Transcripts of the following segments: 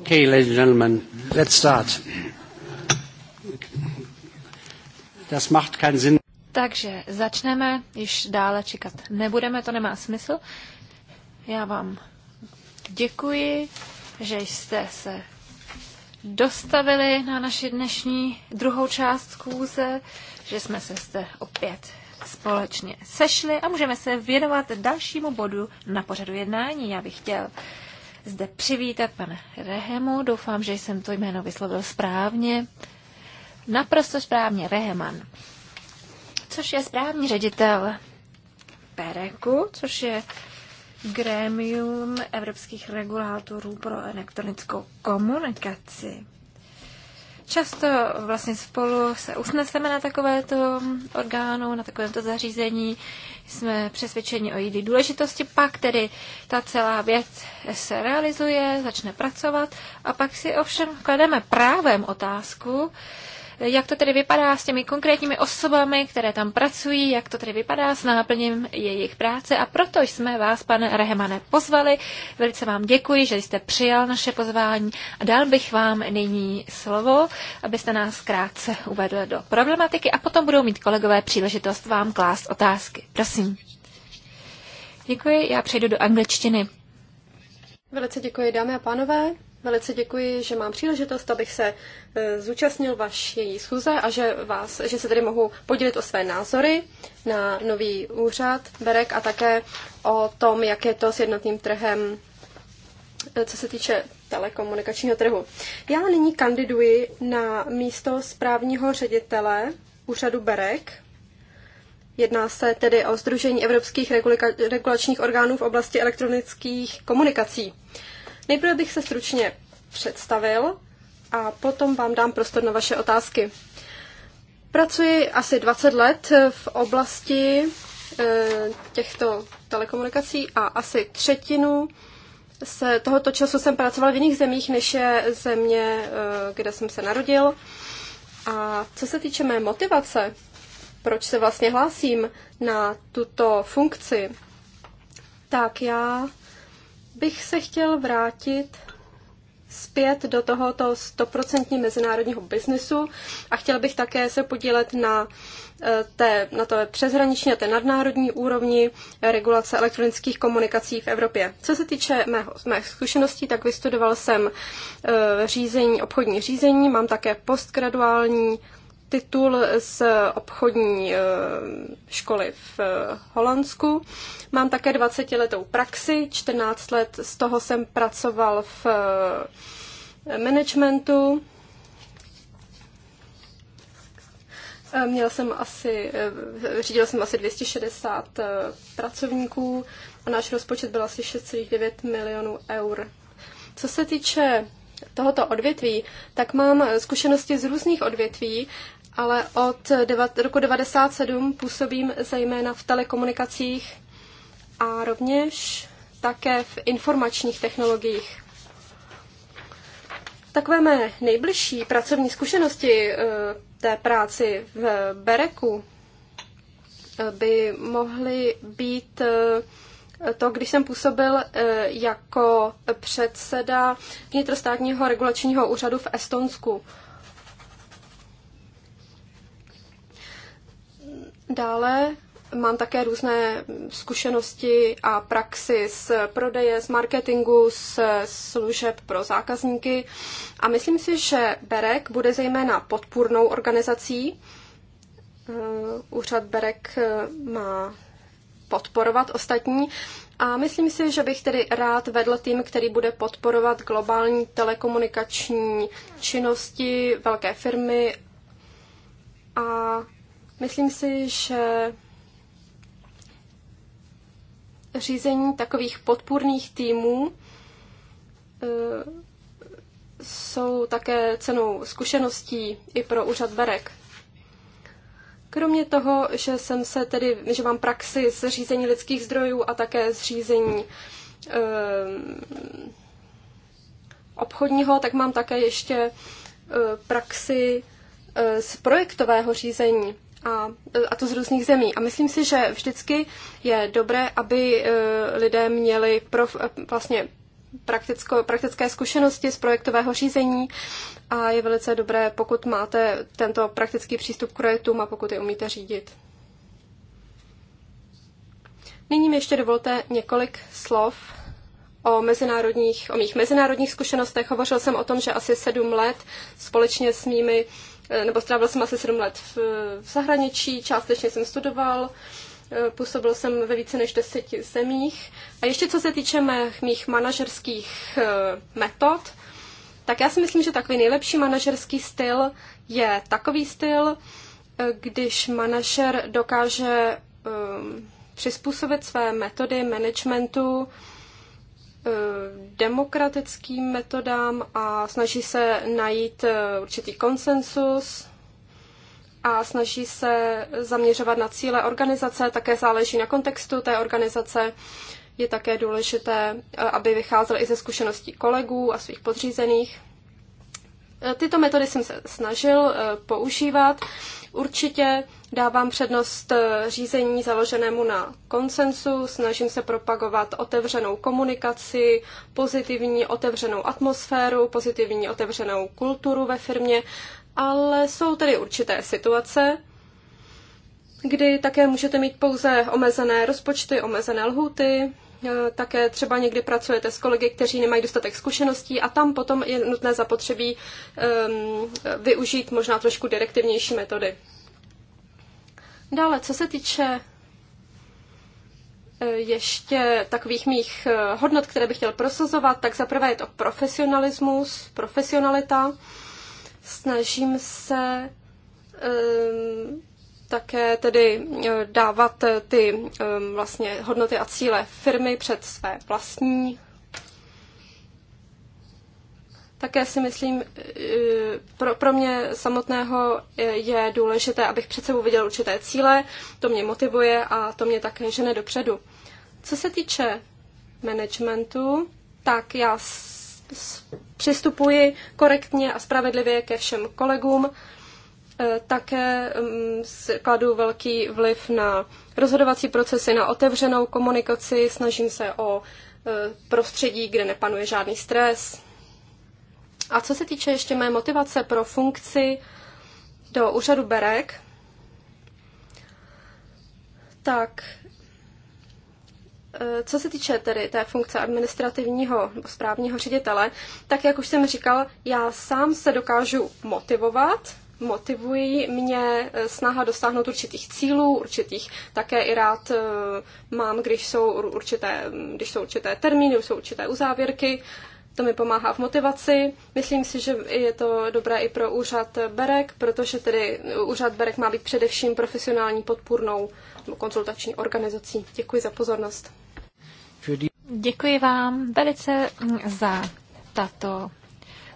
Okay, ladies and gentlemen, let's start. Das macht keinen Sinn. Takže začneme, již dále čekat nebudeme, to nemá smysl. Já vám děkuji, že jste se dostavili na naši dnešní druhou část kůze, že jsme se zde opět společně sešli a můžeme se věnovat dalšímu bodu na pořadu jednání. Já bych chtěl uh, zde přivítat pana Rehemu. Doufám, že jsem to jméno vyslovil správně. Naprosto správně, Reheman. Což je správní ředitel PEREKu, což je Grémium evropských regulátorů pro elektronickou komunikaci. Často vlastně spolu se usneseme na takovéto orgánu, na takovémto zařízení, jsme přesvědčeni o její důležitosti, pak tedy ta celá věc se realizuje, začne pracovat a pak si ovšem klademe právem otázku, jak to tedy vypadá s těmi konkrétními osobami, které tam pracují, jak to tedy vypadá s náplním jejich práce a proto jsme vás, pane Rehemane, pozvali. Velice vám děkuji, že jste přijal naše pozvání a dal bych vám nyní slovo, abyste nás krátce uvedl do problematiky a potom budou mít kolegové příležitost vám klást otázky. Prosím. Děkuji, já přejdu do angličtiny. Velice děkuji, dámy a pánové. Velice děkuji, že mám příležitost, abych se e, zúčastnil vaší schůze a že, vás, že se tady mohu podělit o své názory na nový úřad Berek a také o tom, jak je to s jednotným trhem, e, co se týče telekomunikačního trhu. Já nyní kandiduji na místo správního ředitele úřadu Berek. Jedná se tedy o Združení evropských regulačních orgánů v oblasti elektronických komunikací. Nejprve bych se stručně představil a potom vám dám prostor na vaše otázky. Pracuji asi 20 let v oblasti eh, těchto telekomunikací a asi třetinu z tohoto času jsem pracoval v jiných zemích, než je země, eh, kde jsem se narodil. A co se týče mé motivace, proč se vlastně hlásím na tuto funkci, tak já bych se chtěl vrátit zpět do tohoto stoprocentně mezinárodního biznesu a chtěl bych také se podílet na eh, té, na té přeshraniční a té nadnárodní úrovni regulace elektronických komunikací v Evropě. Co se týče mého, mých zkušeností, tak vystudoval jsem eh, řízení, obchodní řízení, mám také postgraduální titul z obchodní eh, školy v eh, Holandsku. Mám také 20 letou praxi, 14 let z toho jsem pracoval v eh, managementu. Měl jsem asi, řídil jsem asi 260 pracovníků a náš rozpočet byl asi 6,9 milionů eur. Co se týče tohoto odvětví, tak mám zkušenosti z různých odvětví ale od roku 1997 působím zejména v telekomunikacích a rovněž také v informačních technologiích. Takové mé nejbližší pracovní zkušenosti eh, té práci v Bereku eh, by mohly být eh, to, když jsem působil jako předseda vnitrostátního regulačního úřadu v Estonsku. Dále mám také různé zkušenosti a praxi z prodeje, z marketingu, z služeb pro zákazníky a myslím si, že Berek bude zejména podpůrnou organizací. Eh, úřad Berek eh, má podporovat ostatní. A myslím si, že bych tedy rád vedl tým, který bude podporovat globální telekomunikační činnosti, velké firmy a Myslím si, že řízení takových podpůrných týmů eh, jsou také cenou zkušeností i pro úřad Berek. Kromě toho, že jsem se tedy, že mám praxi z řízení lidských zdrojů a také z řízení eh, obchodního, tak mám také ještě eh, praxi eh, z projektového řízení a, a to z různých zemí. A myslím si, že vždycky je dobré, aby e, lidé měli pro, e, vlastně prakticko, praktické zkušenosti z projektového řízení a je velice dobré, pokud máte tento praktický přístup k projektům a pokud je umíte řídit. Nyní mi ještě dovolte několik slov o, mezinárodních, o mých mezinárodních zkušenostech. Hovořil jsem o tom, že asi sedm let společně s mými Eh, nebo strávil jsem asi 7 let v, v zahraničí, částečně jsem studoval, eh, působil jsem ve více než deseti zemích. A ještě co se týče mých, mých manažerských eh, metod, tak já si myslím, že takový nejlepší manažerský styl je takový styl, když manažer dokáže um, přizpůsobit své metody managementu Eh, demokratickým metodám a snaží se najít eh, určitý konsensus a snaží se zaměřovat na cíle organizace, také záleží na kontextu té organizace. Je také důležité, eh, aby vycházel i ze zkušeností kolegů a svých podřízených. Tyto metody jsem se snažil používat. Určitě Dávám přednost eh, řízení založenému na konsensu, snažím se propagovat otevřenou komunikaci, pozitivní otevřenou atmosféru, pozitivní otevřenou kulturu ve firmě, ale jsou tedy určité situace, kdy také můžete mít pouze omezené rozpočty, omezené lhuty, eh, také třeba někdy pracujete s kolegy, kteří nemají dostatek zkušeností a tam potom je nutné zapotřebí um, využít možná trošku direktivnější metody. Dále, co se týče e, ještě takových mých e, hodnot, které bych chtěl prosazovat, tak zaprvé je to profesionalismus, profesionalita. Snažím se um, také tedy dávat ty um, vlastně hodnoty a cíle firmy před své vlastní také si myslím, e, pro, pro mě samotného e, je důležité, abych před sebou viděl určité cíle, to mě motivuje a to mě také žene dopředu. Co se týče managementu, tak já přistupuji korektně a spravedlivě ke všem kolegům. E, také mm, kladu velký vliv na rozhodovací procesy, na otevřenou komunikaci, snažím se o prostředí, kde nepanuje žádný stres, a co se týče ještě mé motivace pro funkci do úřadu Berek, tak eh, co se týče tedy té funkce administrativního nebo správního ředitele, tak jak už jsem říkal, já sám se dokážu motivovat, motivují mě eh, snaha dosáhnout určitých cílů, určitých také i rád eh, mám, když jsou určité, mm, když jsou určité termíny, jsou určité uzávěrky, to mi pomáhá v motivaci. Myslím si, že je to dobré i pro úřad Berek, protože tedy úřad Berek má být především profesionální podpůrnou konzultační organizací. Děkuji za pozornost. Děkuji vám velice za tato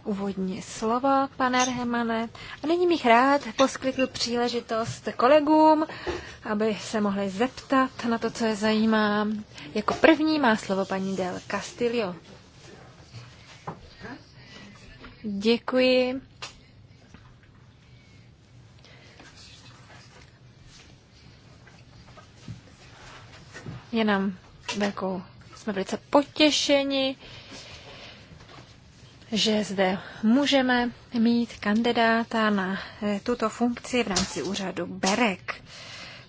úvodní slova, pane Hermane. A nyní bych rád poskytl příležitost kolegům, aby se mohli zeptat na to, co je zajímá. Jako první má slovo paní Del Castillo. Děkuji. Je nám velkou, jsme velice potěšeni, že zde můžeme mít kandidáta na eh, tuto funkci v rámci úřadu BEREK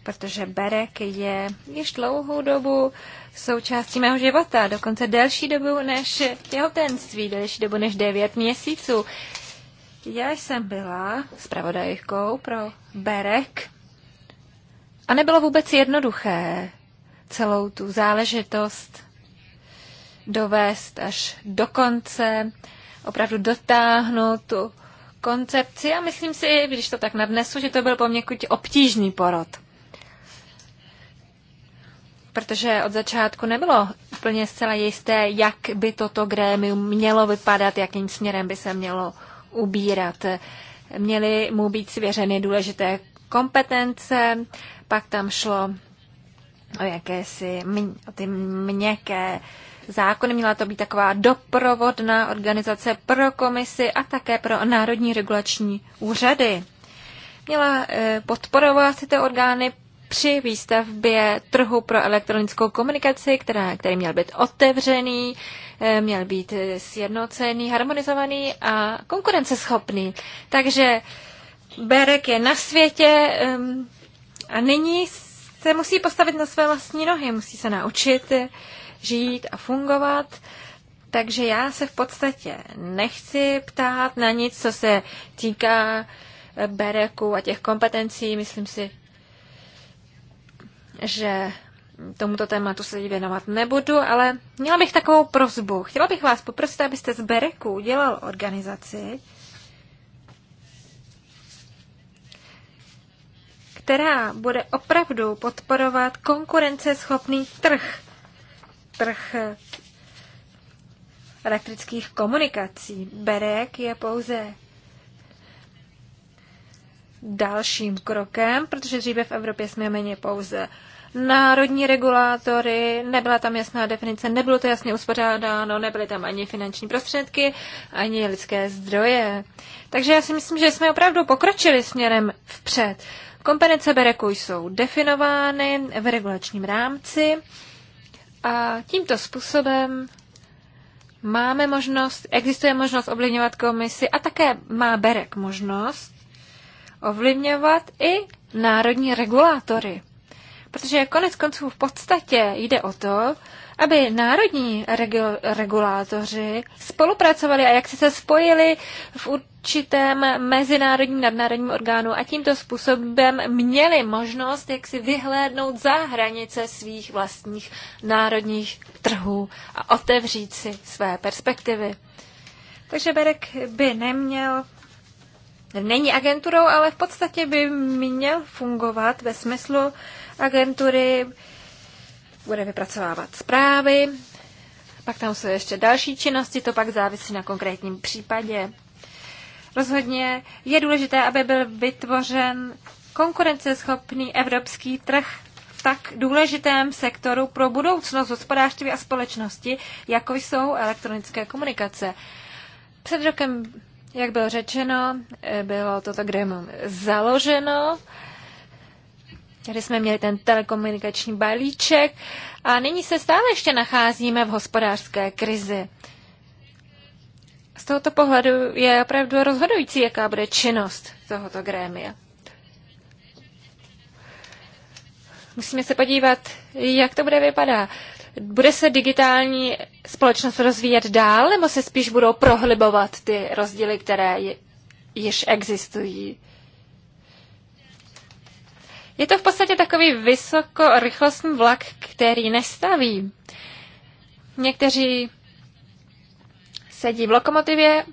protože Berek je již dlouhou dobu součástí mého života, dokonce delší dobu než těhotenství, delší dobu než 9 měsíců. Já jsem byla zpravodajkou pro Berek a nebylo vůbec jednoduché celou tu záležitost dovést až do konce, opravdu dotáhnout tu koncepci a myslím si, když to tak nadnesu, že to byl poměkud obtížný porod protože od začátku nebylo úplně zcela jisté, jak by toto grémium mělo vypadat, jakým směrem by se mělo ubírat. Měly mu být svěřeny důležité kompetence, pak tam šlo o jakési o ty měkké zákony. Měla to být taková doprovodná organizace pro komisy a také pro národní regulační úřady. Měla eh, podporovat tyto orgány při výstavbě trhu pro elektronickou komunikaci, která, který měl být otevřený, eh, měl být sjednocený, harmonizovaný a konkurenceschopný. Takže Berek je na světě a nyní se musí postavit na své vlastní nohy, musí se naučit žít a fungovat. Takže já se v podstatě nechci ptát na nic, co se týká Bereku a těch kompetencí. Myslím si, že tomuto tématu se věnovat nebudu, ale měla bych takovou prozbu. Chtěla bych vás poprosit, abyste z Bereku udělal organizaci, která bude opravdu podporovat konkurenceschopný trh. Trh elektrických komunikací. Berek je pouze dalším krokem, protože dříve v Evropě jsme méně pouze národní regulátory, nebyla tam jasná definice, nebylo to jasně uspořádáno, nebyly tam ani finanční prostředky, ani lidské zdroje. Takže já si myslím, že jsme opravdu pokročili směrem vpřed. Kompetence Bereku jsou definovány v regulačním rámci a tímto způsobem máme možnost, existuje možnost ovlivňovat komisi a také má Berek možnost ovlivňovat i národní regulátory protože konec konců v podstatě jde o to, aby národní regul- regulátoři spolupracovali a jak si se spojili v určitém mezinárodním nadnárodním orgánu a tímto způsobem měli možnost jak si vyhlédnout za hranice svých vlastních národních trhů a otevřít si své perspektivy. Takže Berek by neměl není agenturou, ale v podstatě by měl fungovat ve smyslu, agentury, bude vypracovávat zprávy, pak tam jsou ještě další činnosti, to pak závisí na konkrétním případě. Rozhodně je důležité, aby byl vytvořen konkurenceschopný evropský trh v tak důležitém sektoru pro budoucnost hospodářství a společnosti, jako jsou elektronické komunikace. Před rokem, jak bylo řečeno, bylo toto gremium založeno Tady jsme měli ten telekomunikační balíček a nyní se stále ještě nacházíme v hospodářské krizi. Z tohoto pohledu je opravdu rozhodující, jaká bude činnost tohoto grémia. Musíme se podívat, jak to bude vypadat. Bude se digitální společnost rozvíjet dál, nebo se spíš budou prohlibovat ty rozdíly, které již existují? Je to v podstatě takový vysokorychlostní vlak, který nestaví. Někteří sedí v lokomotivě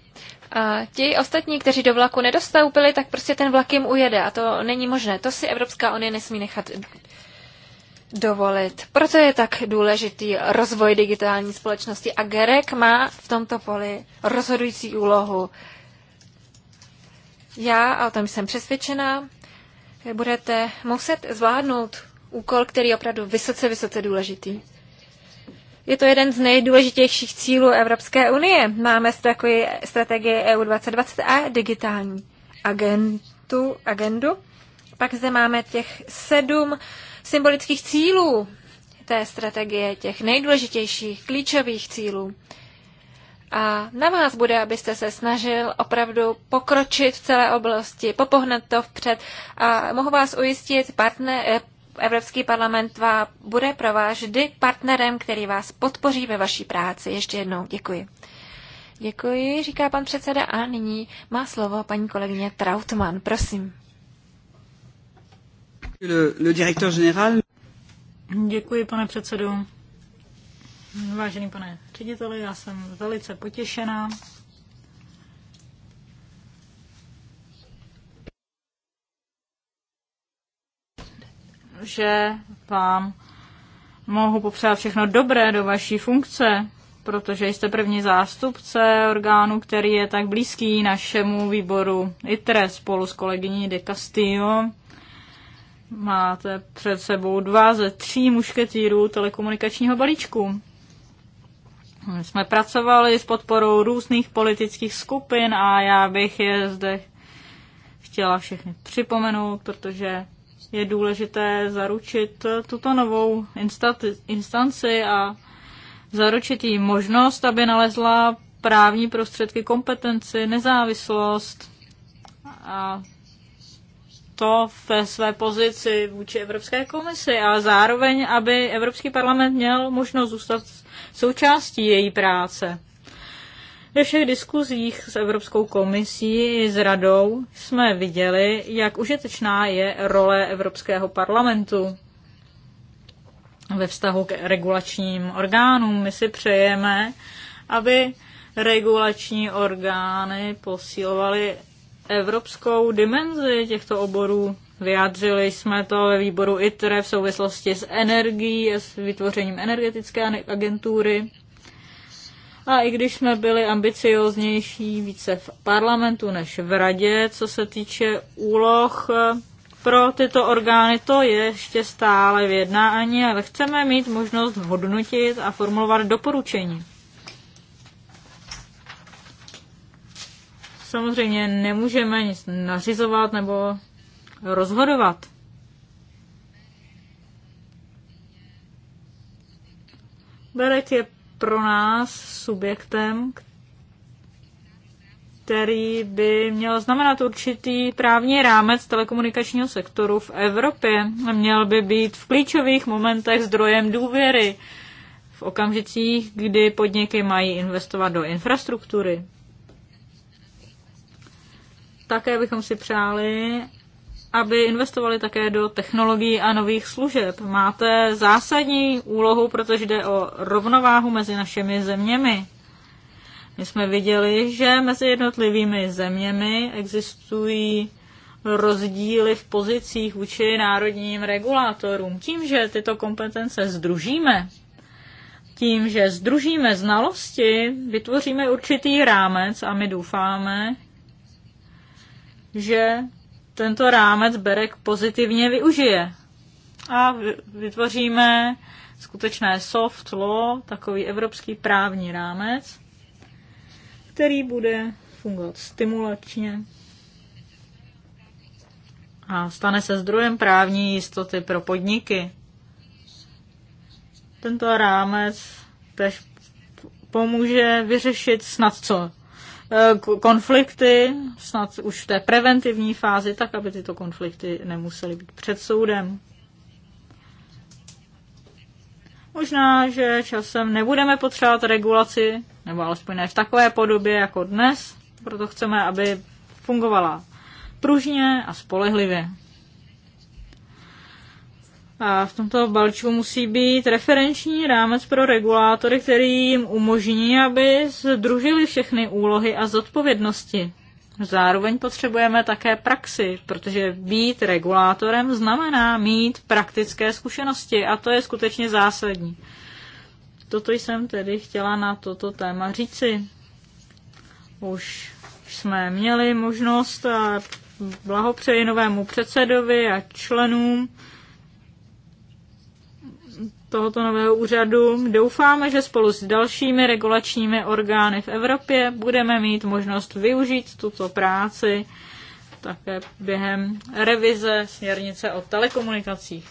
a ti ostatní, kteří do vlaku nedostoupili, tak prostě ten vlak jim ujede a to není možné. To si Evropská unie nesmí nechat dovolit. Proto je tak důležitý rozvoj digitální společnosti a Gerek má v tomto poli rozhodující úlohu. Já, a o tom jsem přesvědčena, budete muset zvládnout úkol, který je opravdu vysoce, vysoce důležitý. Je to jeden z nejdůležitějších cílů Evropské unie. Máme takový strategii EU e 2020 a digitální agentu, agendu. Pak zde máme těch sedm symbolických cílů té strategie, těch nejdůležitějších, klíčových cílů. A na vás bude, abyste se snažil opravdu pokročit v celé oblasti, popohnat to vpřed. A mohu vás ujistit, partner, eh, Evropský parlament vás bude pro vás vždy partnerem, který vás podpoří ve vaší práci. Ještě jednou děkuji. Děkuji, říká pan předseda a nyní má slovo paní kolegyně Trautmann. Prosím. Le, le Děkuji, pane předsedu. Vážený pane řediteli, já jsem velice potěšená. že vám mohu popřát všechno dobré do vaší funkce, protože jste první zástupce orgánu, který je tak blízký našemu výboru ITRE spolu s kolegyní De Castillo. Máte před sebou dva ze tří mušketýrů telekomunikačního balíčku jsme pracovali s podporou různých politických skupin a já bych je zde chtěla všechny připomenout, protože je důležité zaručit tuto novou instanci a zaručit jí možnost, aby nalezla právní prostředky, kompetenci, nezávislost a to ve své pozici vůči Evropské komisi a zároveň, aby Evropský parlament měl možnost zůstat součástí její práce. Ve všech diskuzích s Evropskou komisí i s radou jsme viděli, jak užitečná je role Evropského parlamentu ve vztahu k regulačním orgánům. My si přejeme, aby regulační orgány posilovaly evropskou dimenzi těchto oborů Vyjádřili jsme to ve výboru ITRE v souvislosti s energií, s vytvořením energetické agentury. A i když jsme byli ambicioznější více v parlamentu než v radě, co se týče úloh eh, pro tyto orgány, to je ještě stále v jednání, ale chceme mít možnost hodnotit a formulovat doporučení. Samozřejmě nemůžeme nic nařizovat nebo rozhodovat. Berek je pro nás subjektem, který by měl znamenat určitý právní rámec telekomunikačního sektoru v Evropě. Měl by být v klíčových momentech zdrojem důvěry v okamžicích, kdy podniky mají investovat do infrastruktury. Také bychom si přáli, aby investovali také do technologií a nových služeb. Máte zásadní úlohu, protože jde o rovnováhu mezi našimi zeměmi. My jsme viděli, že mezi jednotlivými zeměmi existují rozdíly v pozicích vůči národním regulátorům. Tím, že tyto kompetence združíme, tím, že združíme znalosti, vytvoříme určitý rámec a my doufáme, že tento rámec Berek pozitivně využije. A vytvoříme skutečné soft law, takový evropský právní rámec, který bude fungovat stimulačně a stane se zdrojem právní jistoty pro podniky. Tento rámec tež pomůže vyřešit snad co Eh, konflikty, snad už v té preventivní fázi, tak aby tyto konflikty nemusely být před soudem. Možná, že časem nebudeme potřebovat regulaci, nebo alespoň ne v takové podobě jako dnes, proto chceme, aby fungovala pružně a spolehlivě. A v tomto balíčku musí být referenční rámec pro regulátory, který jim umožní, aby združili všechny úlohy a zodpovědnosti. Zároveň potřebujeme také praxi, protože být regulátorem znamená mít praktické zkušenosti a to je skutečně zásadní. Toto jsem tedy chtěla na toto téma říci. Už jsme měli možnost a blahopřeji novému předsedovi a členům tohoto nového úřadu. Doufáme, že spolu s dalšími regulačními orgány v Evropě budeme mít možnost využít tuto práci také během revize směrnice o telekomunikacích.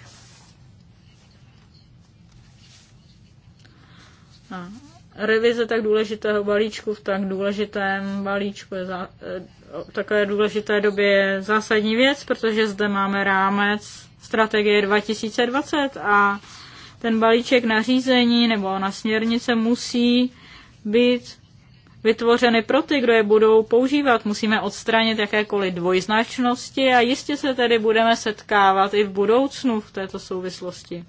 A revize tak důležitého balíčku v tak důležitém balíčku je za, eh, v takové důležité době je zásadní věc, protože zde máme rámec strategie 2020 a ten balíček nařízení nebo na směrnice musí být vytvořeny pro ty, kdo je budou používat. Musíme odstranit jakékoliv dvojznačnosti a jistě se tedy budeme setkávat i v budoucnu v této souvislosti.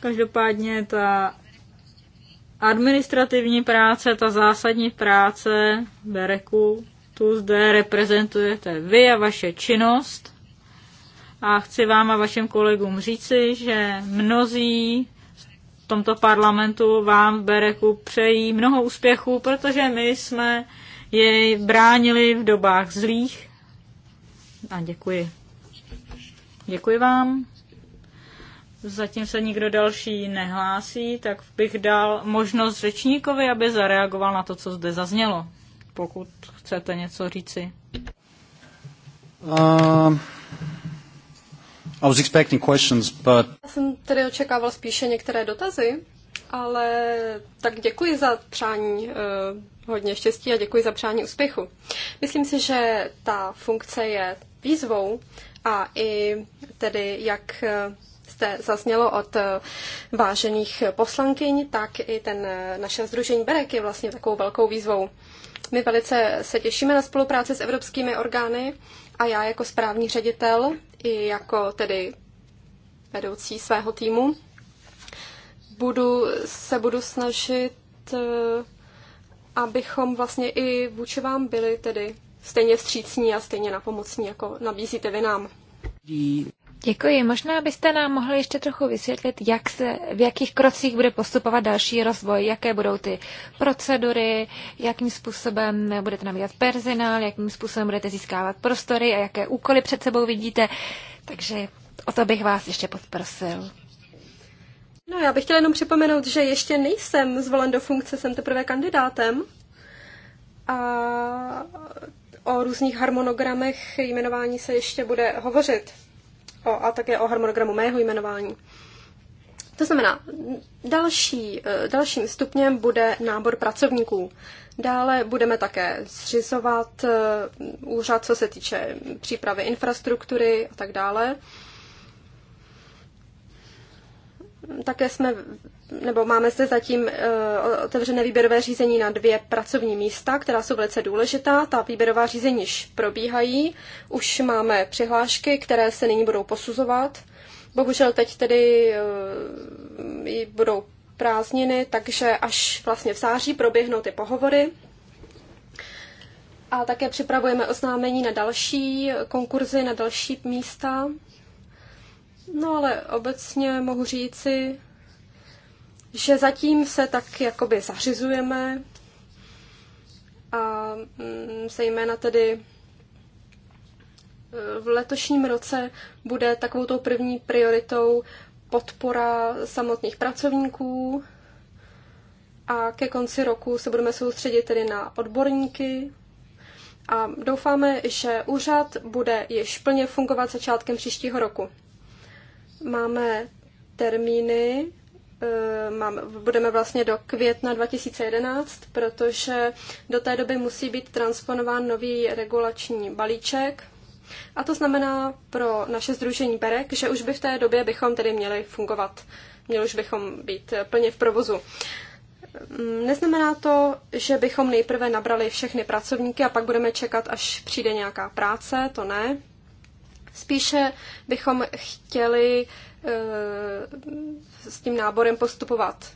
Každopádně ta administrativní práce, ta zásadní práce Bereku, tu zde reprezentujete vy a vaše činnost a chci vám a vašim kolegům říci, že mnozí v tomto parlamentu vám v Bereku přejí mnoho úspěchů, protože my jsme jej bránili v dobách zlých. A děkuji. Děkuji vám. Zatím se nikdo další nehlásí, tak bych dal možnost řečníkovi, aby zareagoval na to, co zde zaznělo, pokud chcete něco říci. Uh... I was expecting questions, but... Já jsem tedy očekával spíše některé dotazy, ale tak děkuji za přání uh, hodně štěstí a děkuji za přání úspěchu. Myslím si, že ta funkce je výzvou a i tedy jak eh, jste zaznělo od eh, vážených poslankyň, tak i ten naše združení Berek je vlastně takovou velkou výzvou. My velice se těšíme na spolupráci s evropskými orgány a já jako správní ředitel i jako tedy vedoucí svého týmu. Budu, se budu snažit, eh, abychom vlastně i vůči vám byli tedy stejně vstřícní a stejně napomocní, jako nabízíte vy nám. Děkuji. Možná byste nám mohli ještě trochu vysvětlit, jak se, v jakých krocích bude postupovat další rozvoj, jaké budou ty procedury, jakým způsobem budete nabírat personál, jakým způsobem budete získávat prostory a jaké úkoly před sebou vidíte. Takže o to bych vás ještě podprosil. No, já bych chtěla jenom připomenout, že ještě nejsem zvolen do funkce, jsem teprve kandidátem. A o různých harmonogramech jmenování se ještě bude hovořit o, a také o harmonogramu mého jmenování. To znamená, další, e, dalším stupněm bude nábor pracovníků. Dále budeme také zřizovat e, úřad, co se týče přípravy infrastruktury a tak dále. Také jsme nebo máme zde zatím eh, otevřené výběrové řízení na dvě pracovní místa, která jsou velice důležitá. Ta výběrová řízení již probíhají. Už máme přihlášky, které se nyní budou posuzovat. Bohužel teď tedy eh, budou prázdniny, takže až vlastně v září proběhnou ty pohovory. A také připravujeme oznámení na další konkurzy, na další místa. No ale obecně mohu říci, že zatím se tak jakoby zařizujeme a zejména mm, tedy e, v letošním roce bude takovou tou první prioritou podpora samotných pracovníků a ke konci roku se budeme soustředit tedy na odborníky a doufáme, že úřad bude již plně fungovat začátkem příštího roku. Máme termíny Eh, mám, budeme vlastně do května 2011, protože do té doby musí být transponován nový regulační balíček. A to znamená pro naše združení Berek, že už by v té době bychom tedy měli fungovat, měli už bychom být eh, plně v provozu. Mm, neznamená to, že bychom nejprve nabrali všechny pracovníky a pak budeme čekat, až přijde nějaká práce, to ne. Spíše bychom chtěli uh, Eh, s tím náborem postupovat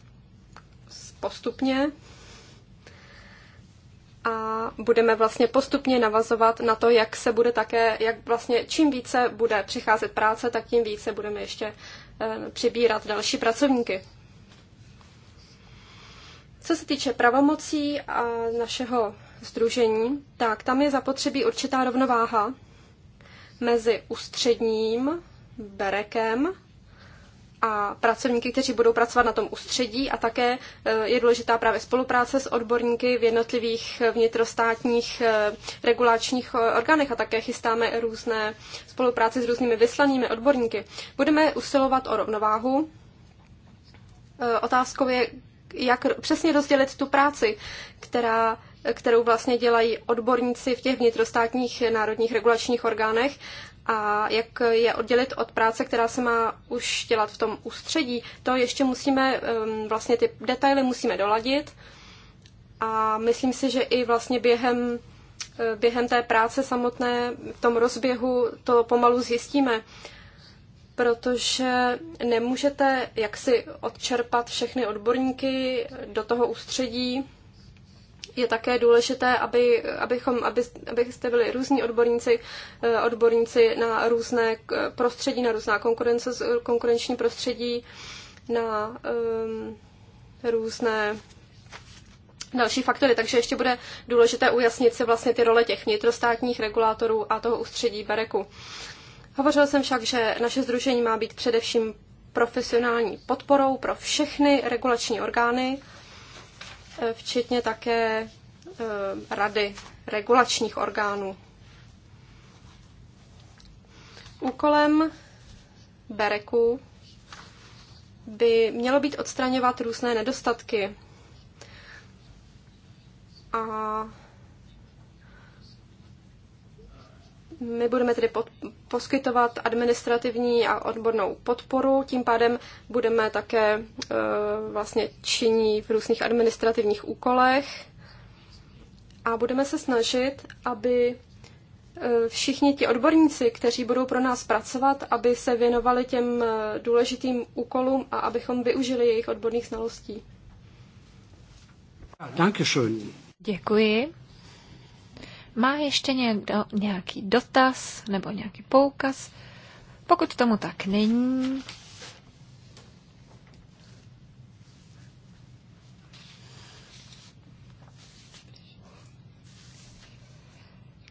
postupně a budeme vlastně postupně navazovat na to, jak se bude také, jak vlastně čím více bude přicházet práce, tak tím více budeme ještě eh, přibírat další pracovníky. Co se týče pravomocí a našeho združení, tak tam je zapotřebí určitá rovnováha mezi ústředním berekem a pracovníky, kteří budou pracovat na tom ústředí a také eh, je důležitá právě spolupráce s odborníky v jednotlivých eh, vnitrostátních eh, regulačních orgánech a také chystáme různé spolupráce s různými vyslanými odborníky. Budeme usilovat o rovnováhu. Otázkou je, jak přesně rozdělit tu práci, která kterou vlastně dělají odborníci v těch vnitrostátních národních regulačních orgánech a jak je oddělit od práce, která se má už dělat v tom ústředí, to ještě musíme, um, vlastně ty detaily musíme doladit a myslím si, že i vlastně během, eh, během té práce samotné, v tom rozběhu to pomalu zjistíme, protože nemůžete jaksi odčerpat všechny odborníky do toho ústředí, je také důležité, aby, abychom, aby, abyste byli různí odborníci, eh, odborníci na různé eh, prostředí, na různá konkurence, konkurenční prostředí, na um, různé další faktory. Takže ještě bude důležité ujasnit si vlastně ty role těch vnitrostátních regulátorů a toho ústředí Bereku. Hovořil jsem však, že naše združení má být především profesionální podporou pro všechny regulační orgány, včetně také eh, rady regulačních orgánů. Úkolem Bereku by mělo být odstraňovat různé nedostatky a My budeme tedy pod, poskytovat administrativní a odbornou podporu, tím pádem budeme také e, vlastně činí v různých administrativních úkolech a budeme se snažit, aby e, všichni ti odborníci, kteří budou pro nás pracovat, aby se věnovali těm e, důležitým úkolům a abychom využili jejich odborných znalostí. Děkuji. Má ještě někdo nějaký dotaz nebo nějaký poukaz? Pokud tomu tak není,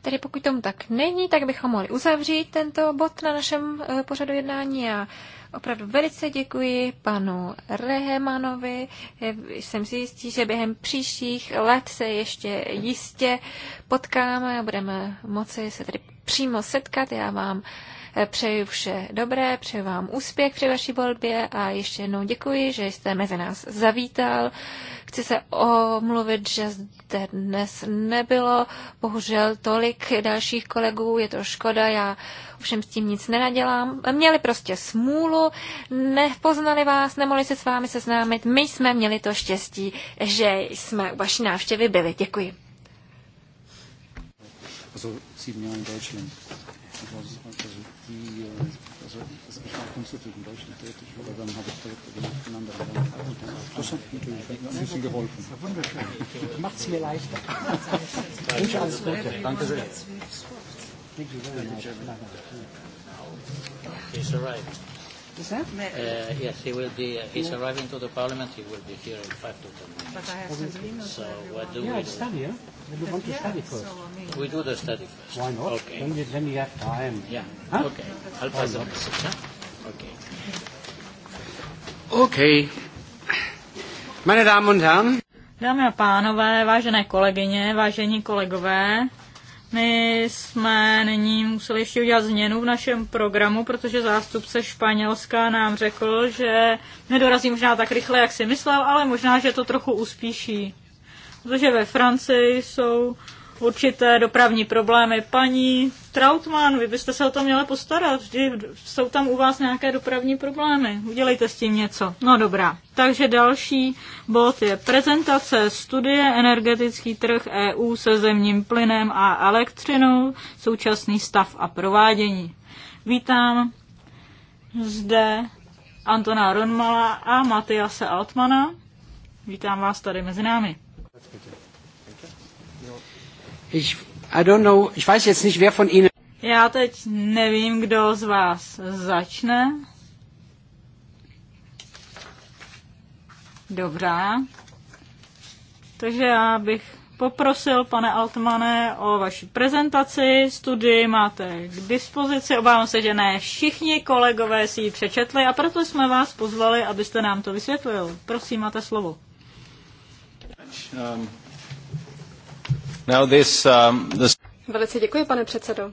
Tedy pokud tomu tak není, tak bychom mohli uzavřít tento bod na našem eh, pořadu jednání a Opravdu velice děkuji panu Rehemanovi. Jsem si jistý, že během příštích let se ještě jistě potkáme a budeme moci se tedy přímo setkat. Já vám Eh, přeji vše dobré, přeji vám úspěch při vaší volbě a ještě jednou děkuji, že jste mezi nás zavítal. Chci se omluvit, že zde dnes nebylo bohužel tolik dalších kolegů, je to škoda, já ovšem s tím nic nenadělám. Měli prostě smůlu, nepoznali vás, nemohli se s vámi seznámit. My jsme měli to štěstí, že jsme u vaší návštěvy byli. Děkuji. Also sieben Jahre in Deutschland. Das war, das Kunstinstitut in Deutschland tätig oder dann habe ich Projekte gemacht in anderen Ländern. Das hat natürlich ein bisschen geholfen. Ja, Macht es mir leichter. Wünsche ja, alles Gute. Danke sehr. Thank you very much. He's arrived. Is that? Uh, yes, he will be. Uh, he's yeah. arriving to the parliament. He will be here in five to ten minutes. But I have to leave. So what do yeah, we do? study, huh? We want to yeah, study first. So, I mean, we do the study first. Why not? Okay. Then, then you have time. Yeah. Huh? Okay. No, I'll pass the message. Huh? Okay. okay. Meine Damen und Herren. Dámy a pánové, vážené kolegyně, vážení kolegové, my jsme nyní museli ještě udělat změnu v našem programu, protože zástupce Španělska nám řekl, že nedorazí možná tak rychle, jak si myslel, ale možná, že to trochu uspíší. Protože ve Francii jsou určité dopravní problémy. Paní Trautmann, vy byste se o to měla postarat. Vždy jsou tam u vás nějaké dopravní problémy. Udělejte s tím něco. No dobrá. Takže další bod je prezentace studie energetický trh EU se zemním plynem a elektřinou, současný stav a provádění. Vítám zde Antona Ronmala a Matyase Altmana. Vítám vás tady mezi námi. Ich, I don't know, ich weiß jetzt nicht, wer von Ihnen... Já teď nevím, kdo z vás začne. Dobrá. Takže já bych poprosil, pane Altmane, o vaši prezentaci. Studii máte k dispozici. Obávám se, že ne všichni kolegové si ji přečetli a proto jsme vás pozvali, abyste nám to vysvětlil. Prosím, máte slovo. Um. Um, Velice děkuji, pane předsedo.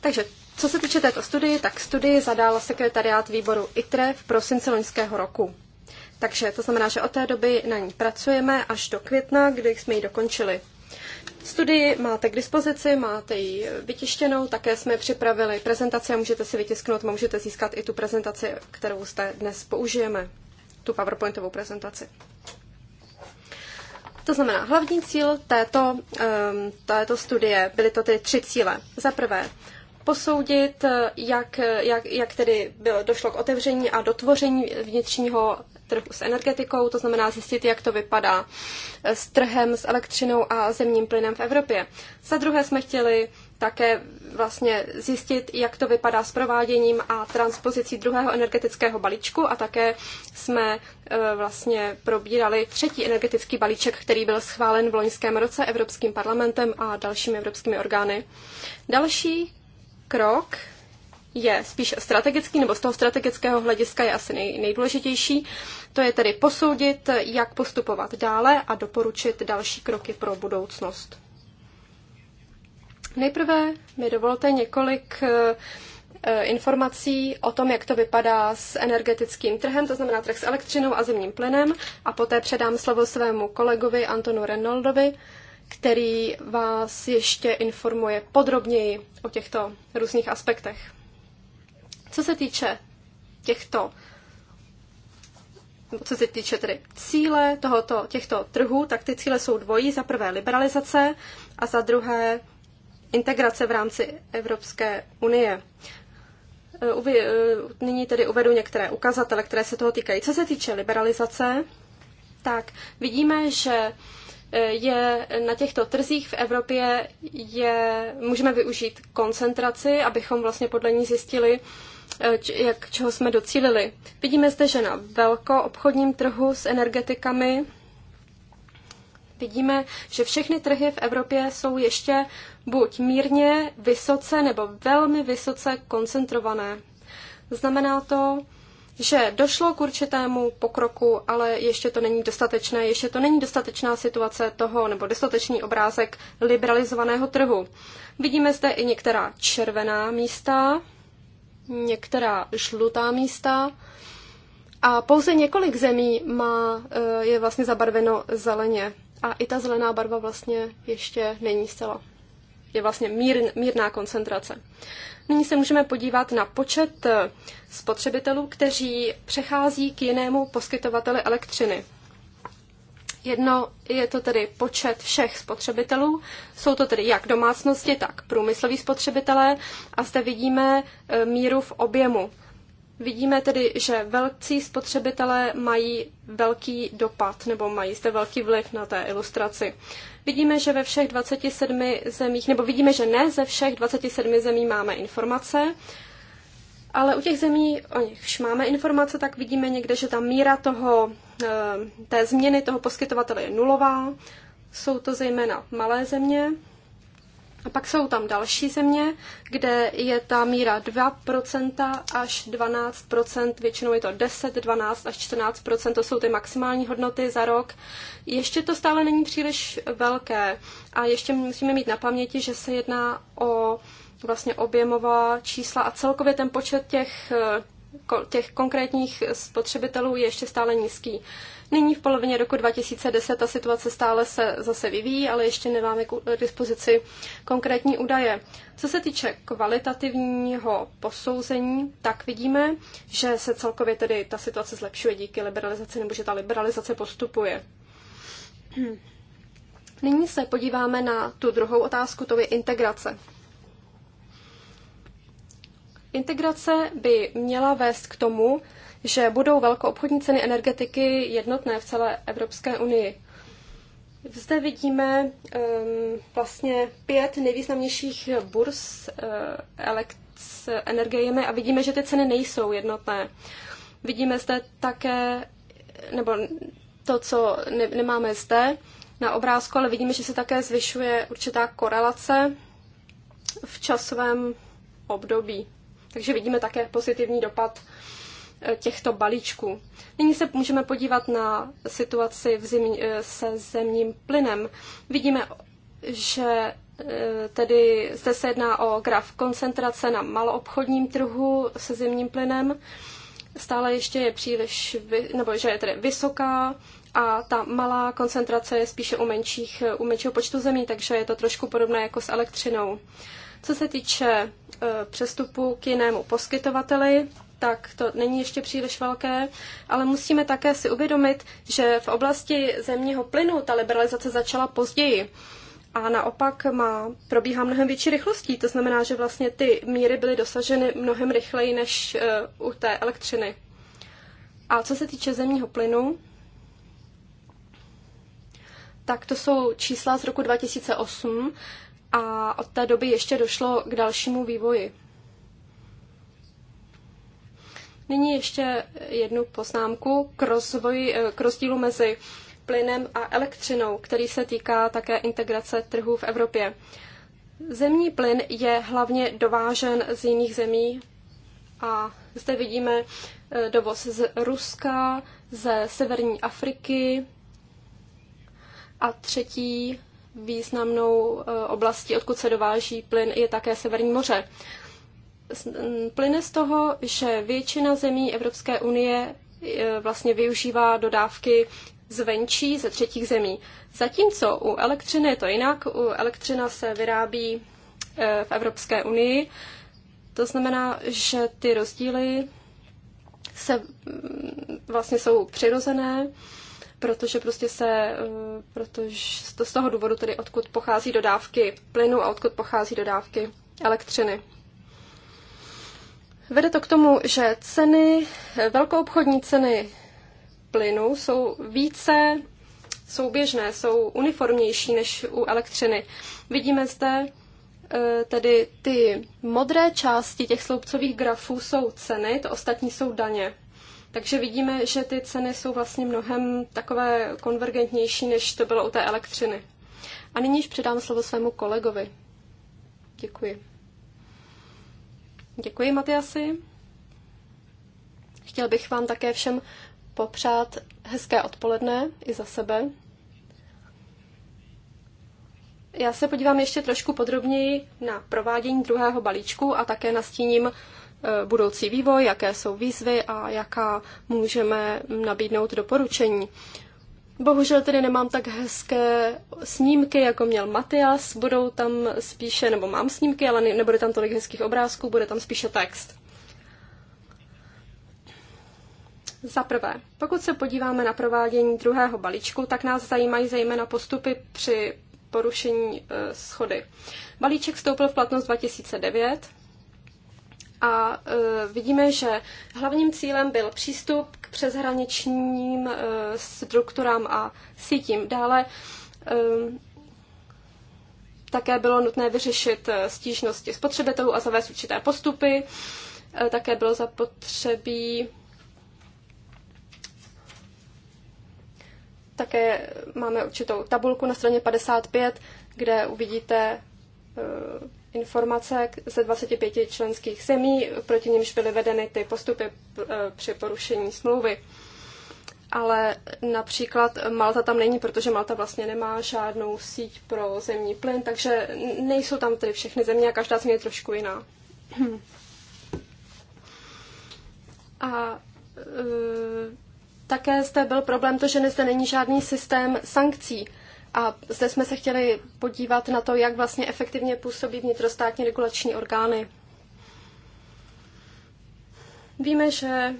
Takže co se týče této studii, tak studii zadal sekretariát výboru ITRE v prosinci loňského roku. Takže to znamená, že od té doby na ní pracujeme až do května, kdy jsme ji dokončili. Studii máte k dispozici, máte ji vytištěnou, také jsme připravili prezentaci a můžete si vytisknout, můžete získat i tu prezentaci, kterou jste dnes použijeme, tu PowerPointovou prezentaci. To znamená, hlavní cíl této, této studie byly to ty tři cíle. Za prvé, posoudit, eh, jak, jak, jak tedy bylo, došlo k otevření a dotvoření vnitřního trhu s energetikou, to znamená zjistit, jak to vypadá eh, s trhem, s elektřinou a zemním plynem v Evropě. Za druhé jsme chtěli také vlastně zjistit, jak to vypadá s prováděním a transpozicí druhého energetického balíčku a také jsme e, vlastně probírali třetí energetický balíček, který byl schválen v loňském roce Evropským parlamentem a dalšími evropskými orgány. Další krok je spíš strategický, nebo z toho strategického hlediska je asi nej, nejdůležitější. To je tedy posoudit, jak postupovat dále a doporučit další kroky pro budoucnost. Nejprve mi dovolte několik eh, eh, informací o tom, jak to vypadá s energetickým trhem, to znamená trh s elektřinou a zemním plynem, a poté předám slovo svému kolegovi Antonu Renoldovi, který vás ještě informuje podrobněji o těchto různých aspektech. Co se týče těchto co se týče tedy cíle tohoto, těchto trhů, tak ty cíle jsou dvojí. Za prvé liberalizace a za druhé integrace v rámci Evropské unie. E, e, nyní tedy uvedu některé ukazatele, které se toho týkají. Co se týče liberalizace, tak vidíme, že e, je na těchto trzích v Evropě je, můžeme využít koncentraci, abychom vlastně podle ní zjistili, jak, čeho jsme docílili. Vidíme zde, že na velkoobchodním trhu s energetikami vidíme, že všechny trhy v Evropě jsou ještě buď mírně, vysoce nebo velmi vysoce koncentrované. Znamená to, že došlo k určitému pokroku, ale ještě to není dostatečné, ještě to není dostatečná situace toho nebo dostatečný obrázek liberalizovaného trhu. Vidíme zde i některá červená místa, některá žlutá místa a pouze několik zemí má, eh, je vlastně zabarveno zeleně. A i ta zelená barva vlastně ještě není zcela. Je vlastně mír, mírná koncentrace. Nyní se můžeme podívat na počet eh, spotřebitelů, kteří přechází k jinému poskytovateli elektřiny. Jedno je to tedy počet všech spotřebitelů. Jsou to tedy jak domácnosti, tak průmysloví spotřebitelé. A zde vidíme eh, míru v objemu. Vidíme tedy, že velcí spotřebitelé mají velký dopad nebo mají zde velký vliv na té ilustraci. Vidíme, že ve všech 27 zemích, nebo vidíme, že ne ze všech 27 zemí máme informace, ale u těch zemí, o nichž máme informace, tak vidíme někde, že ta míra toho, eh, té změny toho poskytovatele je nulová. Jsou to zejména malé země, a pak jsou tam další země, kde je ta míra 2% až 12%, většinou je to 10, 12 až 14%, to jsou ty maximální hodnoty za rok. Ještě to stále není příliš velké a ještě musíme mít na paměti, že se jedná o vlastně objemová čísla a celkově ten počet těch, eh, těch konkrétních spotřebitelů je ještě stále nízký. Nyní v polovině roku 2010 ta situace stále se zase vyvíjí, ale ještě nemáme k dispozici konkrétní údaje. Co se týče kvalitativního posouzení, tak vidíme, že se celkově tedy ta situace zlepšuje díky liberalizaci, nebo že ta liberalizace postupuje. Nyní se podíváme na tu druhou otázku, to je integrace. Integrace by měla vést k tomu, že budou velkoobchodní ceny energetiky jednotné v celé Evropské unii. Zde vidíme um, vlastně pět nejvýznamnějších burz uh, eh, s energiemi a vidíme, že ty ceny nejsou jednotné. Vidíme zde také, nebo to, co ne- nemáme zde na obrázku, ale vidíme, že se také zvyšuje určitá korelace v časovém období. Takže vidíme také pozitivní dopad uh, těchto balíčků. Nyní se můžeme podívat na situaci v zim, eh, se zemním plynem. Vidíme, že eh, tedy zde se jedná o graf koncentrace na maloobchodním trhu se zemním plynem. Stále ještě je příliš, nebo že je tedy vysoká a ta malá koncentrace je spíše u, menších, u menšího počtu zemí, takže je to trošku podobné jako s elektřinou. Co se týče eh, přestupu k jinému poskytovateli, tak to není ještě příliš velké, ale musíme také si uvědomit, že v oblasti zemního plynu ta liberalizace začala později a naopak má, probíhá mnohem větší rychlostí. To znamená, že vlastně ty míry byly dosaženy mnohem rychleji než eh, u té elektřiny. A co se týče zemního plynu, tak to jsou čísla z roku 2008 a od té doby ještě došlo k dalšímu vývoji. Nyní ještě jednu poznámku k, rozvoji, eh, k rozdílu mezi plynem a elektřinou, který se týká také integrace trhů v Evropě. Zemní plyn je hlavně dovážen z jiných zemí a zde vidíme eh, dovoz z Ruska, ze severní Afriky a třetí významnou eh, oblastí, odkud se dováží plyn, je také Severní moře. Mm, plyne z toho, že většina zemí Evropské unie e, vlastně využívá dodávky zvenčí, ze třetích zemí. Zatímco u elektřiny je to jinak, u elektřina se vyrábí e, v Evropské unii, to znamená, že ty rozdíly se vlastně jsou přirozené, protože prostě se, e, protože to z toho důvodu tedy, odkud pochází dodávky plynu a odkud pochází dodávky elektřiny. Vede to k tomu, že ceny, velkoobchodní ceny plynu jsou více souběžné, jsou uniformnější než u elektřiny. Vidíme zde eh, tedy ty modré části těch sloupcových grafů jsou ceny, to ostatní jsou daně. Takže vidíme, že ty ceny jsou vlastně mnohem takové konvergentnější, než to bylo u té elektřiny. A nyní již předám slovo svému kolegovi. Děkuji. Děkuji, Matiasi. Chtěl bych vám také všem popřát hezké odpoledne i za sebe. Já se podívám ještě trošku podrobněji na provádění druhého balíčku a také nastíním eh, budoucí vývoj, jaké jsou výzvy a jaká můžeme nabídnout doporučení. Bohužel tedy nemám tak hezké snímky, jako měl Matias. Budou tam spíše, nebo mám snímky, ale nebude tam tolik hezkých obrázků, bude tam spíše text. Za prvé, pokud se podíváme na provádění druhého balíčku, tak nás zajímají zejména postupy při porušení e, schody. Balíček vstoupil v platnost 2009 a e, vidíme, že hlavním cílem byl přístup k přeshraničním e, strukturám a sítím. Dále e, také bylo nutné vyřešit stížnosti spotřebitelů a zavést určité postupy. Také bylo zapotřebí také máme určitou tabulku na straně 55, kde uvidíte informace ze 25 členských zemí, proti nimž byly vedeny ty postupy e, při porušení smlouvy. Ale například Malta tam není, protože Malta vlastně nemá žádnou síť pro zemní plyn, takže nejsou tam tedy všechny země a každá země je trošku jiná. A e, také zde byl problém to, že zde není žádný systém sankcí. E, a zde jsme se chtěli podívat na to, jak vlastně efektivně působí vnitrostátní regulační orgány. Víme, že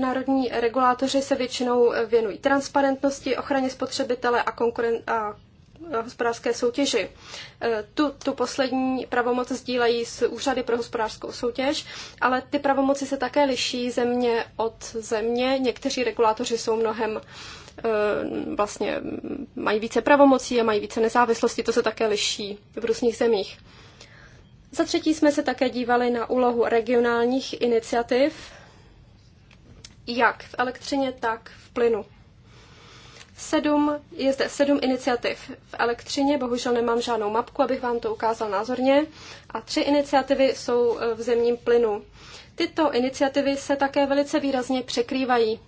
národní regulátoři se většinou věnují transparentnosti, ochraně spotřebitele a, konkuren- a hospodářské soutěži. E, tu, tu poslední pravomoc sdílejí s úřady pro hospodářskou soutěž, ale ty pravomoci se také liší země od země. Někteří regulátoři jsou mnohem Eh, vlastně mají více pravomocí a mají více nezávislosti, to se také liší v různých zemích. Za třetí jsme se také dívali na úlohu regionálních iniciativ, jak v elektřině, tak v plynu. Sedm, je zde sedm iniciativ v elektřině, bohužel nemám žádnou mapku, abych vám to ukázal názorně. A tři iniciativy jsou eh, v zemním plynu. Tyto iniciativy se také velice výrazně překrývají.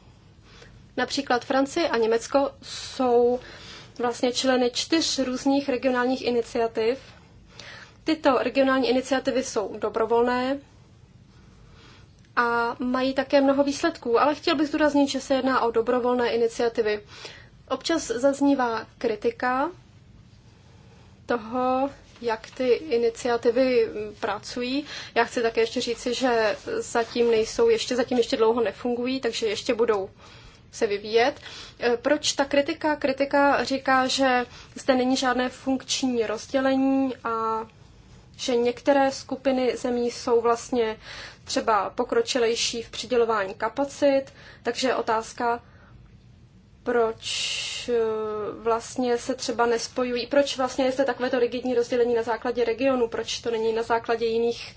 Například Francie a Německo jsou vlastně členy čtyř různých regionálních iniciativ. Tyto regionální iniciativy jsou dobrovolné a mají také mnoho výsledků, ale chtěl bych zdůraznit, že se jedná o dobrovolné iniciativy. Občas zaznívá kritika toho, jak ty iniciativy pracují. Já chci také ještě říci, že zatím nejsou, ještě zatím ještě dlouho nefungují, takže ještě budou se vyvíjet. E, proč ta kritika? Kritika říká, že zde není žádné funkční rozdělení a že některé skupiny zemí jsou vlastně třeba pokročilejší v přidělování kapacit, takže otázka, proč e, vlastně se třeba nespojují, proč vlastně je zde takovéto rigidní rozdělení na základě regionu, proč to není na základě jiných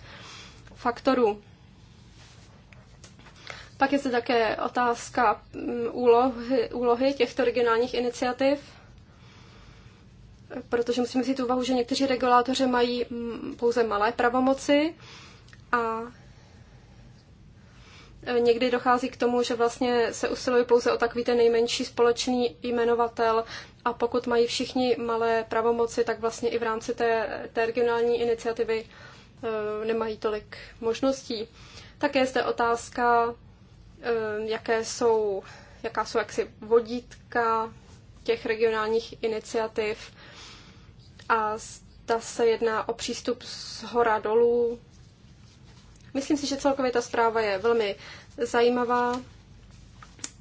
faktorů. Pak je zde také otázka mm, úlohy, úlohy těchto regionálních iniciativ, protože musíme si tu úvahu, že někteří regulátoři mají mm, pouze malé pravomoci a e, někdy dochází k tomu, že vlastně se usilují pouze o takový ten nejmenší společný jmenovatel a pokud mají všichni malé pravomoci, tak vlastně i v rámci té, té regionální iniciativy e, nemají tolik možností. Také je zde otázka Ehm, jaké jsou, jaká jsou jaksi vodítka těch regionálních iniciativ a ta se jedná o přístup z hora dolů. Myslím si, že celkově ta zpráva je velmi zajímavá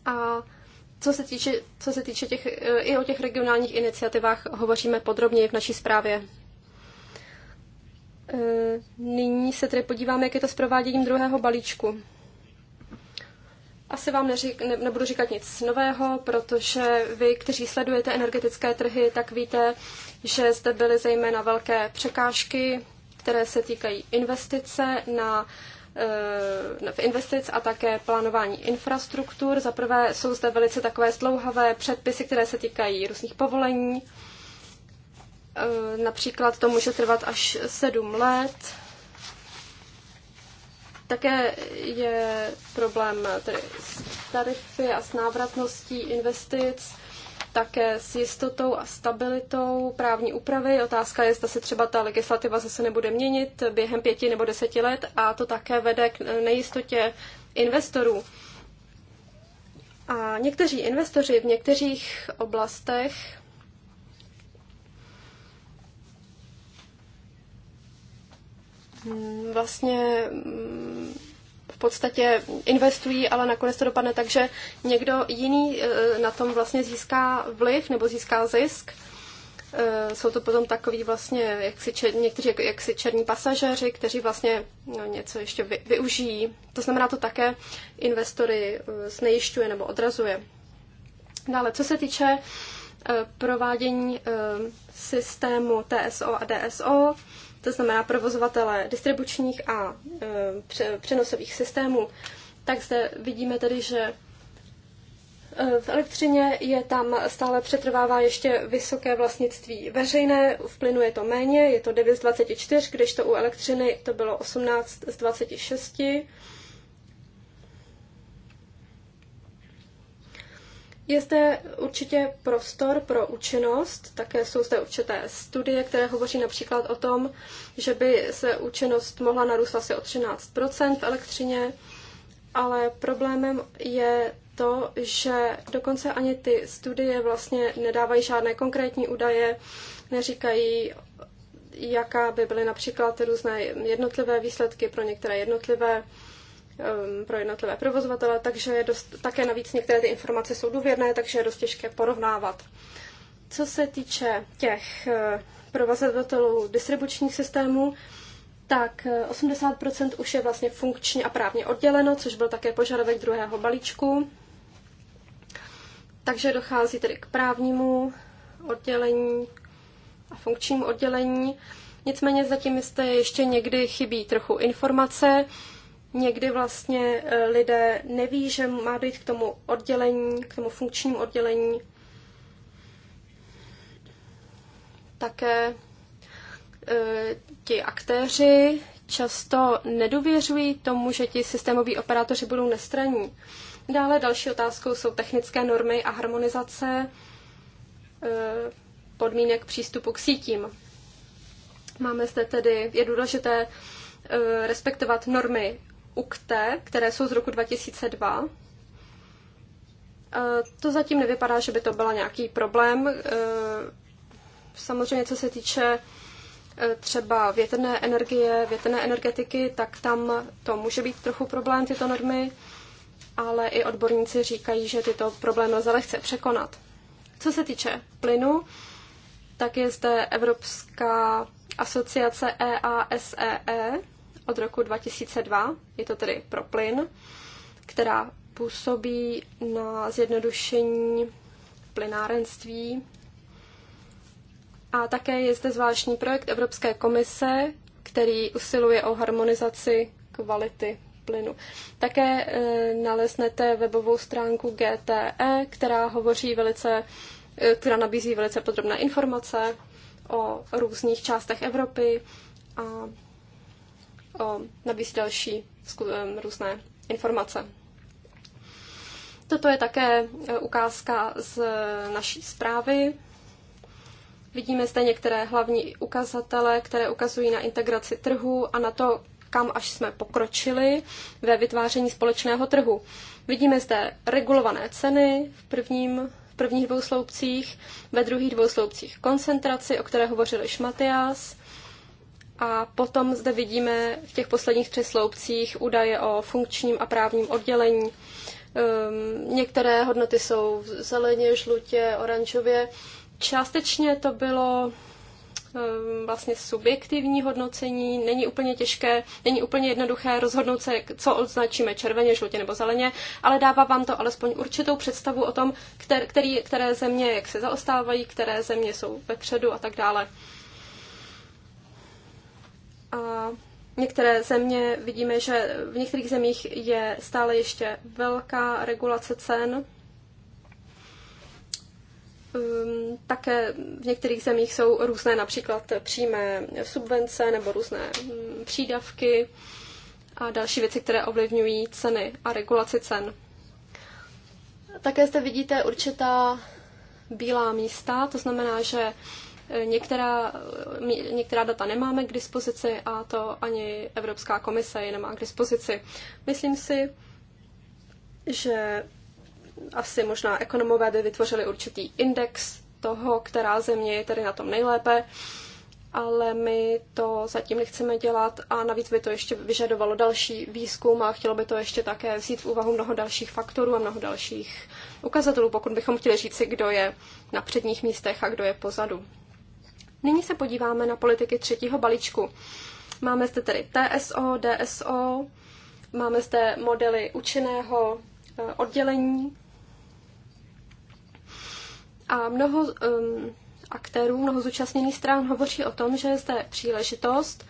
a co se týče, co se týče těch, eh, i o těch regionálních iniciativách hovoříme podrobněji v naší zprávě. Ehm, nyní se tedy podíváme, jak je to s prováděním druhého balíčku. Asi vám neřík, ne, nebudu říkat nic nového, protože vy, kteří sledujete energetické trhy, tak víte, že zde byly zejména velké překážky, které se týkají investice na eh, v investic a také plánování infrastruktur. Za prvé jsou zde velice takové zdlouhavé předpisy, které se týkají různých povolení. Eh, například to může trvat až sedm let také je problém tedy s tarify a s návratností investic, také s jistotou a stabilitou právní úpravy. Otázka je, zda se třeba ta legislativa zase nebude měnit během pěti nebo deseti let a to také vede k nejistotě investorů. A někteří investoři v některých oblastech Mm, vlastně mm, v podstatě investují, ale nakonec to dopadne tak, že někdo jiný eh, na tom vlastně získá vliv nebo získá zisk. Eh, jsou to potom takový vlastně, jak si čer, někteří jako, jak si černí pasažéři, kteří vlastně no, něco ještě vy, využijí. To znamená, to také investory eh, znejišťuje nebo odrazuje. Dále, no, co se týče provádění systému TSO a DSO, to znamená provozovatele distribučních a e, přenosových systémů, tak zde vidíme tedy, že e, v elektřině je tam stále přetrvává ještě vysoké vlastnictví veřejné, v plynu je to méně, je to 9 z 24, když to u elektřiny to bylo 18 z 26 Je zde určitě prostor pro účinnost, také jsou zde určité studie, které hovoří například o tom, že by se účinnost mohla narůst asi o 13 v elektřině, ale problémem je to, že dokonce ani ty studie vlastně nedávají žádné konkrétní údaje, neříkají, jaká by byly například různé jednotlivé výsledky pro některé jednotlivé Um, pro jednotlivé provozovatele, takže je dost, také navíc některé ty informace jsou důvěrné, takže je dost těžké porovnávat. Co se týče těch eh, provozovatelů distribučních systémů, tak 80% eh, už je vlastně funkčně a právně odděleno, což byl také požadavek druhého balíčku. Takže dochází tedy k právnímu oddělení a funkčnímu oddělení. Nicméně zatím jste ještě někdy chybí trochu informace, Někdy vlastně e, lidé neví, že má dojít k tomu oddělení, k tomu funkčnímu oddělení. Také e, ti aktéři často nedůvěřují tomu, že ti systémoví operátoři budou nestraní. Dále další otázkou jsou technické normy a harmonizace e, podmínek přístupu k sítím. Máme zde tedy, je důležité respektovat normy UKTE, které jsou z roku 2002. Eh, to zatím nevypadá, že by to byl nějaký problém. Eh, samozřejmě, co se týče eh, třeba větrné energie, větrné energetiky, tak tam to může být trochu problém, tyto normy, ale i odborníci říkají, že tyto problémy lze lehce překonat. Co se týče plynu, tak je zde Evropská asociace EASEE, od roku 2002, je to tedy pro plyn, která působí na zjednodušení plynárenství. A také je zde zvláštní projekt Evropské komise, který usiluje o harmonizaci kvality plynu. Také e, naleznete webovou stránku GTE, která hovoří velice, e, která nabízí velice podrobné informace o různých částech Evropy a o, nabízí další různé informace. Toto je také e, ukázka z naší zprávy. Vidíme zde některé hlavní ukazatele, které ukazují na integraci trhu a na to, kam až jsme pokročili ve vytváření společného trhu. Vidíme zde regulované ceny v, prvním, v prvních dvou sloupcích, ve druhých dvou sloupcích koncentraci, o které hovořil Šmatias. Matias, a potom zde vidíme v těch posledních třech sloupcích údaje o funkčním a právním oddělení. Um, některé hodnoty jsou v zeleně, žlutě, oranžově. Částečně to bylo um, vlastně subjektivní hodnocení. Není úplně těžké, není úplně jednoduché rozhodnout se, co označíme červeně, žlutě nebo zeleně, ale dává vám to alespoň určitou představu o tom, který, které země jak se zaostávají, které země jsou vepředu a tak dále a některé země, vidíme, že v některých zemích je stále ještě velká regulace cen. Ehm, také v některých zemích jsou různé například přímé subvence nebo různé hm, přídavky a další věci, které ovlivňují ceny a regulaci cen. Také zde vidíte určitá bílá místa, to znamená, že Některá, některá data nemáme k dispozici a to ani Evropská komise je nemá k dispozici. Myslím si, že asi možná ekonomové by vytvořili určitý index toho, která země je tedy na tom nejlépe, ale my to zatím nechceme dělat a navíc by to ještě vyžadovalo další výzkum a chtělo by to ještě také vzít v úvahu mnoho dalších faktorů a mnoho dalších ukazatelů, pokud bychom chtěli říci, kdo je na předních místech a kdo je pozadu. Nyní se podíváme na politiky třetího balíčku. Máme zde tedy TSO, DSO, máme zde modely učeného eh, oddělení a mnoho um, aktérů, mnoho zúčastněných stran hovoří o tom, že je zde příležitost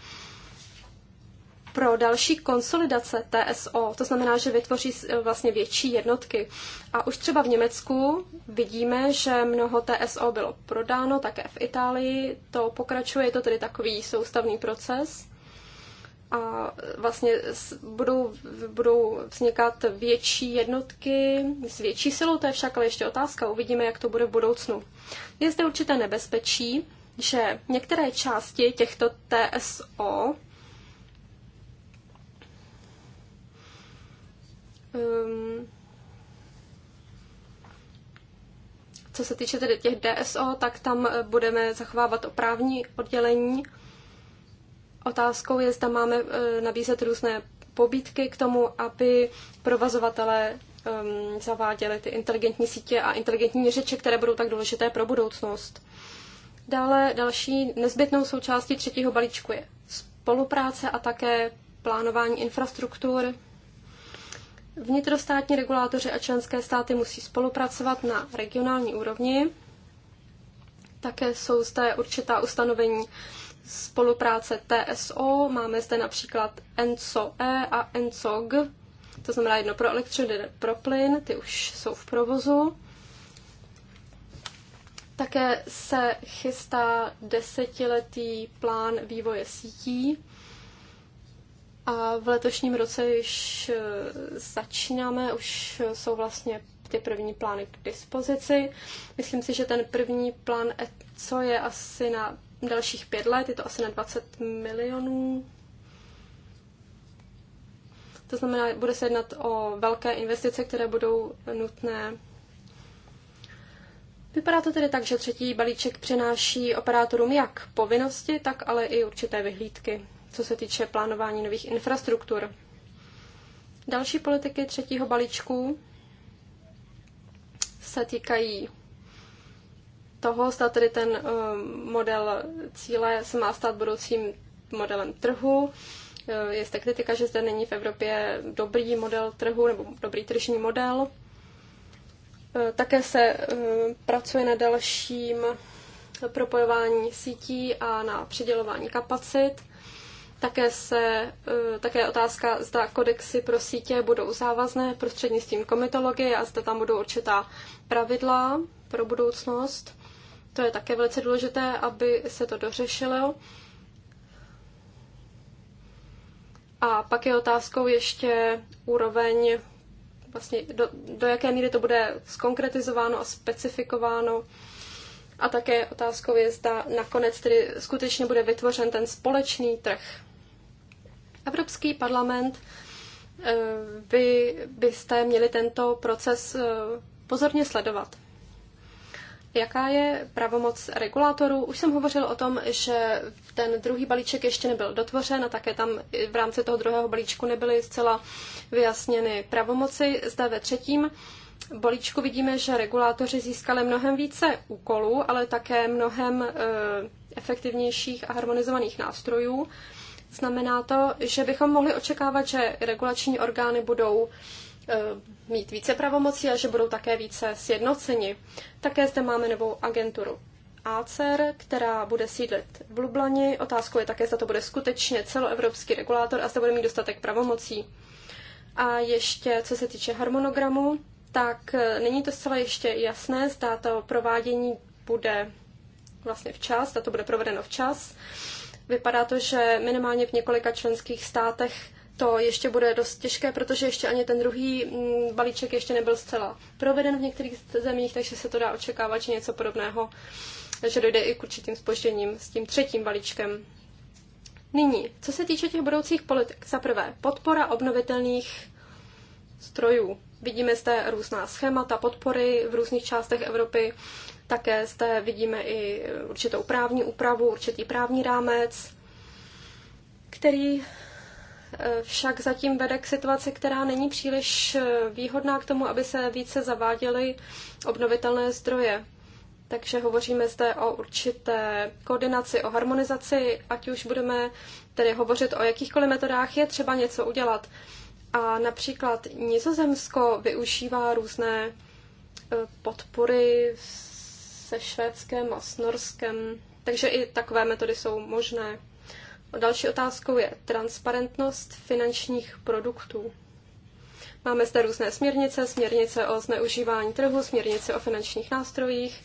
pro další konsolidace TSO, to znamená, že vytvoří vlastně větší jednotky. A už třeba v Německu vidíme, že mnoho TSO bylo prodáno, také v Itálii to pokračuje, je to tedy takový soustavný proces a vlastně budou, budou vznikat větší jednotky s větší silou, to je však ale ještě otázka, uvidíme, jak to bude v budoucnu. Je zde určité nebezpečí, že některé části těchto TSO Um, co se týče tedy těch DSO, tak tam eh, budeme zachovávat oprávní oddělení. Otázkou je, zda máme eh, nabízet různé pobídky k tomu, aby provazovatele um, ehm, zaváděli ty inteligentní sítě a inteligentní měřeče, které budou tak důležité pro budoucnost. Dále další nezbytnou součástí třetího balíčku je spolupráce a také plánování infrastruktur. Vnitrostátní regulátoři a členské státy musí spolupracovat na regionální úrovni. Také jsou zde určitá ustanovení spolupráce TSO. Máme zde například ENCO-E a ENCOG, to znamená jedno pro elektřinu, jedno pro plyn, ty už jsou v provozu. Také se chystá desetiletý plán vývoje sítí. A v letošním roce již eh, začínáme, už jsou vlastně ty první plány k dispozici. Myslím si, že ten první plán co je asi na dalších pět let, je to asi na 20 milionů. To znamená, bude se jednat o velké investice, které budou nutné. Vypadá to tedy tak, že třetí balíček přináší operátorům jak povinnosti, tak ale i určité vyhlídky co se týče plánování nových infrastruktur. Další politiky třetího balíčku se týkají toho, zda tedy ten eh, model cíle se má stát budoucím modelem trhu. Eh, je zde kritika, že zde není v Evropě dobrý model trhu nebo dobrý tržní model. Eh, také se pracuje na dalším propojování sítí a na přidělování kapacit. Také, se, eh, také otázka, zda kodexy pro sítě budou závazné prostřednictvím komitologie a zda tam budou určitá pravidla pro budoucnost. To je také velice důležité, aby se to dořešilo. A pak je otázkou ještě úroveň, vlastně do, do jaké míry to bude skonkretizováno a specifikováno. A také otázkou je, zda nakonec tedy skutečně bude vytvořen ten společný trh. Evropský parlament, eh, vy byste měli tento proces eh, pozorně sledovat. Jaká je pravomoc regulátorů? Už jsem hovořil o tom, že ten druhý balíček ještě nebyl dotvořen a také tam v rámci toho druhého balíčku nebyly zcela vyjasněny pravomoci. Zde ve třetím balíčku vidíme, že regulátoři získali mnohem více úkolů, ale také mnohem eh, efektivnějších a harmonizovaných nástrojů. Znamená to, že bychom mohli očekávat, že regulační orgány budou eh, mít více pravomocí a že budou také více sjednoceni. Také zde máme novou agenturu ACER, která bude sídlit v Lublani. Otázkou je také, zda to bude skutečně celoevropský regulátor a zda bude mít dostatek pravomocí. A ještě, co se týče harmonogramu, tak eh, není to zcela ještě jasné, zda to provádění bude vlastně včas, zda to bude provedeno včas. Vypadá to, že minimálně v několika členských státech to ještě bude dost těžké, protože ještě ani ten druhý mm, balíček ještě nebyl zcela proveden v některých zemích, takže se to dá očekávat, že něco podobného, že dojde i k určitým spožděním s tím třetím balíčkem. Nyní, co se týče těch budoucích politik, za prvé, podpora obnovitelných strojů. Vidíme zde různá schémata podpory v různých částech Evropy. Také zde vidíme i určitou právní úpravu, určitý právní rámec, který eh, však zatím vede k situaci, která není příliš eh, výhodná k tomu, aby se více zaváděly obnovitelné zdroje. Takže hovoříme zde o určité koordinaci, o harmonizaci, ať už budeme tedy hovořit o jakýchkoliv metodách, je třeba něco udělat. A například Nizozemsko využívá různé eh, podpory z se Švédskem a s Norskem, takže i takové metody jsou možné. Další otázkou je transparentnost finančních produktů. Máme zde různé směrnice, směrnice o zneužívání trhu, směrnice o finančních nástrojích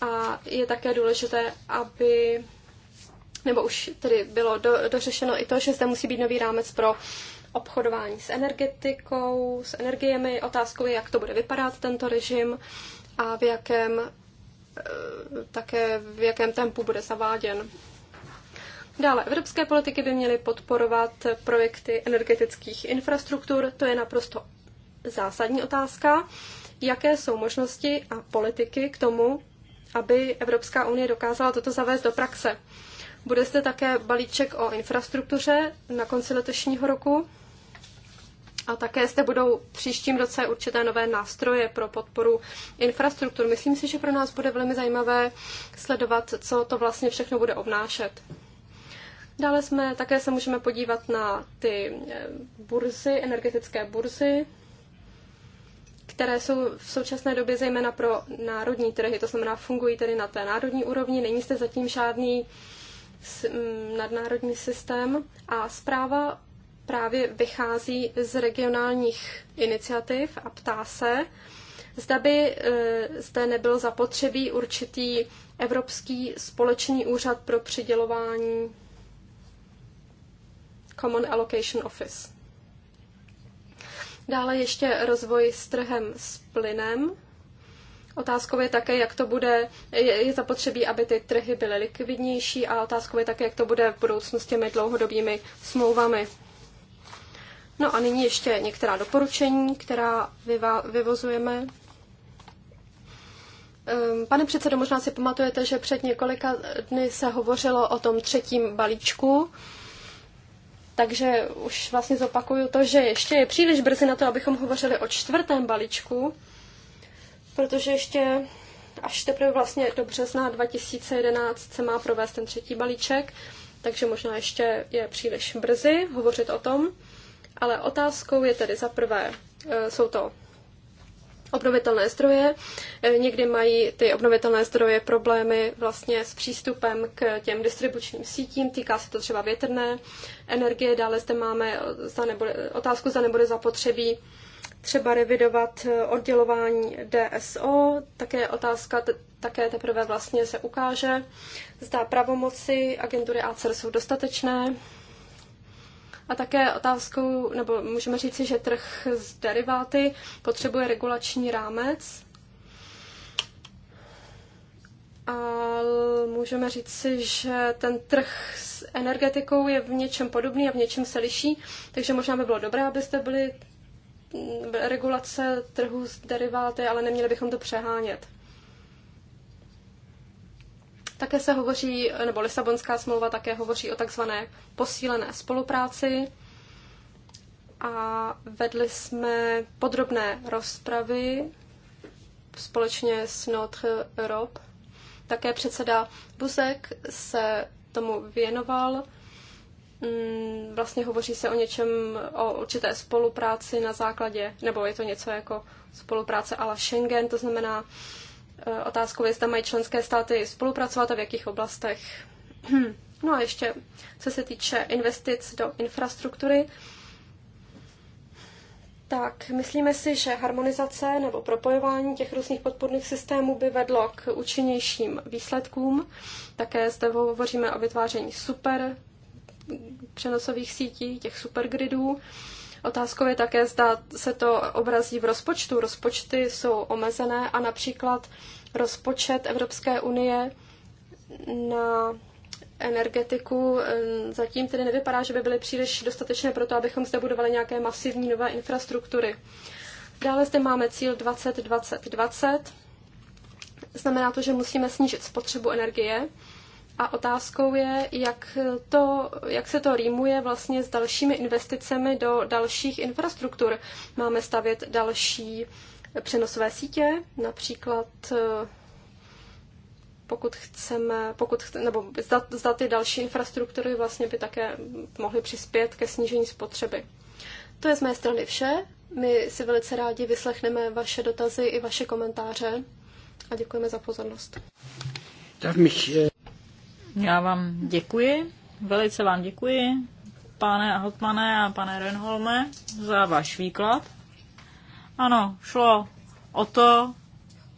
a je také důležité, aby nebo už tedy bylo do, dořešeno i to, že zde musí být nový rámec pro obchodování s energetikou, s energiemi. Otázkou je, jak to bude vypadat tento režim a v jakém Eh, také v jakém tempu bude zaváděn. Dále, evropské politiky by měly podporovat projekty energetických infrastruktur, to je naprosto zásadní otázka. Jaké jsou možnosti a politiky k tomu, aby Evropská unie dokázala toto zavést do praxe? Bude zde také balíček o infrastruktuře na konci letošního roku. A také zde budou příštím roce určité nové nástroje pro podporu infrastruktur. Myslím si, že pro nás bude velmi zajímavé sledovat, co to vlastně všechno bude obnášet. Dále jsme také se můžeme podívat na ty eh, burzy, energetické burzy, které jsou v současné době zejména pro národní trhy, to znamená fungují tedy na té národní úrovni, není zde zatím žádný nadnárodní systém a zpráva právě vychází z regionálních iniciativ a ptá se, zda by e, zde nebyl zapotřebí určitý Evropský společný úřad pro přidělování Common Allocation Office. Dále ještě rozvoj s trhem s plynem. Otázkou je také, jak to bude, je, zapotřebí, aby ty trhy byly likvidnější a otázkou je také, jak to bude v budoucnosti s těmi dlouhodobými smlouvami. No a nyní ještě některá doporučení, která vyvozujeme. Ehm, pane předsedo, možná si pamatujete, že před několika dny se hovořilo o tom třetím balíčku, takže už vlastně zopakuju to, že ještě je příliš brzy na to, abychom hovořili o čtvrtém balíčku, protože ještě až teprve vlastně do března 2011 se má provést ten třetí balíček, takže možná ještě je příliš brzy hovořit o tom. Ale otázkou je tedy za prvé, e, jsou to obnovitelné zdroje. E, někdy mají ty obnovitelné zdroje problémy vlastně s přístupem k těm distribučním sítím. Týká se to třeba větrné energie. Dále zde máme za nebude, otázku, za nebude zapotřebí třeba revidovat e, oddělování DSO. Také otázka také teprve vlastně se ukáže. Zda pravomoci agentury ACER jsou dostatečné. A také otázkou, nebo můžeme říci, že trh s deriváty potřebuje regulační rámec. A můžeme říci, že ten trh s energetikou je v něčem podobný a v něčem se liší, takže možná by bylo dobré, abyste byli regulace trhu s deriváty, ale neměli bychom to přehánět. Také se hovoří, nebo Lisabonská smlouva také hovoří o takzvané posílené spolupráci a vedli jsme podrobné rozpravy společně s Notre Europe. Také předseda Buzek se tomu věnoval. Mm, vlastně hovoří se o něčem, o určité spolupráci na základě, nebo je to něco jako spolupráce ala Schengen, to znamená, Eh, otázkou je, zda mají členské státy spolupracovat a v jakých oblastech. No a ještě, co se týče investic do infrastruktury, tak myslíme si, že harmonizace nebo propojování těch různých podporných systémů by vedlo k účinnějším výsledkům. Také zde hovoříme o vytváření super přenosových sítí, těch supergridů. Otázkou je také, zda se to obrazí v rozpočtu. Rozpočty jsou omezené a například rozpočet Evropské unie na energetiku eh, zatím tedy nevypadá, že by byly příliš dostatečné pro to, abychom zde budovali nějaké masivní nové infrastruktury. Dále zde máme cíl 20-20-20. Znamená to, že musíme snížit spotřebu energie. A otázkou je, jak, to, jak se to rýmuje vlastně s dalšími investicemi do dalších infrastruktur. Máme stavět další přenosové sítě, například eh, pokud chceme, pokud chceme, nebo zda, ty další infrastruktury vlastně by také mohly přispět ke snížení spotřeby. To je z mé strany vše. My si velice rádi vyslechneme vaše dotazy i vaše komentáře a děkujeme za pozornost. Eh, Já vám děkuji, velice vám děkuji, pane Hotmane a pane Renholme, za váš výklad. Ano, šlo o to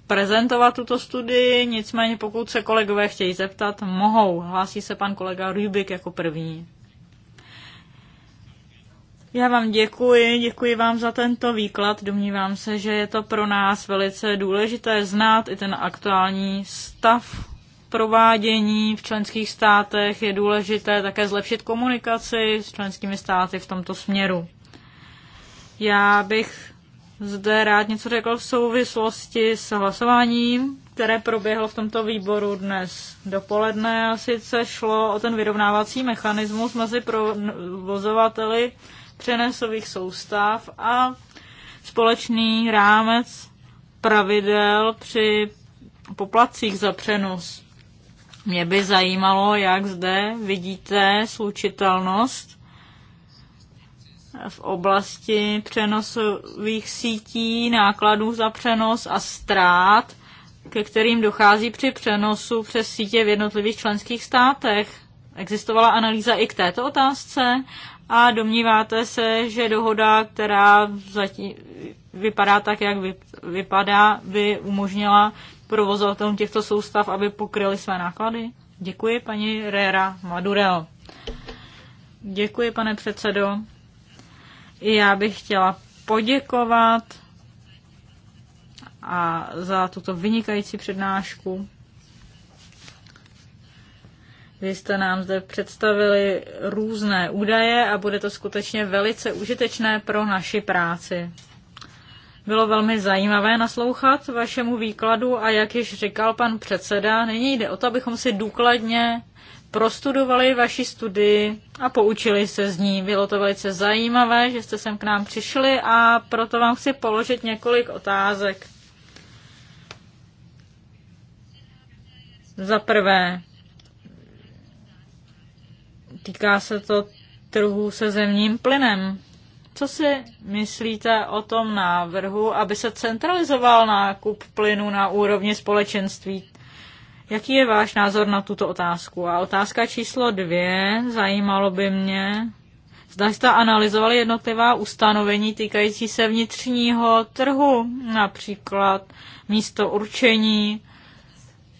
prezentovat tuto studii, nicméně pokud se kolegové chtějí zeptat, mohou. Hlásí se pan kolega Rubik jako první. Já vám děkuji, děkuji vám za tento výklad. Domnívám se, že je to pro nás velice důležité znát i ten aktuální stav provádění v členských státech. Je důležité také zlepšit komunikaci s členskými státy v tomto směru. Já bych zde rád něco řekl v souvislosti s hlasováním, které proběhlo v tomto výboru dnes dopoledne. A sice šlo o ten vyrovnávací mechanismus mezi provozovateli přenesových soustav a společný rámec pravidel při poplacích za přenos. Mě by zajímalo, jak zde vidíte slučitelnost v oblasti přenosových sítí, nákladů za přenos a ztrát, ke kterým dochází při přenosu přes sítě v jednotlivých členských státech. Existovala analýza i k této otázce a domníváte se, že dohoda, která zatím vypadá tak, jak vypadá, by umožnila provozovatelům těchto soustav, aby pokryli své náklady? Děkuji, paní Rera Madurel. Děkuji, pane předsedo. I já bych chtěla poděkovat a za tuto vynikající přednášku. Vy jste nám zde představili různé údaje a bude to skutečně velice užitečné pro naši práci. Bylo velmi zajímavé naslouchat vašemu výkladu a jak již říkal pan předseda, nyní jde o to, abychom si důkladně prostudovali vaši studii a poučili se z ní. Bylo to velice zajímavé, že jste sem k nám přišli a proto vám chci položit několik otázek. Za prvé, týká se to trhu se zemním plynem. Co si myslíte o tom návrhu, aby se centralizoval nákup plynu na úrovni společenství? Jaký je váš názor na tuto otázku? A otázka číslo dvě, zajímalo by mě, zda jste analyzovali jednotlivá ustanovení týkající se vnitřního trhu, například místo určení,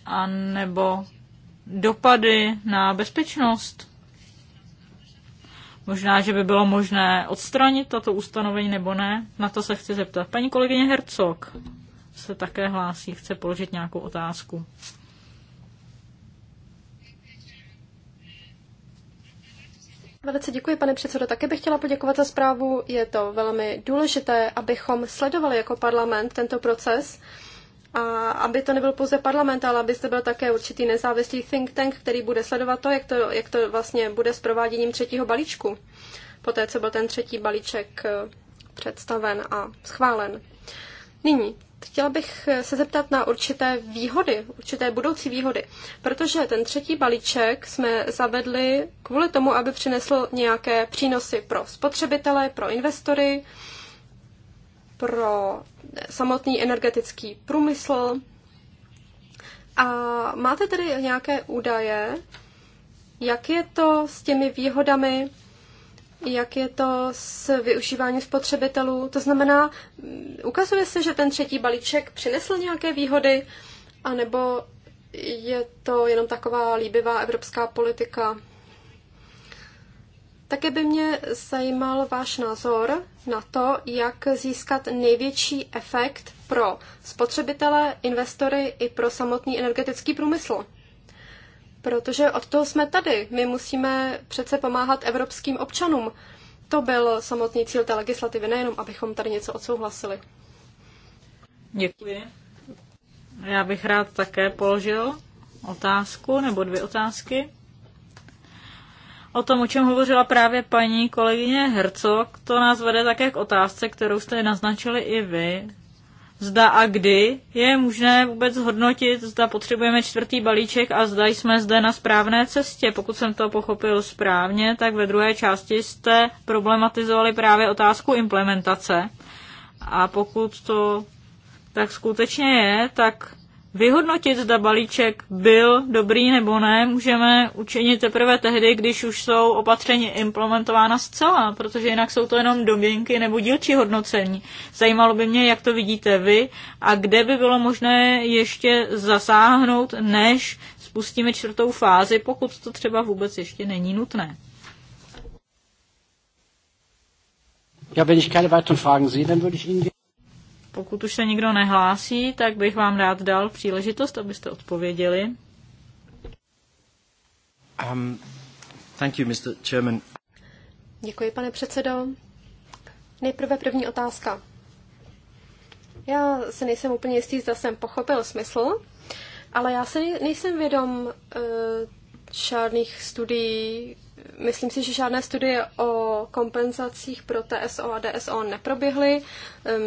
a nebo dopady na bezpečnost. Možná, že by bylo možné odstranit tato ustanovení nebo ne. Na to se chci zeptat. Paní kolegyně Hercog se také hlásí, chce položit nějakou otázku. Velice děkuji, pane předsedo. Také bych chtěla poděkovat za zprávu. Je to velmi důležité, abychom sledovali jako parlament tento proces a aby to nebyl pouze parlament, ale aby zde byl také určitý nezávislý think tank, který bude sledovat to, jak to, jak to vlastně bude s prováděním třetího balíčku, poté co byl ten třetí balíček eh, představen a schválen. Nyní chtěla bych eh, se zeptat na určité výhody, určité budoucí výhody, protože ten třetí balíček jsme zavedli kvůli tomu, aby přinesl nějaké přínosy pro spotřebitele, pro investory, pro eh, samotný energetický průmysl. A máte tedy nějaké údaje, jak je to s těmi výhodami jak je to s využíváním spotřebitelů. To znamená, ukazuje se, že ten třetí balíček přinesl nějaké výhody, anebo je to jenom taková líbivá evropská politika. Také by mě zajímal váš názor na to, jak získat největší efekt pro spotřebitele, investory i pro samotný energetický průmysl. Protože od toho jsme tady. My musíme přece pomáhat evropským občanům. To byl samotný cíl té legislativy, nejenom abychom tady něco odsouhlasili. Děkuji. Já bych rád také položil otázku nebo dvě otázky. O tom, o čem hovořila právě paní kolegyně Hercog, to nás vede také k otázce, kterou jste naznačili i vy, zda a kdy je možné vůbec hodnotit, zda potřebujeme čtvrtý balíček a zda jsme zde na správné cestě. Pokud jsem to pochopil správně, tak ve druhé části jste problematizovali právě otázku implementace. A pokud to tak skutečně je, tak vyhodnotit, zda balíček byl dobrý nebo ne, můžeme učinit teprve tehdy, když už jsou opatření implementována zcela, protože jinak jsou to jenom domínky nebo dílčí hodnocení. Zajímalo by mě, jak to vidíte vy a kde by bylo možné ještě zasáhnout, než spustíme čtvrtou fázi, pokud to třeba vůbec ještě není nutné. Ja, wenn ich keine weiteren Fragen sehe, dann würde ich Ihnen pokud už se nikdo nehlásí, tak bych vám rád dal příležitost, abyste odpověděli. Um, thank you, Mr. Chairman. Děkuji, pane předsedo. Nejprve první otázka. Já se nejsem úplně jistý, zda jsem pochopil smysl, ale já se nejsem vědom uh, žádných studií, Myslím si, že žádné studie o kompenzacích pro TSO a DSO neproběhly. Ehm,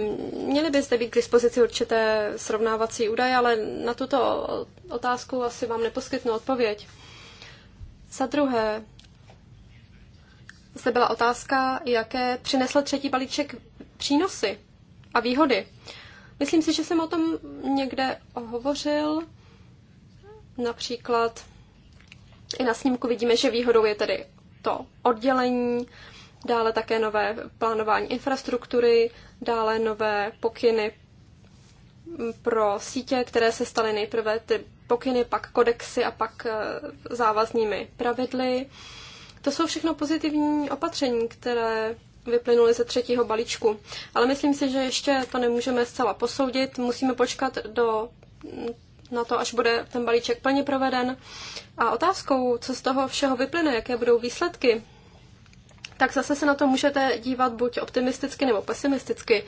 měly by zde být k dispozici určité srovnávací údaje, ale na tuto otázku asi vám neposkytnu odpověď. Za druhé, zde byla otázka, jaké přinesl třetí balíček přínosy a výhody. Myslím si, že jsem o tom někde hovořil, například i na snímku vidíme, že výhodou je tedy to oddělení, dále také nové plánování infrastruktury, dále nové pokyny pro sítě, které se staly nejprve ty pokyny, pak kodexy a pak eh, závaznými pravidly. To jsou všechno pozitivní opatření, které vyplynuly ze třetího balíčku. Ale myslím si, že ještě to nemůžeme zcela posoudit. Musíme počkat do na to, až bude ten balíček plně proveden. A otázkou, co z toho všeho vyplyne, jaké budou výsledky, tak zase se na to můžete dívat buď optimisticky nebo pesimisticky.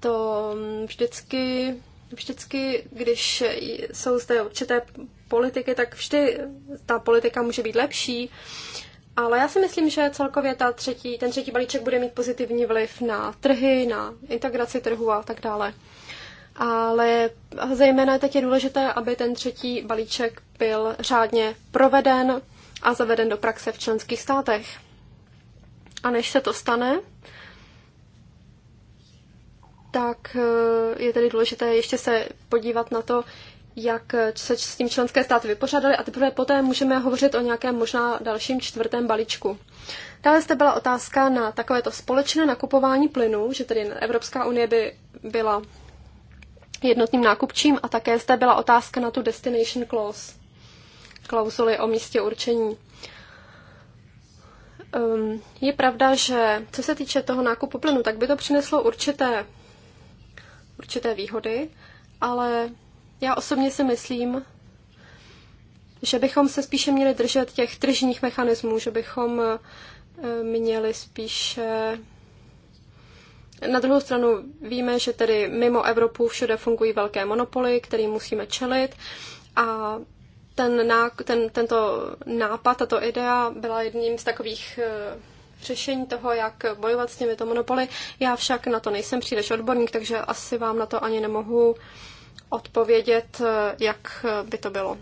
To vždycky, vždycky, když jsou zde určité politiky, tak vždy ta politika může být lepší. Ale já si myslím, že celkově ta třetí, ten třetí balíček bude mít pozitivní vliv na trhy, na integraci trhu a tak dále ale zejména teď je důležité, aby ten třetí balíček byl řádně proveden a zaveden do praxe v členských státech. A než se to stane, tak eh, je tedy důležité ještě se podívat na to, jak se s tím členské státy vypořádaly a teprve poté můžeme hovořit o nějakém možná dalším čtvrtém balíčku. Dále zde byla otázka na takovéto společné nakupování plynu, že tedy Evropská unie by byla jednotným nákupčím a také zde byla otázka na tu destination clause, klauzuly o místě určení. Um, je pravda, že co se týče toho nákupu plynu, tak by to přineslo určité, určité výhody, ale já osobně si myslím, že bychom se spíše měli držet těch tržních mechanismů, že bychom eh, měli spíše na druhou stranu víme, že tedy mimo Evropu všude fungují velké monopoly, kterým musíme čelit a ten, ten, tento nápad, tato idea byla jedním z takových eh, řešení toho, jak bojovat s těmito monopoly. Já však na to nejsem příliš odborník, takže asi vám na to ani nemohu odpovědět, eh, jak eh, by to bylo.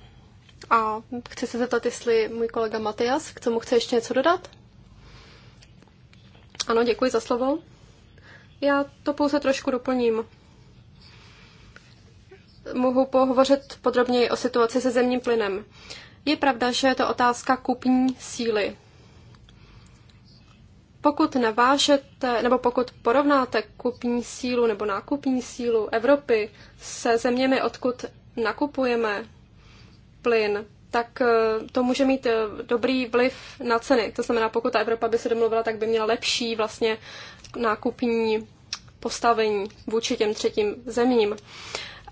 A chci se zeptat, jestli můj kolega Matias k tomu chce ještě něco dodat? Ano, děkuji za slovo. Já to pouze trošku doplním. Mohu pohovořit podrobněji o situaci se zemním plynem. Je pravda, že je to otázka kupní síly. Pokud navážete, nebo pokud porovnáte kupní sílu nebo nákupní sílu Evropy se zeměmi, odkud nakupujeme plyn, tak eh, to může mít eh, dobrý vliv na ceny. To znamená, pokud ta Evropa by se domluvila, tak by měla lepší vlastně nákupní postavení vůči těm třetím zemím.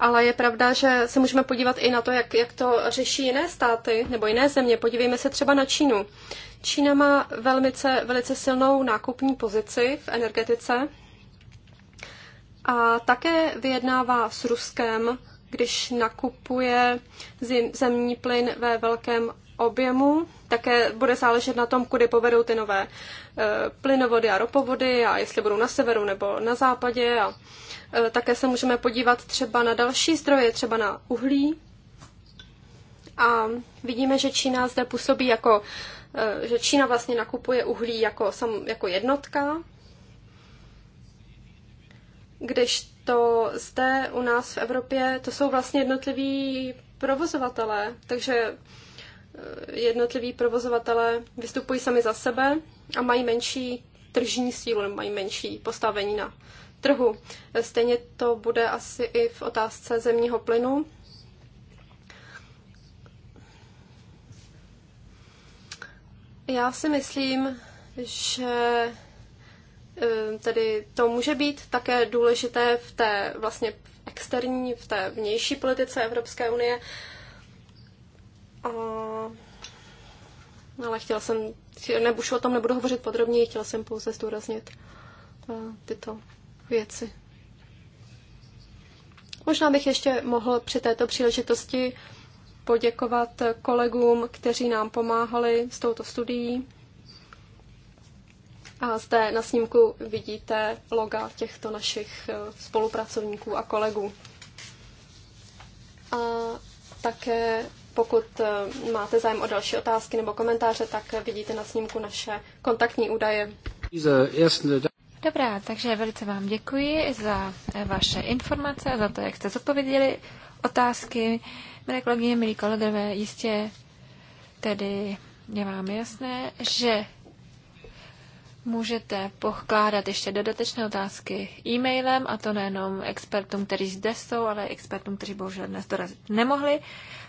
Ale je pravda, že se můžeme podívat i na to, jak, jak to řeší jiné státy nebo jiné země. Podívejme se třeba na Čínu. Čína má velmice, velice silnou nákupní pozici v energetice a také vyjednává s Ruskem, když nakupuje zim, zemní plyn ve velkém objemu. Také bude záležet na tom, kudy povedou ty nové eh, plynovody a ropovody a jestli budou na severu nebo na západě. A eh, také se můžeme podívat třeba na další zdroje, třeba na uhlí. A vidíme, že Čína zde působí jako, eh, že Čína vlastně nakupuje uhlí jako, jako jednotka, když to zde u nás v Evropě, to jsou vlastně jednotliví provozovatelé, takže jednotliví provozovatelé vystupují sami za sebe a mají menší tržní sílu nebo mají menší postavení na trhu. Stejně to bude asi i v otázce zemního plynu. Já si myslím, že e, tedy to může být také důležité v té vlastně externí, v té vnější politice Evropské unie, a... Ale chtěla jsem, ne, už o tom nebudu hovořit podrobněji, chtěla jsem pouze zdůraznit tyto věci. Možná bych ještě mohl při této příležitosti poděkovat kolegům, kteří nám pomáhali s touto studií. A zde na snímku vidíte loga těchto našich e, spolupracovníků a kolegů. A také pokud eh, máte zájem o další otázky nebo komentáře, tak vidíte na snímku naše kontaktní údaje. Dobrá, takže velice vám děkuji za eh, vaše informace a za to, jak jste zodpověděli otázky. Milé kolegyně, milí kolegové, jistě tedy je vám jasné, že můžete pokládat ještě dodatečné otázky e-mailem, a to nejenom expertům, kteří zde jsou, ale expertům, kteří bohužel dnes dorazit nemohli.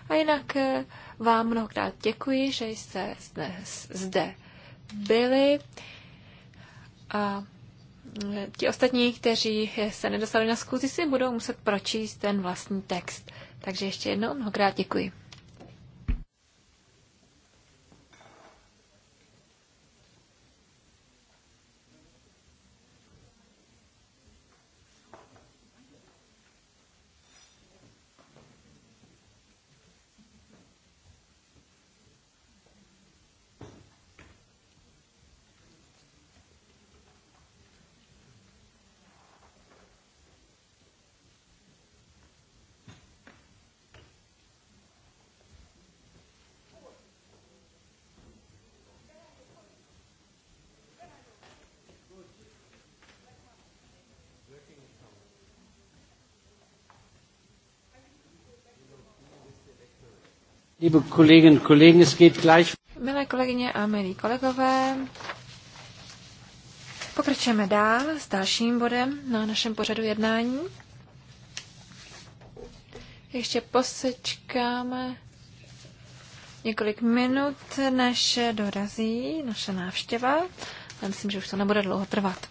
A jinak eh, vám mnohokrát děkuji, že jste dnes zde byli. A eh, ti ostatní, kteří se nedostali na zkuzi, si budou muset pročíst ten vlastní text. Takže ještě jednou mnohokrát děkuji. Milé kolegyně a milí kolegové, pokračujeme dál s dalším bodem na našem pořadu jednání. Ještě posečkáme několik minut, než dorazí naše návštěva. Já myslím, že už to nebude dlouho trvat.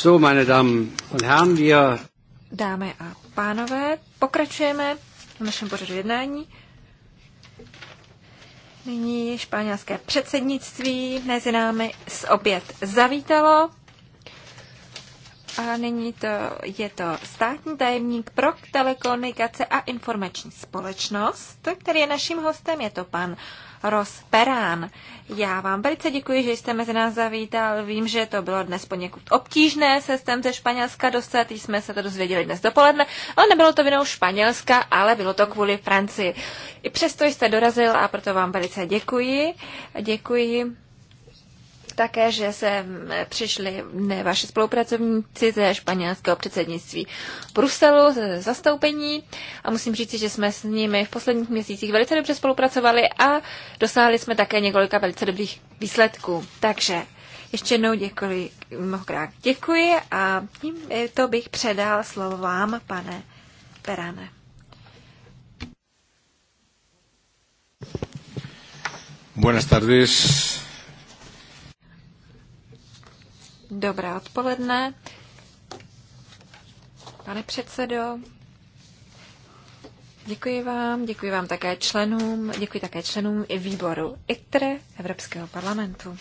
So, meine Damen und Herren, wir... Dámy a pánové, pokračujeme v našem pořadu jednání. Nyní španělské předsednictví mezi námi z oběd zavítalo. A nyní to, je to státní tajemník pro telekomunikace a informační společnost, který je naším hostem, je to pan Ros Perán. Já vám velice děkuji, že jste mezi nás zavítal. Vím, že to bylo dnes poněkud obtížné se sem ze Španělska dostat. Jsme se to dozvěděli dnes dopoledne, ale nebylo to vinou Španělska, ale bylo to kvůli Francii. I přesto jste dorazil a proto vám velice děkuji. Děkuji také, že se přišli ne, vaši spolupracovníci ze španělského předsednictví Bruselu, ze zastoupení a musím říct, že jsme s nimi v posledních měsících velice dobře spolupracovali a dosáhli jsme také několika velice dobrých výsledků. Takže ještě jednou děkuji, mnohokrát děkuji a tím to bych předal slovo vám, pane Perane. Buenas tardes. Dobré odpoledne. Pane předsedo, děkuji vám, děkuji vám také členům, děkuji také členům i výboru ITRE Evropského parlamentu.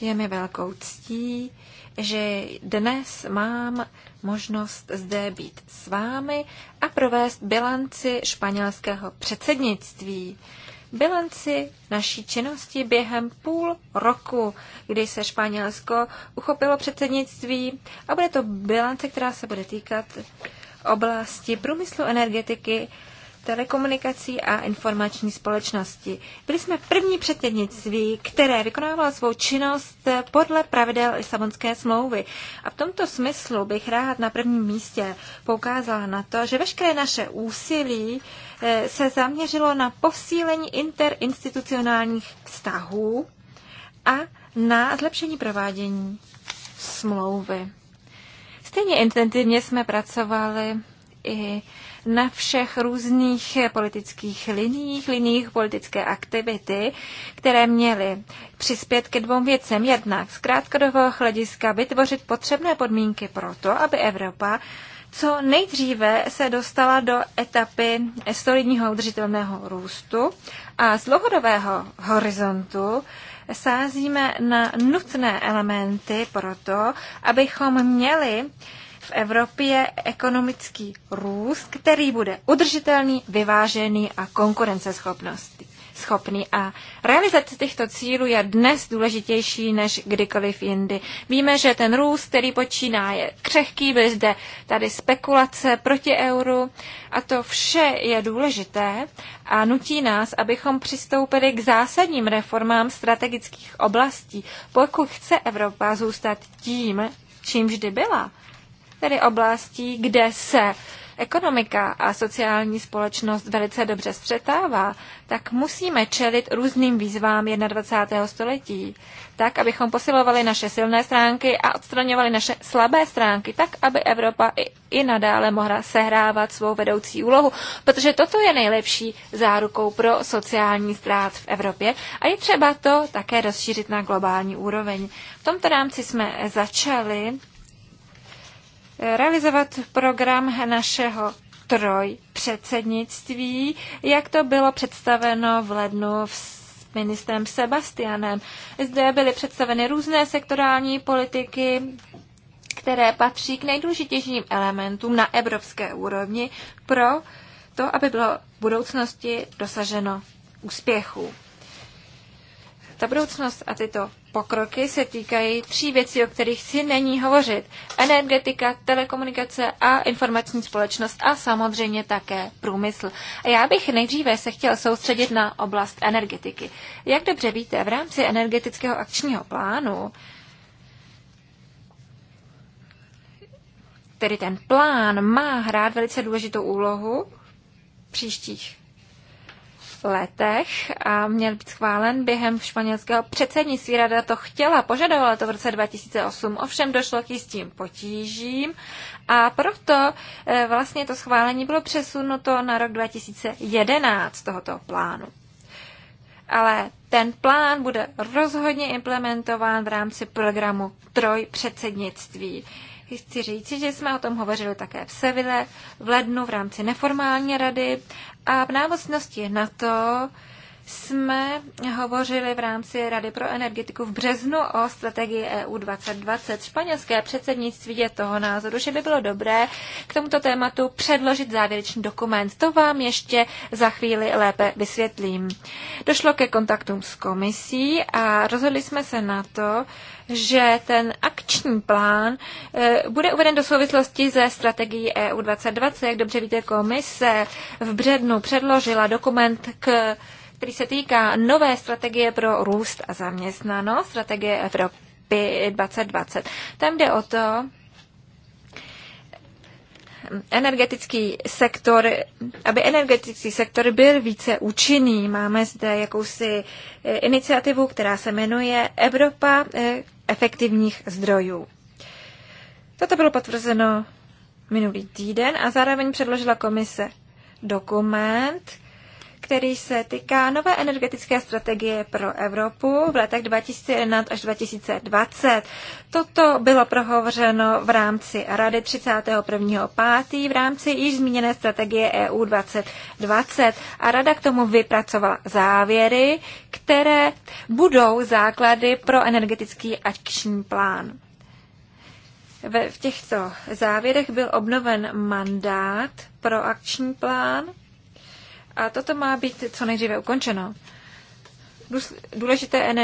Je mi velkou ctí, že dnes mám možnost zde být s vámi a provést bilanci španělského předsednictví bilanci naší činnosti během půl roku, kdy se Španělsko uchopilo předsednictví a bude to bilance, která se bude týkat oblasti průmyslu, energetiky telekomunikací a informační společnosti. Byli jsme první předsednictví, které vykonávalo svou činnost podle pravidel Lisabonské smlouvy. A v tomto smyslu bych rád na prvním místě poukázala na to, že veškeré naše úsilí eh, se zaměřilo na posílení interinstitucionálních vztahů a na zlepšení provádění smlouvy. Stejně intenzivně jsme pracovali i na všech různých politických liních, liních politické aktivity, které měly přispět ke dvou věcem. Jednak z krátkodobého hlediska vytvořit potřebné podmínky pro to, aby Evropa co nejdříve se dostala do etapy solidního udržitelného růstu a z dlouhodobého horizontu sázíme na nutné elementy pro to, abychom měli v Evropě ekonomický růst, který bude udržitelný, vyvážený a konkurenceschopnost schopný. A realizace těchto cílů je dnes důležitější než kdykoliv jindy. Víme, že ten růst, který počíná, je křehký, byly zde tady spekulace proti euru a to vše je důležité a nutí nás, abychom přistoupili k zásadním reformám strategických oblastí, pokud chce Evropa zůstat tím, čím vždy byla tedy oblastí, kde se ekonomika a sociální společnost velice dobře střetává, tak musíme čelit různým výzvám 21. století, tak, abychom posilovali naše silné stránky a odstraňovali naše slabé stránky, tak, aby Evropa i, i nadále mohla sehrávat svou vedoucí úlohu, protože toto je nejlepší zárukou pro sociální ztrát v Evropě a je třeba to také rozšířit na globální úroveň. V tomto rámci jsme začali realizovat program našeho troj předsednictví, jak to bylo představeno v lednu v ministrem Sebastianem. Zde byly představeny různé sektorální politiky, které patří k nejdůležitějším elementům na evropské úrovni pro to, aby bylo v budoucnosti dosaženo úspěchu. Ta budoucnost a tyto pokroky se týkají tří věcí, o kterých si není hovořit. Energetika, telekomunikace a informační společnost a samozřejmě také průmysl. A já bych nejdříve se chtěl soustředit na oblast energetiky. Jak dobře víte, v rámci energetického akčního plánu Tedy ten plán má hrát velice důležitou úlohu v příštích letech a měl být schválen během španělského předsednictví. Rada to chtěla, požadovala to v roce 2008, ovšem došlo k jistým potížím a proto eh, vlastně to schválení bylo přesunuto na rok 2011 tohoto plánu. Ale ten plán bude rozhodně implementován v rámci programu Troj předsednictví chci říci, že jsme o tom hovořili také v Sevile v lednu v rámci neformální rady a v návaznosti na to jsme hovořili v rámci Rady pro energetiku v březnu o strategii EU 2020. Španělské předsednictví je toho názoru, že by bylo dobré k tomuto tématu předložit závěrečný dokument. To vám ještě za chvíli lépe vysvětlím. Došlo ke kontaktům s komisí a rozhodli jsme se na to, že ten akční plán e, bude uveden do souvislosti ze strategií EU 2020. Jak dobře víte, komise v březnu předložila dokument k který se týká nové strategie pro růst a zaměstnanost, strategie Evropy 2020. Tam jde o to, energetický sektor, aby energetický sektor byl více účinný. Máme zde jakousi eh, iniciativu, která se jmenuje Evropa eh, efektivních zdrojů. Toto bylo potvrzeno minulý týden a zároveň předložila komise dokument, který se týká nové energetické strategie pro Evropu v letech 2011 až 2020. Toto bylo prohovořeno v rámci Rady 31.5. v rámci již zmíněné strategie EU 2020 a Rada k tomu vypracovala závěry, které budou základy pro energetický akční plán. v těchto závěrech byl obnoven mandát pro akční plán a toto má být co nejdříve ukončeno. Důležité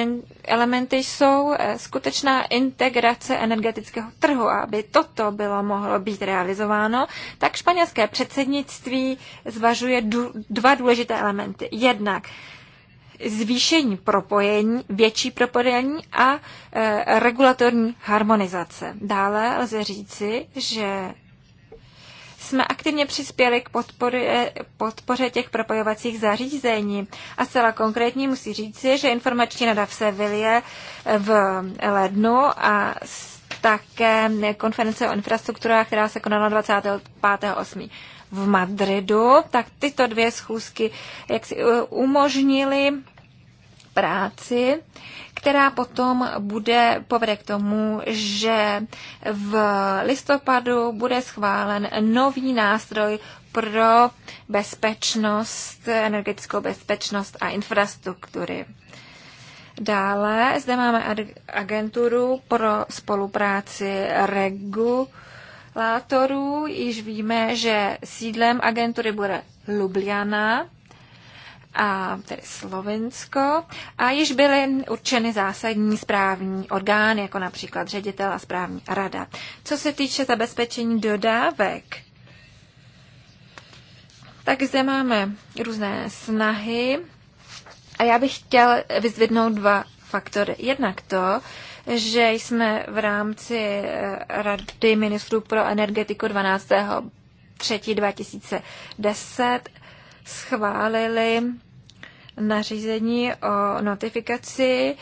elementy jsou eh, skutečná integrace energetického trhu. A aby toto bylo mohlo být realizováno, tak španělské předsednictví zvažuje dva důležité elementy. Jednak zvýšení propojení, větší propojení a e, regulatorní harmonizace. Dále lze říci, že jsme aktivně přispěli k podpory, eh, podpoře těch propojovacích zařízení. A zcela konkrétně musí říci, že informační rada v Sevilie eh, v lednu a také konference o infrastrukturách, která se konala 25.8 v Madridu, tak tyto dvě schůzky jak si eh, umožnili práci, která potom bude, povede k tomu, že v listopadu bude schválen nový nástroj pro bezpečnost, energetickou bezpečnost a infrastruktury. Dále zde máme agenturu pro spolupráci regu, Látorů již víme, že sídlem agentury bude Ljubljana a tedy Slovensko, a již byly určeny zásadní správní orgány, jako například ředitel a správní rada. Co se týče zabezpečení dodávek, tak zde máme různé snahy a já bych chtěl vyzvednout dva faktory. Jednak to, že jsme v rámci eh, Rady ministrů pro energetiku 12. 3. 2010 schválili nařízení o notifikaci,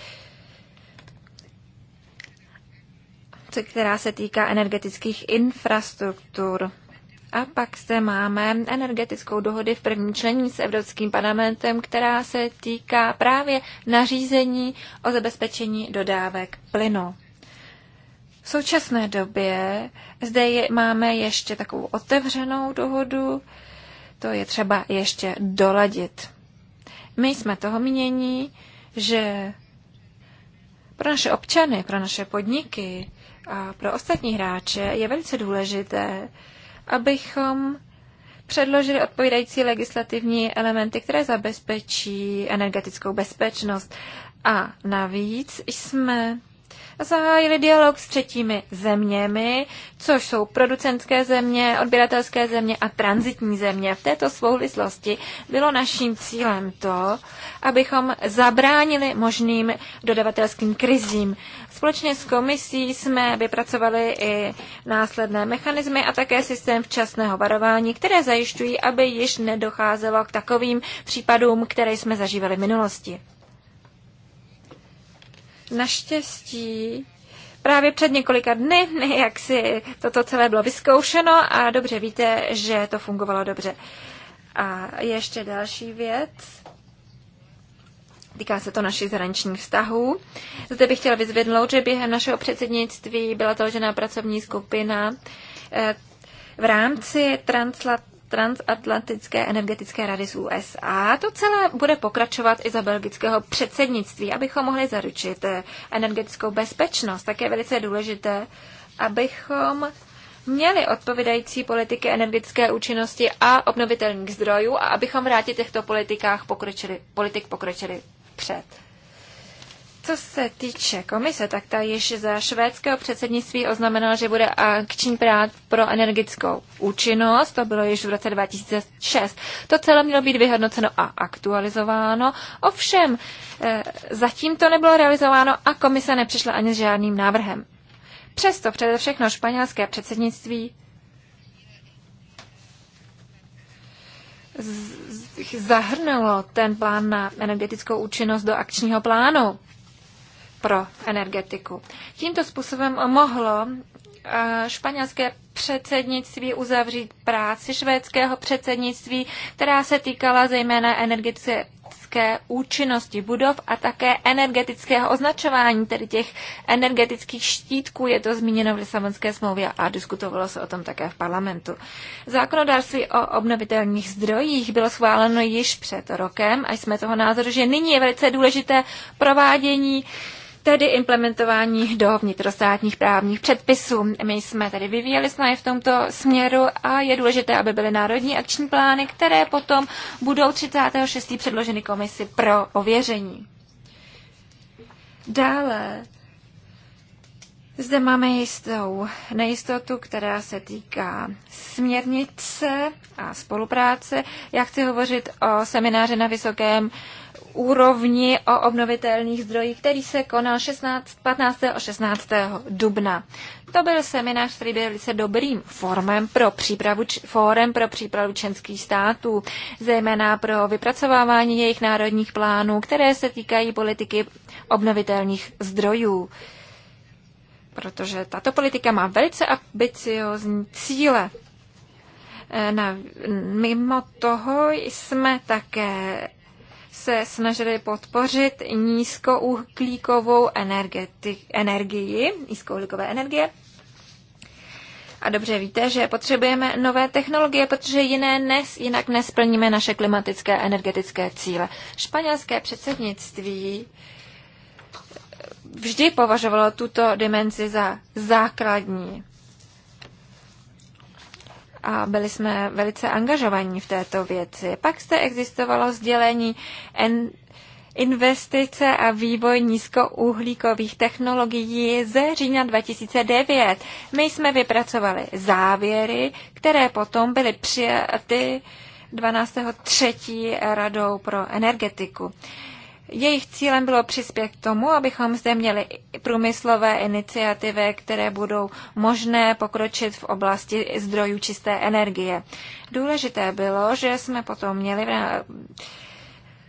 která se týká energetických infrastruktur. A pak zde máme energetickou dohody v prvním člení s Evropským parlamentem, která se týká právě nařízení o zabezpečení dodávek plynu. V současné době zde je, máme ještě takovou otevřenou dohodu, to je třeba ještě doladit. My jsme toho mínění, že pro naše občany, pro naše podniky a pro ostatní hráče je velice důležité, abychom předložili odpovídající legislativní elementy, které zabezpečí energetickou bezpečnost. A navíc jsme zahájili dialog s třetími zeměmi, což jsou producentské země, odběratelské země a transitní země. V této souvislosti bylo naším cílem to, abychom zabránili možným dodavatelským krizím. Společně s komisí jsme vypracovali i následné mechanismy a také systém včasného varování, které zajišťují, aby již nedocházelo k takovým případům, které jsme zažívali v minulosti. Naštěstí právě před několika dny, jak si toto celé bylo vyzkoušeno a dobře víte, že to fungovalo dobře. A ještě další věc. Týká se to našich zahraničních vztahů. Zde bych chtěla vyzvednout, že během našeho předsednictví byla založena pracovní skupina eh, v rámci translat transatlantické energetické rady z USA. To celé bude pokračovat i za belgického předsednictví, abychom mohli zaručit eh, energetickou bezpečnost. Také je velice důležité, abychom měli odpovídající politiky energetické účinnosti a obnovitelných zdrojů a abychom rádi těchto politikách pokročili, politik pokročili před. Co se týče komise, tak ta již za švédského předsednictví oznamenala, že bude akční plán pro energetickou účinnost, to bylo již v roce 2006. To celé mělo být vyhodnoceno a aktualizováno, ovšem eh, zatím to nebylo realizováno a komise nepřišla ani s žádným návrhem. Přesto přede všechno španělské předsednictví zahrnulo ten plán na energetickou účinnost do akčního plánu pro energetiku. Tímto způsobem mohlo eh, španělské předsednictví uzavřít práci švédského předsednictví, která se týkala zejména energetické účinnosti budov a také energetického označování, tedy těch energetických štítků. Je to zmíněno v Lisabonské smlouvě a diskutovalo se o tom také v parlamentu. Zákonodárství o obnovitelných zdrojích bylo schváleno již před rokem a jsme toho názoru, že nyní je velice důležité provádění uh, tedy implementování do vnitrostátních právních předpisů. My jsme tedy vyvíjeli snahy v tomto směru a je důležité, aby byly národní akční plány, které potom budou 36. předloženy komisi pro ověření. Dále zde máme jistou nejistotu, která se týká směrnice a spolupráce. Já chci hovořit o semináři na vysokém úrovni o obnovitelných zdrojích, který se konal 16, 15. a 16. dubna. To byl seminář, který byl se dobrým formem pro přípravu, fórem pro přípravu členských států, zejména pro vypracovávání jejich národních plánů, které se týkají politiky obnovitelných zdrojů. Protože tato politika má velice ambiciozní cíle. E, na, mimo toho jsme také se snažili podpořit nízkouhlíkovou energii, nízkouhlíkové energie. A dobře víte, že potřebujeme nové technologie, protože jiné nes, jinak nesplníme naše klimatické a energetické cíle. Španělské předsednictví vždy považovalo tuto dimenzi za základní a byli jsme velice angažovaní v této věci. Pak zde existovalo sdělení en- investice a vývoj nízkouhlíkových technologií ze října 2009. My jsme vypracovali závěry, které potom byly přijaty 12.3. radou pro energetiku. Jejich cílem bylo přispět k tomu, abychom zde měli průmyslové iniciativy, které budou možné pokročit v oblasti zdrojů čisté energie. Důležité bylo, že jsme potom měli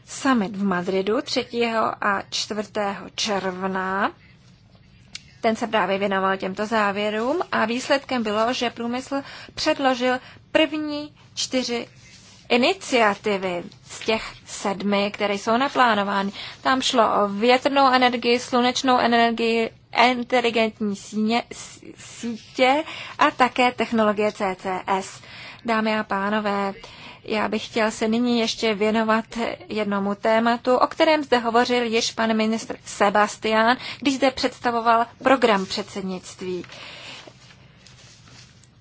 summit v Madridu 3. a 4. června. Ten se právě věnoval těmto závěrům a výsledkem bylo, že průmysl předložil první čtyři iniciativy z těch sedmi, které jsou naplánovány. Tam šlo o větrnou energii, slunečnou energii, inteligentní síně, sítě a také technologie CCS. Dámy a pánové, já bych chtěl se nyní ještě věnovat jednomu tématu, o kterém zde hovořil již pan ministr Sebastián, když zde představoval program předsednictví. Uh,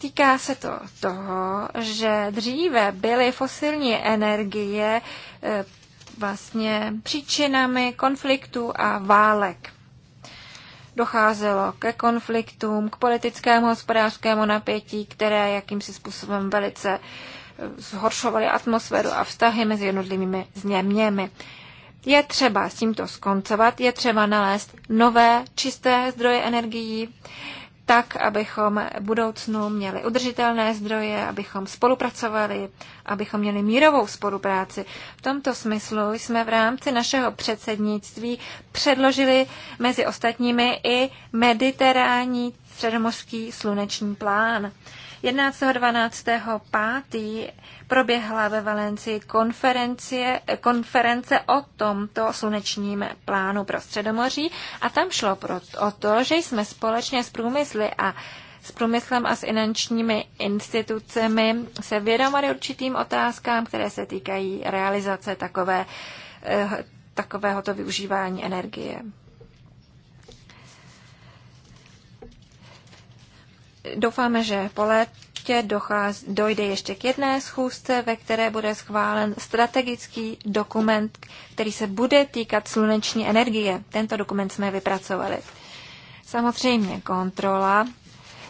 Týká se to toho, že dříve byly fosilní energie e, vlastně příčinami konfliktů a válek. Docházelo ke konfliktům, k politickému hospodářskému napětí, které jakýmsi způsobem velice e, zhoršovaly atmosféru a vztahy mezi jednotlivými změněmi. Je třeba s tímto skoncovat, je třeba nalézt nové čisté zdroje energií, tak, abychom v budoucnu měli udržitelné zdroje, abychom spolupracovali, abychom měli mírovou spolupráci. V tomto smyslu jsme v rámci našeho předsednictví předložili mezi ostatními i Mediteránní středomorský sluneční plán. 11.12.5. proběhla ve Valencii konference o tomto slunečním plánu pro Středomoří a tam šlo o to, že jsme společně s průmysly a s průmyslem a s finančními institucemi se vědomali určitým otázkám, které se týkají realizace takové, eh, takovéhoto využívání energie. doufáme, že po létě dojde ještě k jedné schůzce, ve které bude schválen strategický dokument, který se bude týkat sluneční energie. Tento dokument jsme vypracovali. Samozřejmě kontrola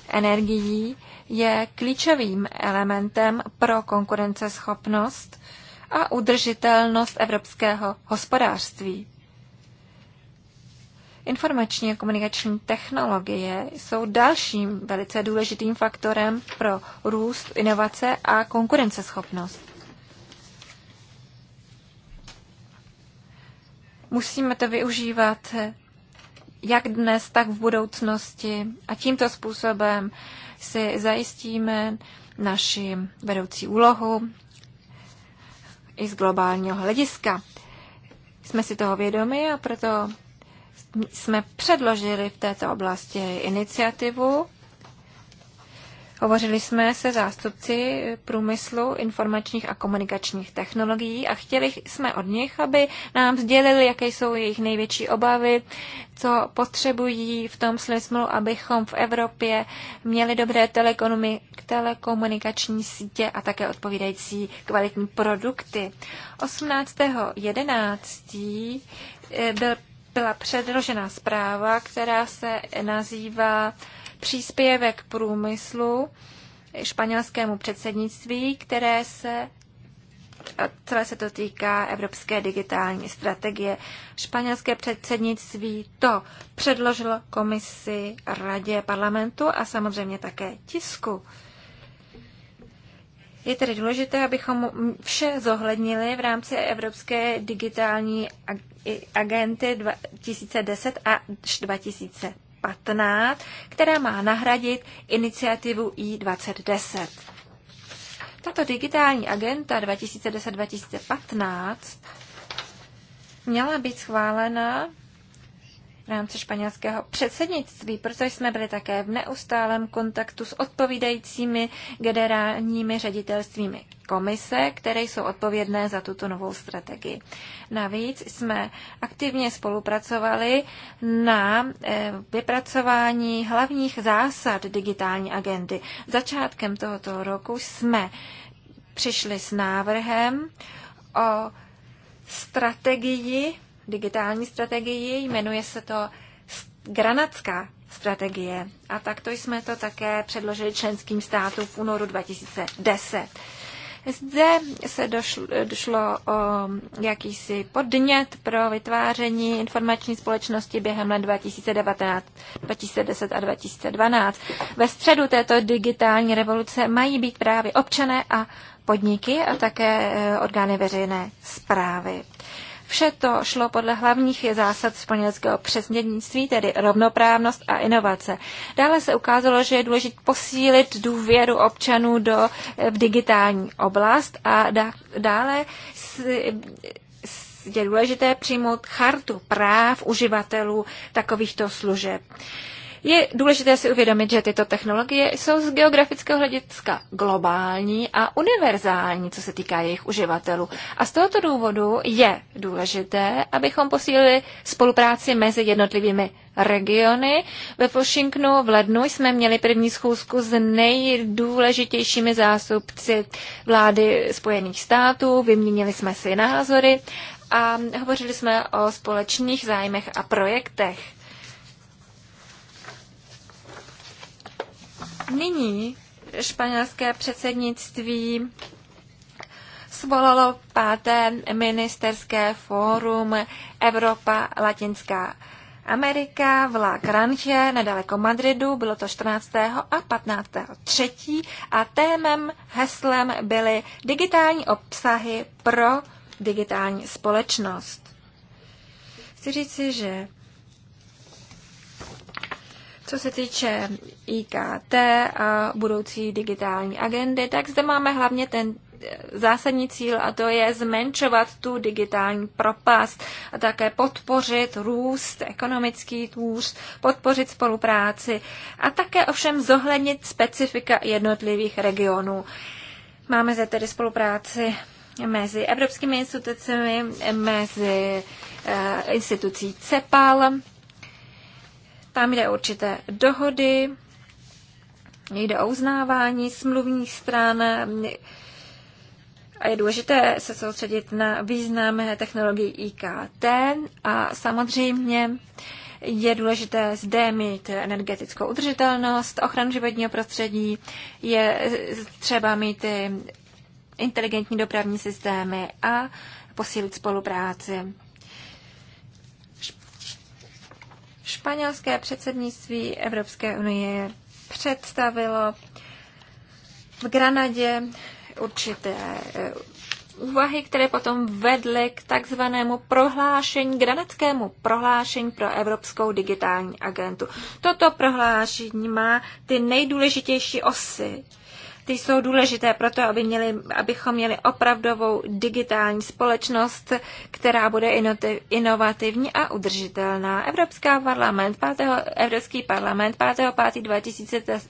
energií je klíčovým elementem pro konkurenceschopnost a udržitelnost evropského hospodářství. Informační a komunikační technologie jsou dalším velice důležitým faktorem pro růst, inovace a konkurenceschopnost. Musíme to využívat jak dnes, tak v budoucnosti a tímto způsobem si zajistíme naši vedoucí úlohu i z globálního hlediska. Jsme si toho vědomi a proto jsme předložili v této oblasti iniciativu. Hovořili jsme se zástupci průmyslu informačních a komunikačních technologií a chtěli jsme od nich, aby nám sdělili, jaké jsou jejich největší obavy, co potřebují v tom smyslu, abychom v Evropě měli dobré telekomunikační sítě a také odpovídající kvalitní produkty. 18.11. Eh, byl byla předložena zpráva, která se nazývá Příspěvek průmyslu španělskému předsednictví, které se a celé se to týká Evropské digitální strategie. Španělské předsednictví to předložilo komisi, radě, parlamentu a samozřejmě také tisku. Je tedy důležité, abychom vše zohlednili v rámci Evropské digitální agenty 2010 až 2015, která má nahradit iniciativu I2010. Tato digitální agenta 2010-2015 měla být schválena rámci španělského předsednictví, protože jsme byli také v neustálém kontaktu s odpovídajícími generálními ředitelstvími komise, které jsou odpovědné za tuto novou strategii. Navíc jsme aktivně spolupracovali na eh, vypracování hlavních zásad digitální agendy. Začátkem tohoto roku jsme přišli s návrhem o strategii digitální strategii, jmenuje se to granatská strategie. A takto jsme to také předložili členským státům v únoru 2010. Zde se došlo, došlo o jakýsi podnět pro vytváření informační společnosti během let 2019, 2010 a 2012. Ve středu této digitální revoluce mají být právě občané a podniky a také e, orgány veřejné zprávy. Vše to šlo podle hlavních zásad španělského přesnědnictví, tedy rovnoprávnost a inovace. Dále se ukázalo, že je důležité posílit důvěru občanů do, eh, v digitální oblast a da, dále s, je důležité přijmout chartu práv uživatelů takovýchto služeb. Je důležité si uvědomit, že tyto technologie jsou z geografického hlediska globální a univerzální, co se týká jejich uživatelů. A z tohoto důvodu je důležité, abychom posílili spolupráci mezi jednotlivými regiony. Ve Washingtonu v lednu jsme měli první schůzku s nejdůležitějšími zástupci vlády Spojených států, vyměnili jsme si názory a hovořili jsme o společných zájmech a projektech. Nyní španělské předsednictví svolalo páté ministerské fórum Evropa Latinská Amerika v La Granche nedaleko Madridu, bylo to 14. a 15. třetí a témem, heslem byly digitální obsahy pro digitální společnost. Chci říci, že co se týče IKT a budoucí digitální agendy, tak zde máme hlavně ten eh, zásadní cíl a to je zmenšovat tu digitální propast a také podpořit růst, ekonomický růst, podpořit spolupráci a také ovšem zohlednit specifika jednotlivých regionů. Máme zde tedy spolupráci mezi evropskými institucemi, mezi eh, institucí CEPAL, tam jde o určité dohody, jde o uznávání smluvních stran a je důležité se soustředit na význam technologií IKT a samozřejmě je důležité zde mít energetickou udržitelnost, ochranu životního prostředí, je třeba mít inteligentní dopravní systémy a posílit spolupráci. Španělské předsednictví Evropské unie představilo v Granadě určité eh, úvahy, které potom vedly k takzvanému prohlášení, granatskému prohlášení pro Evropskou digitální agentu. Toto prohlášení má ty nejdůležitější osy, ty jsou důležité proto, aby měli, abychom měli opravdovou digitální společnost, která bude inovativní a udržitelná. Evropská parlament 5. Evropský parlament 5.5.2010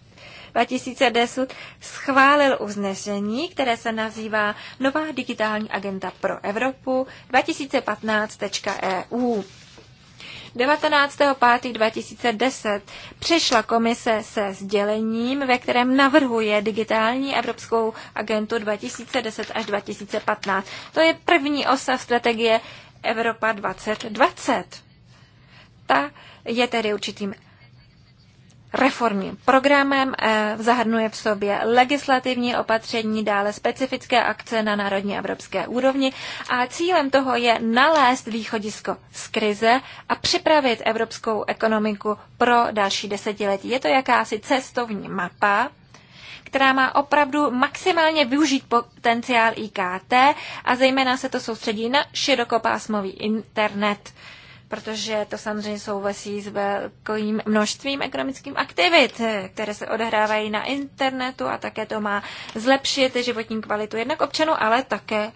2010 schválil uznesení, které se nazývá Nová digitální agenda pro Evropu 2015.eu. 19.5.2010 přišla komise se sdělením, ve kterém navrhuje digitální Evropskou agentu 2010 až 2015. To je první osa strategie Evropa 2020. Ta je tedy určitým Reformy. programem, eh, zahrnuje v sobě legislativní opatření, dále specifické akce na národní evropské úrovni a cílem toho je nalézt východisko z krize a připravit evropskou ekonomiku pro další desetiletí. Je to jakási cestovní mapa, která má opravdu maximálně využít potenciál IKT a zejména se to soustředí na širokopásmový internet protože to samozřejmě souvisí s velkým množstvím ekonomických aktivit, které se odehrávají na internetu a také to má zlepšit životní kvalitu jednak občanů, ale také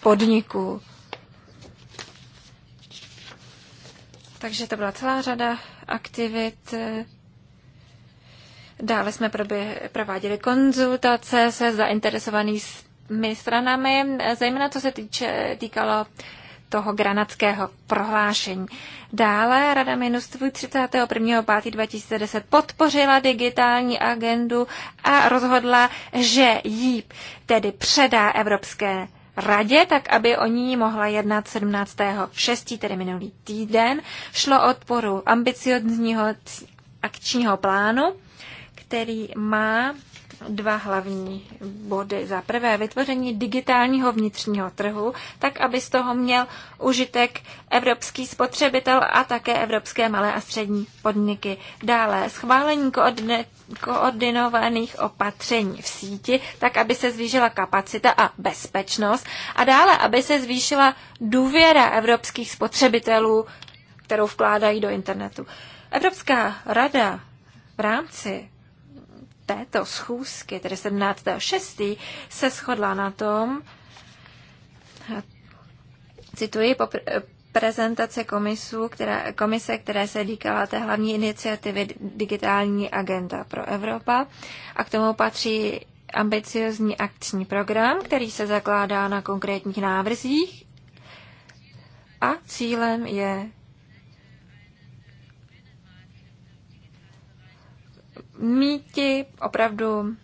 podniků. Takže to byla celá řada aktivit. Dále jsme prováděli konzultace se zainteresovanými stranami, zejména co se týče, týkalo toho granatského prohlášení. Dále Rada ministrů 31.5.2010 podpořila digitální agendu a rozhodla, že jí tedy předá Evropské radě, tak aby o ní mohla jednat 17.6., tedy minulý týden. Šlo o odporu ambiciozního akčního plánu, který má dva hlavní body. Za prvé vytvoření digitálního vnitřního trhu, tak aby z toho měl užitek evropský spotřebitel a také evropské malé a střední podniky. Dále schválení koordine, koordinovaných opatření v síti, tak aby se zvýšila kapacita a bezpečnost a dále, aby se zvýšila důvěra evropských spotřebitelů, kterou vkládají do internetu. Evropská rada v rámci této schůzky, tedy 17.6., se shodla na tom, cituji, po prezentace komisu, která, komise, které se týkala té hlavní iniciativy Digitální agenda pro Evropa a k tomu patří ambiciozní akční program, který se zakládá na konkrétních návrzích a cílem je míti opravdu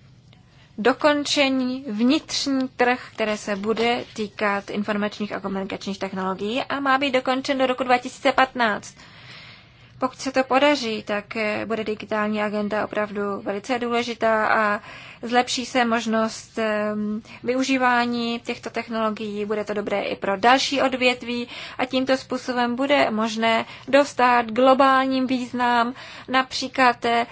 dokončení vnitřní trh, které se bude týkat informačních a komunikačních technologií a má být dokončen do roku 2015. Pokud se to podaří, tak eh, bude digitální agenda opravdu velice důležitá a zlepší se možnost ehm, využívání těchto technologií. Bude to dobré i pro další odvětví a tímto způsobem bude možné dostat globálním význam například eh,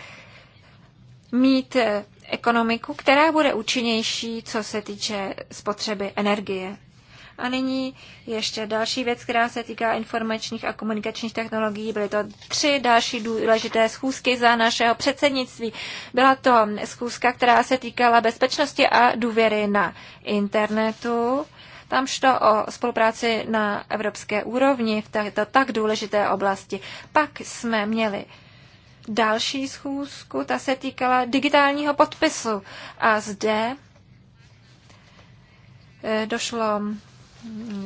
mít eh, ekonomiku, která bude účinnější, co se týče spotřeby energie. A nyní ještě další věc, která se týká informačních a komunikačních technologií. Byly to tři další důležité schůzky za našeho předsednictví. Byla to schůzka, která se týkala bezpečnosti a důvěry na internetu. Tam šlo o spolupráci na evropské úrovni v této tak důležité oblasti. Pak jsme měli další schůzku, ta se týkala digitálního podpisu. A zde eh, došlo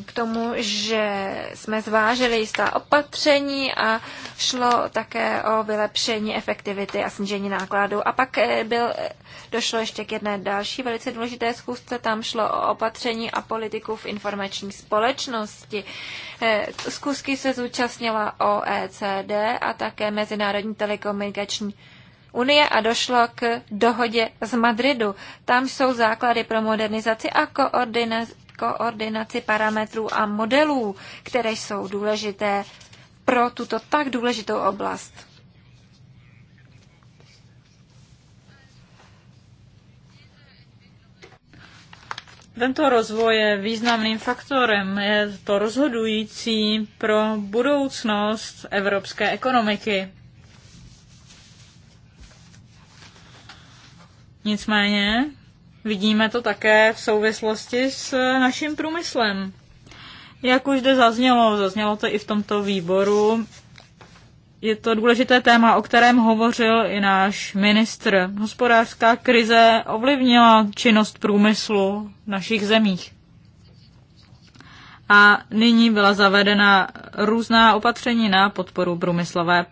k tomu, že jsme zvážili jistá opatření a šlo také o vylepšení efektivity a snížení nákladů. A pak eh, byl, eh, došlo ještě k jedné další velice důležité schůzce, tam šlo o opatření a politiku v informační společnosti. Eh, Zkusky se zúčastnila OECD a také Mezinárodní telekomunikační Unie a došlo k dohodě z Madridu. Tam jsou základy pro modernizaci a koordinaci koordinaci parametrů a modelů, které jsou důležité pro tuto tak důležitou oblast. Tento rozvoj je významným faktorem, je to rozhodující pro budoucnost evropské ekonomiky. Nicméně Vidíme to také v souvislosti s eh, naším průmyslem. Jak už zde zaznělo, zaznělo to i v tomto výboru, je to důležité téma, o kterém hovořil i náš ministr. Hospodářská krize ovlivnila činnost průmyslu v našich zemích a nyní byla zavedena různá opatření na podporu průmyslové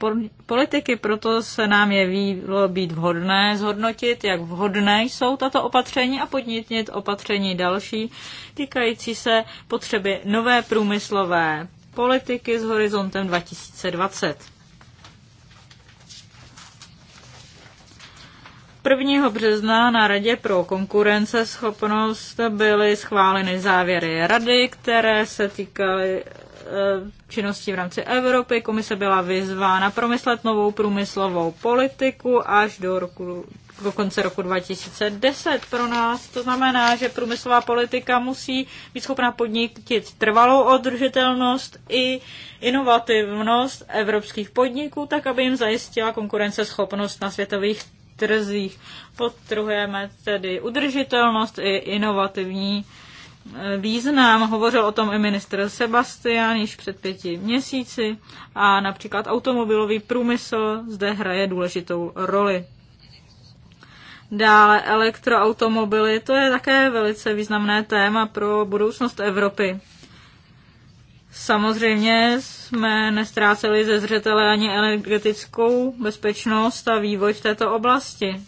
politiky, proto se nám jevilo být vhodné zhodnotit, jak vhodné jsou tato opatření a podnítit opatření další týkající se potřeby nové průmyslové politiky s horizontem 2020. 1. března na Radě pro konkurenceschopnost byly schváleny závěry rady, které se týkaly e, činnosti v rámci Evropy. Komise byla vyzvána promyslet novou průmyslovou politiku až do, roku, do konce roku 2010 pro nás. To znamená, že průmyslová politika musí být schopna podnítit trvalou održitelnost i inovativnost evropských podniků, tak aby jim zajistila konkurenceschopnost na světových trzích. Podtrhujeme tedy udržitelnost i inovativní e, význam. Hovořil o tom i ministr Sebastian již před pěti měsíci a například automobilový průmysl zde hraje důležitou roli. Dále elektroautomobily, to je také velice významné téma pro budoucnost Evropy. Samozřejmě jsme nestráceli ze zřetele ani energetickou bezpečnost a vývoj v této oblasti.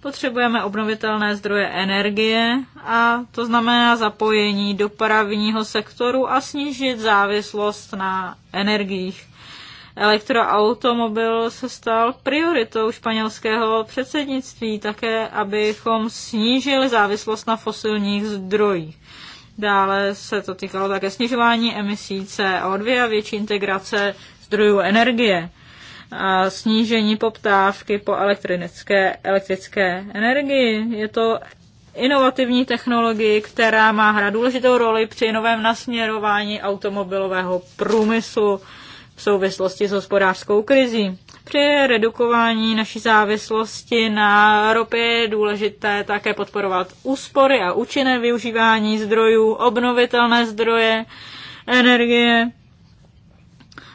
Potřebujeme obnovitelné zdroje energie a to znamená zapojení dopravního sektoru a snížit závislost na energiích. Elektroautomobil se stal prioritou španělského předsednictví také, abychom snížili závislost na fosilních zdrojích. Dále se to týkalo také snižování emisí CO2 a větší integrace zdrojů energie a snížení poptávky po elektrické, elektrické energii. Je to inovativní technologie, která má hrát důležitou roli při novém nasměrování automobilového průmyslu v souvislosti s hospodářskou krizí. Při redukování naší závislosti na ropě je důležité také podporovat úspory a účinné využívání zdrojů, obnovitelné zdroje, energie,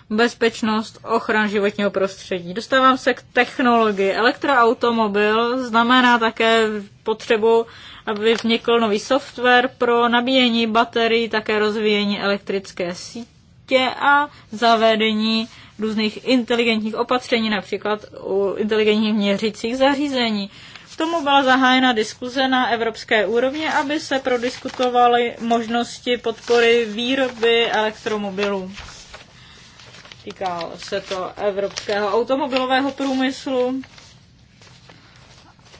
bezpečnost, ochran životního prostředí. Dostávám se k technologii. Elektroautomobil znamená také potřebu, aby vznikl nový software pro nabíjení baterií, také rozvíjení elektrické sítě sítě a zavedení různých inteligentních opatření, například u inteligentních měřicích zařízení. K tomu byla zahájena diskuze na evropské úrovni, aby se prodiskutovaly možnosti podpory výroby elektromobilů. Týkalo se to evropského automobilového průmyslu,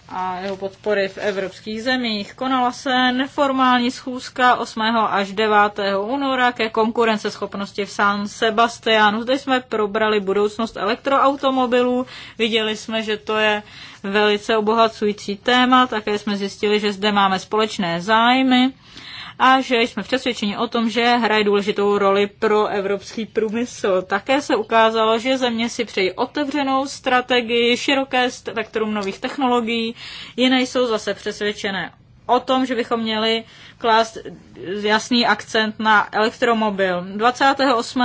a jeho podpory v evropských zemích. Konala se neformální schůzka 8. až 9. února ke konkurenceschopnosti v San Sebastianu. Zde jsme probrali budoucnost elektroautomobilů, viděli jsme, že to je velice obohacující téma, také jsme zjistili, že zde máme společné zájmy a že jsme přesvědčeni o tom, že hraje důležitou roli pro evropský průmysl. Také se ukázalo, že země si přejí otevřenou strategii, široké spektrum nových technologií, jiné jsou zase přesvědčené o tom, že bychom měli klást jasný akcent na elektromobil. 28.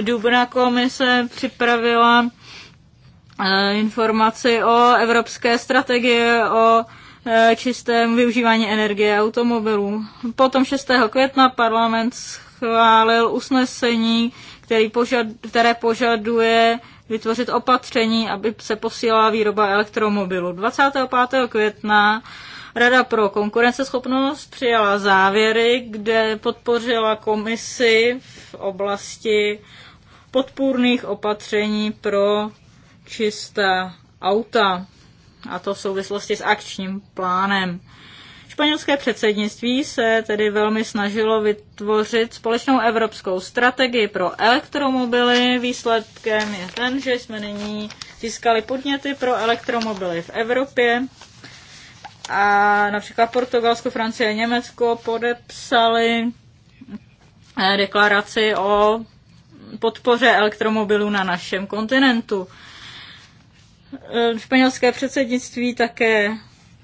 dubna komise připravila eh, informaci o evropské strategii, o Eh, čistém využívání energie automobilů. Potom 6. května parlament schválil usnesení, který požad, které požaduje vytvořit opatření, aby se posílala výroba elektromobilů. 25. května Rada pro konkurenceschopnost přijala závěry, kde podpořila komisi v oblasti podpůrných opatření pro čistá auta a to v souvislosti s akčním plánem. Španělské předsednictví se tedy velmi snažilo vytvořit společnou evropskou strategii pro elektromobily. Výsledkem je ten, že jsme nyní získali podněty pro elektromobily v Evropě. A například Portugalsko, Francie a Německo podepsali eh, deklaraci o podpoře elektromobilů na našem kontinentu. Eh, španělské předsednictví také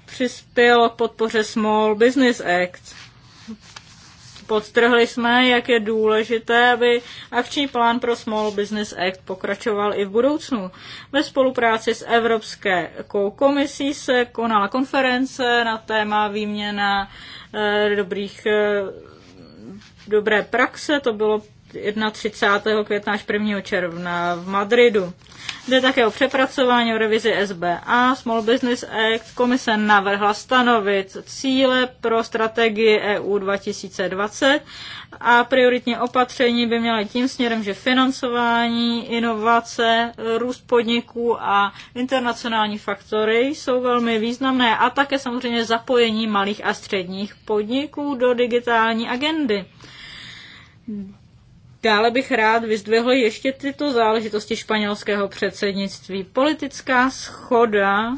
přispělo k podpoře Small Business Act. Podtrhli jsme, jak je důležité, aby akční plán pro Small Business Act pokračoval i v budoucnu. Ve spolupráci s Evropskou komisí se konala konference na téma výměna eh, dobrých eh, dobré praxe, to bylo 31. května až 1. června v Madridu. Jde také o přepracování o revizi SBA. Small Business Act komise navrhla stanovit cíle pro strategii EU 2020 a prioritně opatření by měla tím směrem, že financování, inovace, růst podniků a internacionální faktory jsou velmi významné a také samozřejmě zapojení malých a středních podniků do digitální agendy. Dále bych rád vyzdvihl ještě tyto záležitosti španělského předsednictví. Politická schoda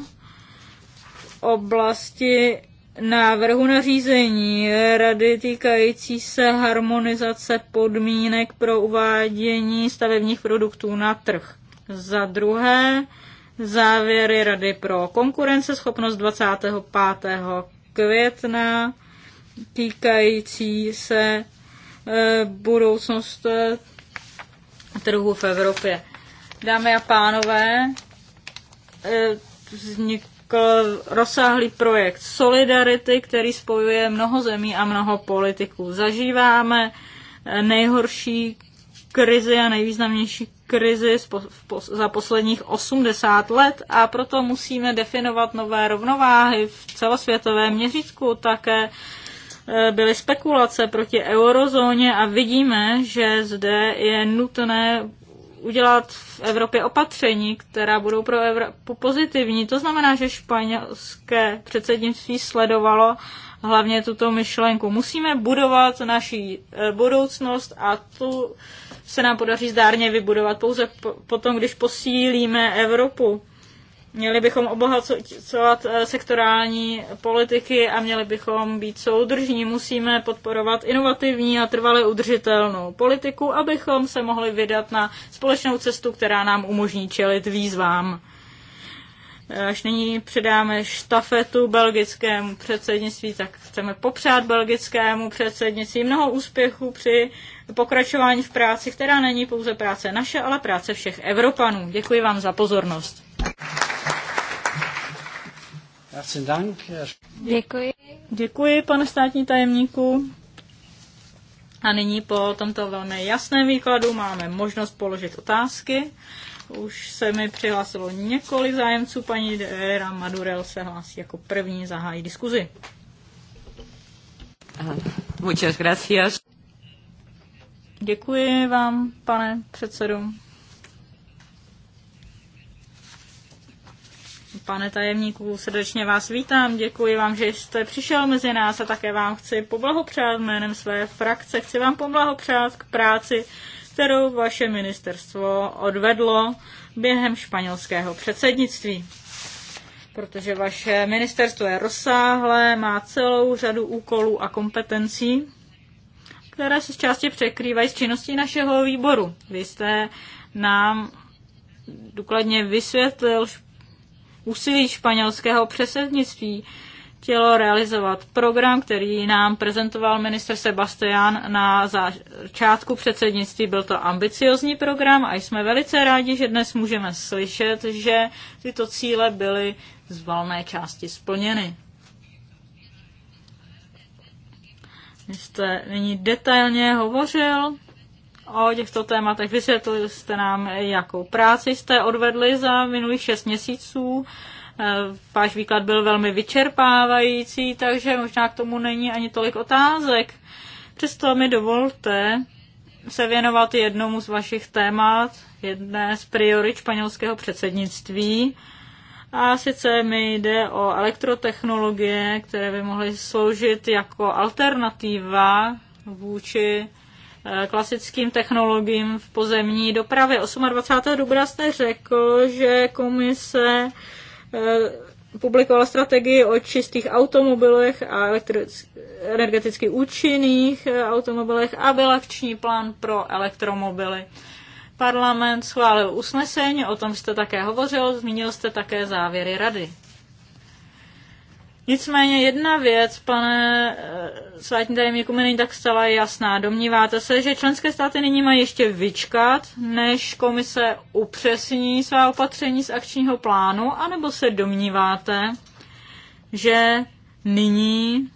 v oblasti návrhu řízení, rady týkající se harmonizace podmínek pro uvádění stavebních produktů na trh. Za druhé, závěry Rady pro konkurenceschopnost 25. května týkající se Eh, budoucnost eh, trhu v Evropě. Dámy a pánové, eh, vznikl rozsáhlý projekt Solidarity, který spojuje mnoho zemí a mnoho politiků. Zažíváme nejhorší krizi a nejvýznamnější krizi za posledních 80 let a proto musíme definovat nové rovnováhy v celosvětovém měřítku také Eh, byly spekulace proti eurozóně a vidíme, že zde je nutné udělat v Evropě opatření, která budou pro Evropu pozitivní. To znamená, že španělské předsednictví sledovalo hlavně tuto myšlenku. Musíme budovat naši eh, budoucnost a tu se nám podaří zdárně vybudovat pouze potom, když posílíme Evropu. Měli bychom obohacovat eh, sektorální politiky a měli bychom být soudržní. Musíme podporovat inovativní a trvale udržitelnou politiku, abychom se mohli vydat na společnou cestu, která nám umožní čelit výzvám. Eh, až nyní předáme štafetu belgickému předsednictví, tak chceme popřát belgickému předsednictví mnoho úspěchů při pokračování v práci, která není pouze práce naše, ale práce všech Evropanů. Děkuji vám za pozornost. Děkuji. Děkuji, pane státní tajemníku. A nyní po tomto velmi jasném výkladu máme možnost položit otázky. Už se mi přihlásilo několik zájemců. Paní Dera Madurel se hlásí jako první zahájí diskuzi. Muchas gracias. Děkuji vám, pane předsedo. Pane tajemníku, srdečně vás vítám, děkuji vám, že jste přišel mezi nás a také vám chci poblahopřát jménem své frakce. Chci vám poblahopřát k práci, kterou vaše ministerstvo odvedlo během španělského předsednictví. Protože vaše ministerstvo je rozsáhlé, má celou řadu úkolů a kompetencí, které se z části překrývají s činností našeho výboru. Vy jste nám důkladně vysvětlil úsilí španělského předsednictví chtělo realizovat program, který nám prezentoval minister Sebastian na začátku předsednictví. Byl to ambiciozní program a jsme velice rádi, že dnes můžeme slyšet, že tyto cíle byly z valné části splněny. Vy jste nyní detailně hovořil o těchto tématech. Vysvětlili jste nám, jakou práci jste odvedli za minulých šest měsíců. E, váš výklad byl velmi vyčerpávající, takže možná k tomu není ani tolik otázek. Přesto mi dovolte se věnovat jednomu z vašich témat, jedné z priorit španělského předsednictví. A sice mi jde o elektrotechnologie, které by mohly sloužit jako alternativa vůči Eh, klasickým technologiím v pozemní dopravě. 28. dubna jste řekl, že komise eh, publikovala strategii o čistých automobilech a energeticky účinných eh, automobilech a byl akční plán pro elektromobily. Parlament schválil usnesení, o tom jste také hovořil, zmínil jste také závěry rady. Nicméně jedna věc, pane eh, svátní tajemníku, mi není tak zcela jasná. Domníváte se, že členské státy nyní mají ještě vyčkat, než komise upřesní svá opatření z akčního plánu, anebo se domníváte, že nyní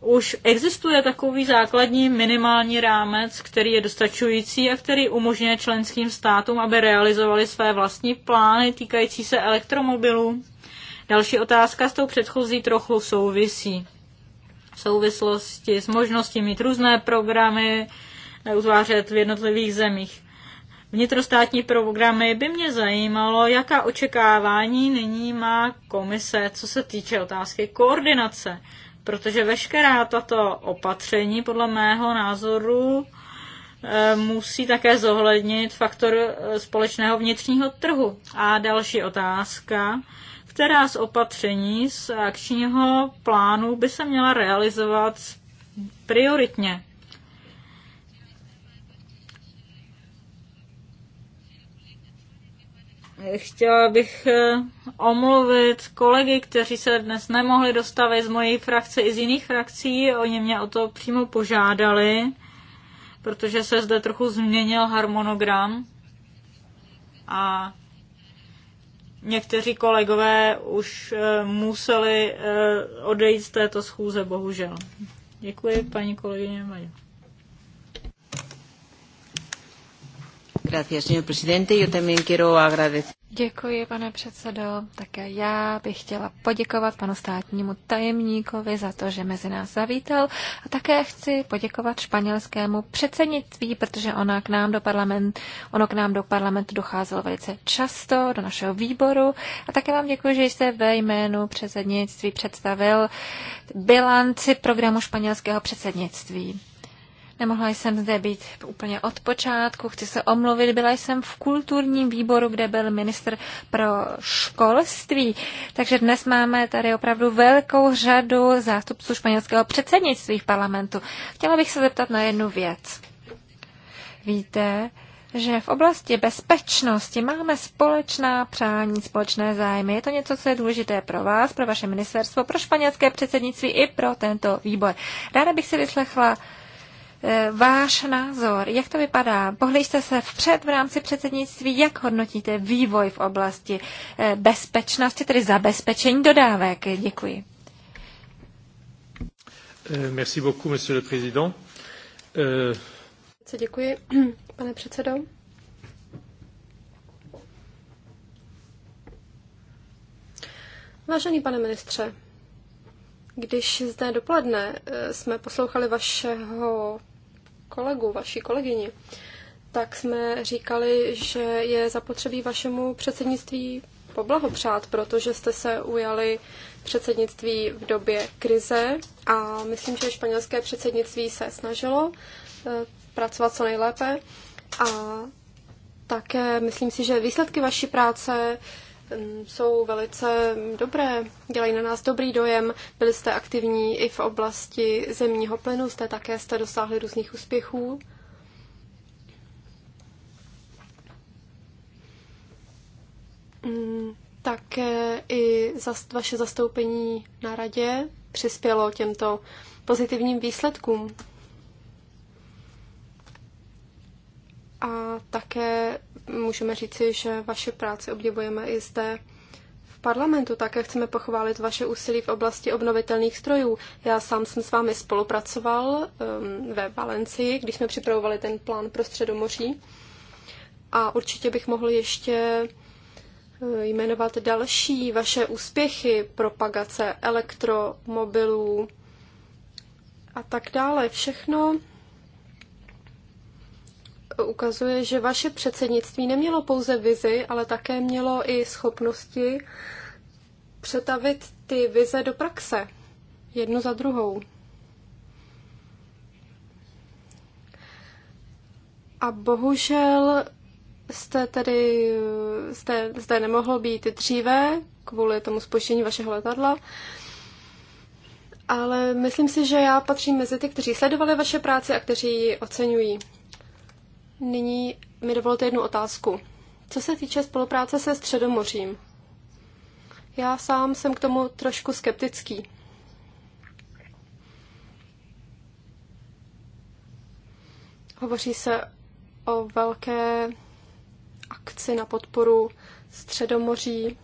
už existuje takový základní minimální rámec, který je dostačující a který umožňuje členským státům, aby realizovali své vlastní plány týkající se elektromobilů? Další otázka s tou předchozí trochu souvisí. V souvislosti s možností mít různé programy, eh, uzvářet v jednotlivých zemích. Vnitrostátní programy by mě zajímalo, jaká očekávání nyní má komise, co se týče otázky koordinace, protože veškerá tato opatření podle mého názoru eh, musí také zohlednit faktor eh, společného vnitřního trhu. A další otázka která z opatření z akčního plánu by se měla realizovat prioritně. Chtěla bych eh, omluvit kolegy, kteří se dnes nemohli dostavit z mojej frakce i z jiných frakcí. Oni mě o to přímo požádali, protože se zde trochu změnil harmonogram. A Někteří kolegové už eh, museli eh, odejít z této schůze, bohužel. Děkuji, paní kolegyně Maja. Gracias, señor presidente. Yo también quiero agradecer. Děkuji, pane předsedo. Také já bych chtěla poděkovat panu státnímu tajemníkovi za to, že mezi nás zavítal. A také chci poděkovat španělskému předsednictví, protože ona k nám do parlament, ono k nám do parlamentu docházelo velice často, do našeho výboru. A také vám děkuji, že jste ve jménu předsednictví představil bilanci programu španělského předsednictví. Nemohla jsem zde být úplně od počátku, chci se omluvit. Byla jsem v kulturním výboru, kde byl ministr pro školství. Takže dnes máme tady opravdu velkou řadu zástupců španělského předsednictví v parlamentu. Chtěla bych se zeptat na jednu věc. Víte, že v oblasti bezpečnosti máme společná přání, společné zájmy. Je to něco, co je důležité pro vás, pro vaše ministerstvo, pro španělské předsednictví i pro tento výbor. Ráda bych si vyslechla Eh, váš názor, jak to vypadá? Pohli jste se vpřed v rámci předsednictví, jak hodnotíte vývoj v oblasti eh, bezpečnosti, tedy zabezpečení dodávek? Děkuji. Eh, merci beaucoup, monsieur le président. Děkuji, pane předsedo. Vážený pane ministře, když zde dopoledne jsme poslouchali vašeho kolegu, vaší kolegyni, tak jsme říkali, že je zapotřebí vašemu předsednictví poblahopřát, protože jste se ujali předsednictví v době krize a myslím, že španělské předsednictví se snažilo eh, pracovat co nejlépe a také myslím si, že výsledky vaší práce Mm, jsou velice dobré, dělají na nás dobrý dojem. Byli jste aktivní i v oblasti zemního plynu, jste také jste dosáhli různých úspěchů. Mm, také i vaše zastoupení na radě přispělo těmto pozitivním výsledkům. A také můžeme říci, že vaše práce obdivujeme i zde v parlamentu. Také chceme pochválit vaše úsilí v oblasti obnovitelných strojů. Já sám jsem s vámi spolupracoval um, ve Valencii, když jsme připravovali ten plán pro středomoří. A určitě bych mohl ještě eh, jmenovat další vaše úspěchy, propagace elektromobilů a tak dále. Všechno ukazuje, že vaše předsednictví nemělo pouze vizi, ale také mělo i schopnosti přetavit ty vize do praxe, jednu za druhou. A bohužel jste tedy jste, zde nemohl být dříve kvůli tomu spoštění vašeho letadla. Ale myslím si, že já patřím mezi ty, kteří sledovali vaše práci a kteří ji oceňují. Nyní mi dovolte jednu otázku. Co se týče spolupráce se Středomořím, já sám jsem k tomu trošku skeptický. Hovoří se o velké akci na podporu Středomoří.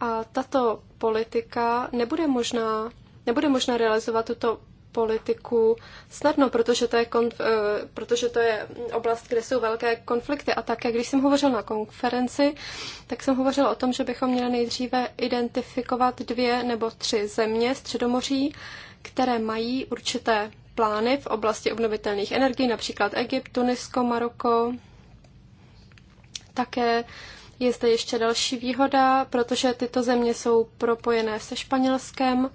A tato politika nebude možná, nebude možná realizovat tuto politiků snadno, protože to, je konf- eh, protože to je oblast, kde jsou velké konflikty. A také, když jsem hovořil na konferenci, tak jsem hovořil o tom, že bychom měli nejdříve identifikovat dvě nebo tři země středomoří, které mají určité plány v oblasti obnovitelných energií, například Egypt, Tunisko, Maroko. Také je zde ještě další výhoda, protože tyto země jsou propojené se Španělskem.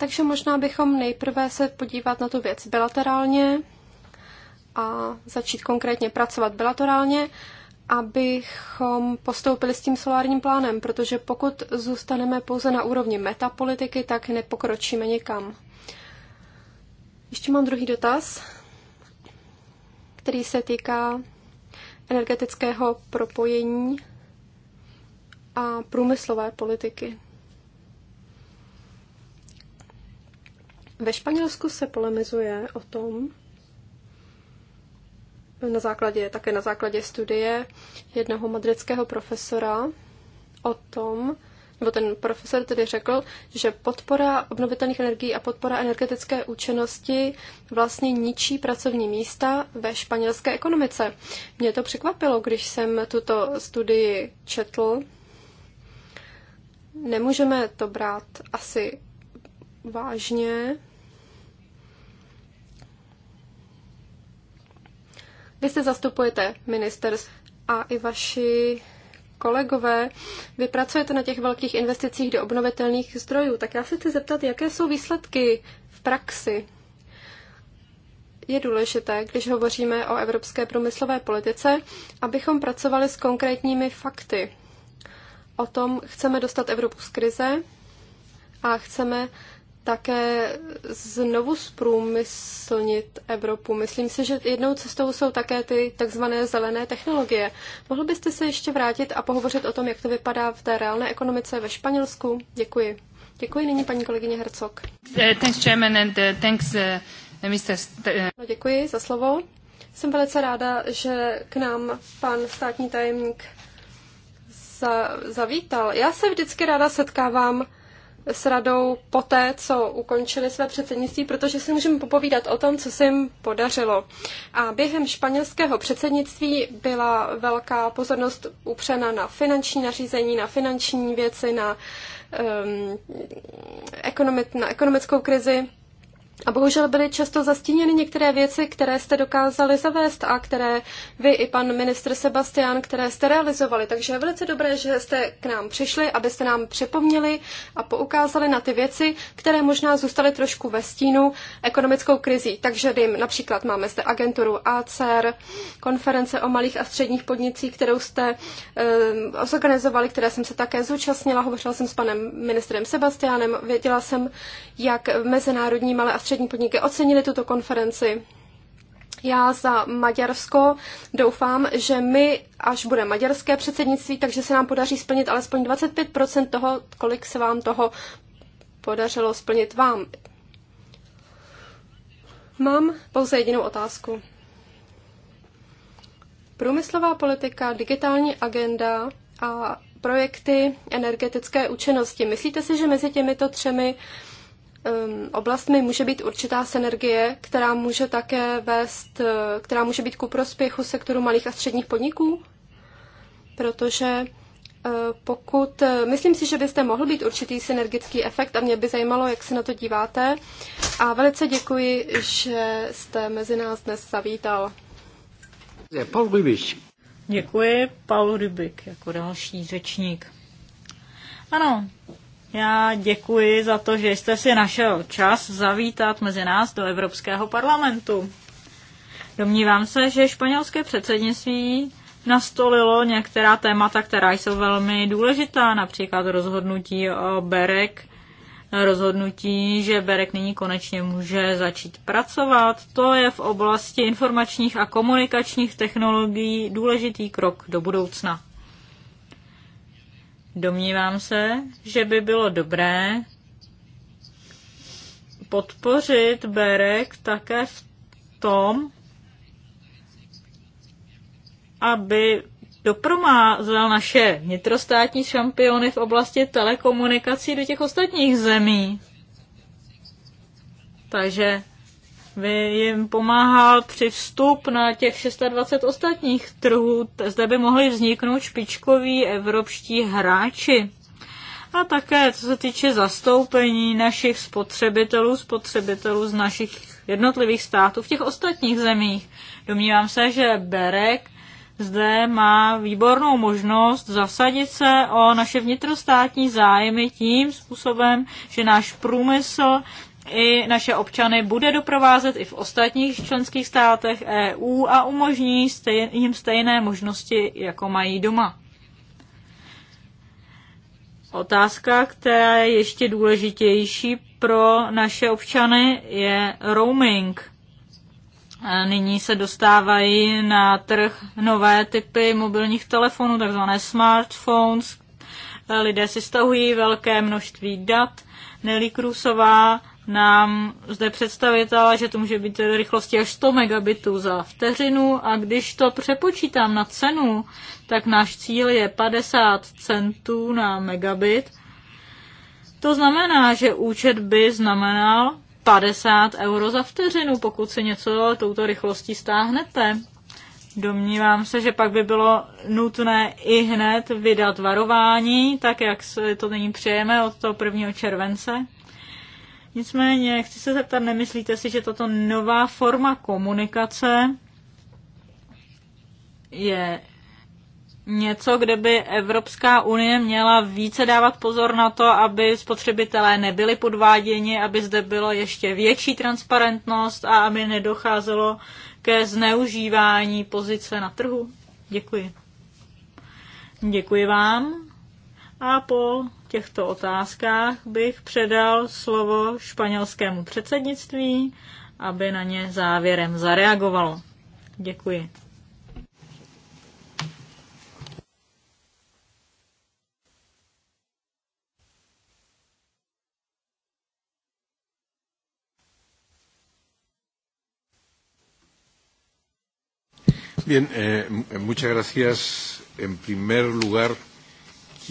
Takže možná bychom nejprve se podívat na tu věc bilaterálně a začít konkrétně pracovat bilaterálně, abychom postoupili s tím solárním plánem, protože pokud zůstaneme pouze na úrovni metapolitiky, tak nepokročíme nikam. Ještě mám druhý dotaz, který se týká energetického propojení a průmyslové politiky. Ve Španělsku se polemizuje o tom, na základě, také na základě studie jednoho madridského profesora o tom, nebo ten profesor tedy řekl, že podpora obnovitelných energií a podpora energetické účinnosti vlastně ničí pracovní místa ve španělské ekonomice. Mě to překvapilo, když jsem tuto studii četl. Nemůžeme to brát asi vážně, Vy se zastupujete ministerstv a i vaši kolegové, vy pracujete na těch velkých investicích do obnovitelných zdrojů, tak já se chci zeptat, jaké jsou výsledky v praxi. Je důležité, když hovoříme o evropské průmyslové politice, abychom pracovali s konkrétními fakty. O tom chceme dostat Evropu z krize a chceme také znovu zprůmyslnit Evropu. Myslím si, že jednou cestou jsou také ty takzvané zelené technologie. Mohl byste se ještě vrátit a pohovořit o tom, jak to vypadá v té reálné ekonomice ve Španělsku? Děkuji. Děkuji nyní paní kolegyně Hercog. Eh, thanks, Chairman, and eh, thanks, eh, Mr. No, děkuji za slovo. Jsem velice ráda, že k nám pan státní tajemník zavítal. Já se vždycky ráda setkávám s radou poté, co ukončili své předsednictví, protože si můžeme popovídat o tom, co se jim podařilo. A během španělského předsednictví byla velká pozornost upřena na finanční nařízení, na finanční věci, na, um, ehm, ekonomi- na ekonomickou krizi. A bohužel byly často zastíněny některé věci, které jste dokázali zavést a které vy i pan ministr Sebastian, které jste realizovali. Takže je velice dobré, že jste k nám přišli, abyste nám připomněli a poukázali na ty věci, které možná zůstaly trošku ve stínu ekonomickou krizí. Takže dým, například máme zde agenturu ACER, konference o malých a středních podnicích, kterou jste eh, zorganizovali, které jsem se také zúčastnila. Hovořila jsem s panem ministrem Sebastianem, věděla jsem, jak mezinárodní malé a střední střední podniky ocenili tuto konferenci. Já za Maďarsko doufám, že my, až bude maďarské předsednictví, takže se nám podaří splnit alespoň 25% toho, kolik se vám toho podařilo splnit vám. Mám pouze jedinou otázku. Průmyslová politika, digitální agenda a projekty energetické účinnosti. Myslíte si, že mezi těmito třemi uh, Ehm, oblastmi může být určitá synergie, která může také vést, eh, která může být ku prospěchu sektoru malých a středních podniků, protože eh, pokud, eh, myslím si, že byste mohl být určitý synergický efekt a mě by zajímalo, jak se na to díváte. A velice děkuji, že jste mezi nás dnes zavítal. Paul Rybiš. Děkuji, Paul Rybik, jako další řečník. Ano, já děkuji za to, že jste si našel čas zavítat mezi nás do Evropského parlamentu. Domnívám se, že španělské předsednictví nastolilo některá témata, která jsou velmi důležitá, například rozhodnutí o Berek, rozhodnutí, že Berek nyní konečně může začít pracovat. To je v oblasti informačních a komunikačních technologií důležitý krok do budoucna. Domnívám se, že by bylo dobré podpořit Berek také v tom, aby dopromázel naše vnitrostátní šampiony v oblasti telekomunikací do těch ostatních zemí. Takže by jim pomáhal při vstup na těch 26 ostatních trhů. Zde by mohli vzniknout špičkoví evropští hráči. A také, co se týče zastoupení našich spotřebitelů, spotřebitelů z našich jednotlivých států v těch ostatních zemích. Domnívám se, že Berek zde má výbornou možnost zasadit se o naše vnitrostátní zájmy tím způsobem, že náš průmysl i naše občany bude doprovázet i v ostatních členských státech EU a umožní jim stejné možnosti, jako mají doma. Otázka, která je ještě důležitější pro naše občany, je roaming. E, nyní se dostávají na trh nové typy mobilních telefonů, takzvané smartphones. E, lidé si stahují velké množství dat. Nelly Krusová nám zde představitela, že to může být rychlosti až 100 megabitů za vteřinu a když to přepočítám na cenu, tak náš cíl je 50 centů na megabit. To znamená, že účet by znamenal 50 euro za vteřinu, pokud si něco touto rychlostí stáhnete. Domnívám se, že pak by bylo nutné i hned vydat varování, tak jak se to nyní přejeme od toho 1. července. Nicméně chci se zeptat, nemyslíte si, že tato nová forma komunikace je něco, kde by Evropská unie měla více dávat pozor na to, aby spotřebitelé nebyli podváděni, aby zde bylo ještě větší transparentnost a aby nedocházelo ke zneužívání pozice na trhu? Děkuji. Děkuji vám. A po těchto otázkách bych předal slovo španělskému předsednictví, aby na ně závěrem zareagovalo. Děkuji. Bien, eh, muchas gracias en primer lugar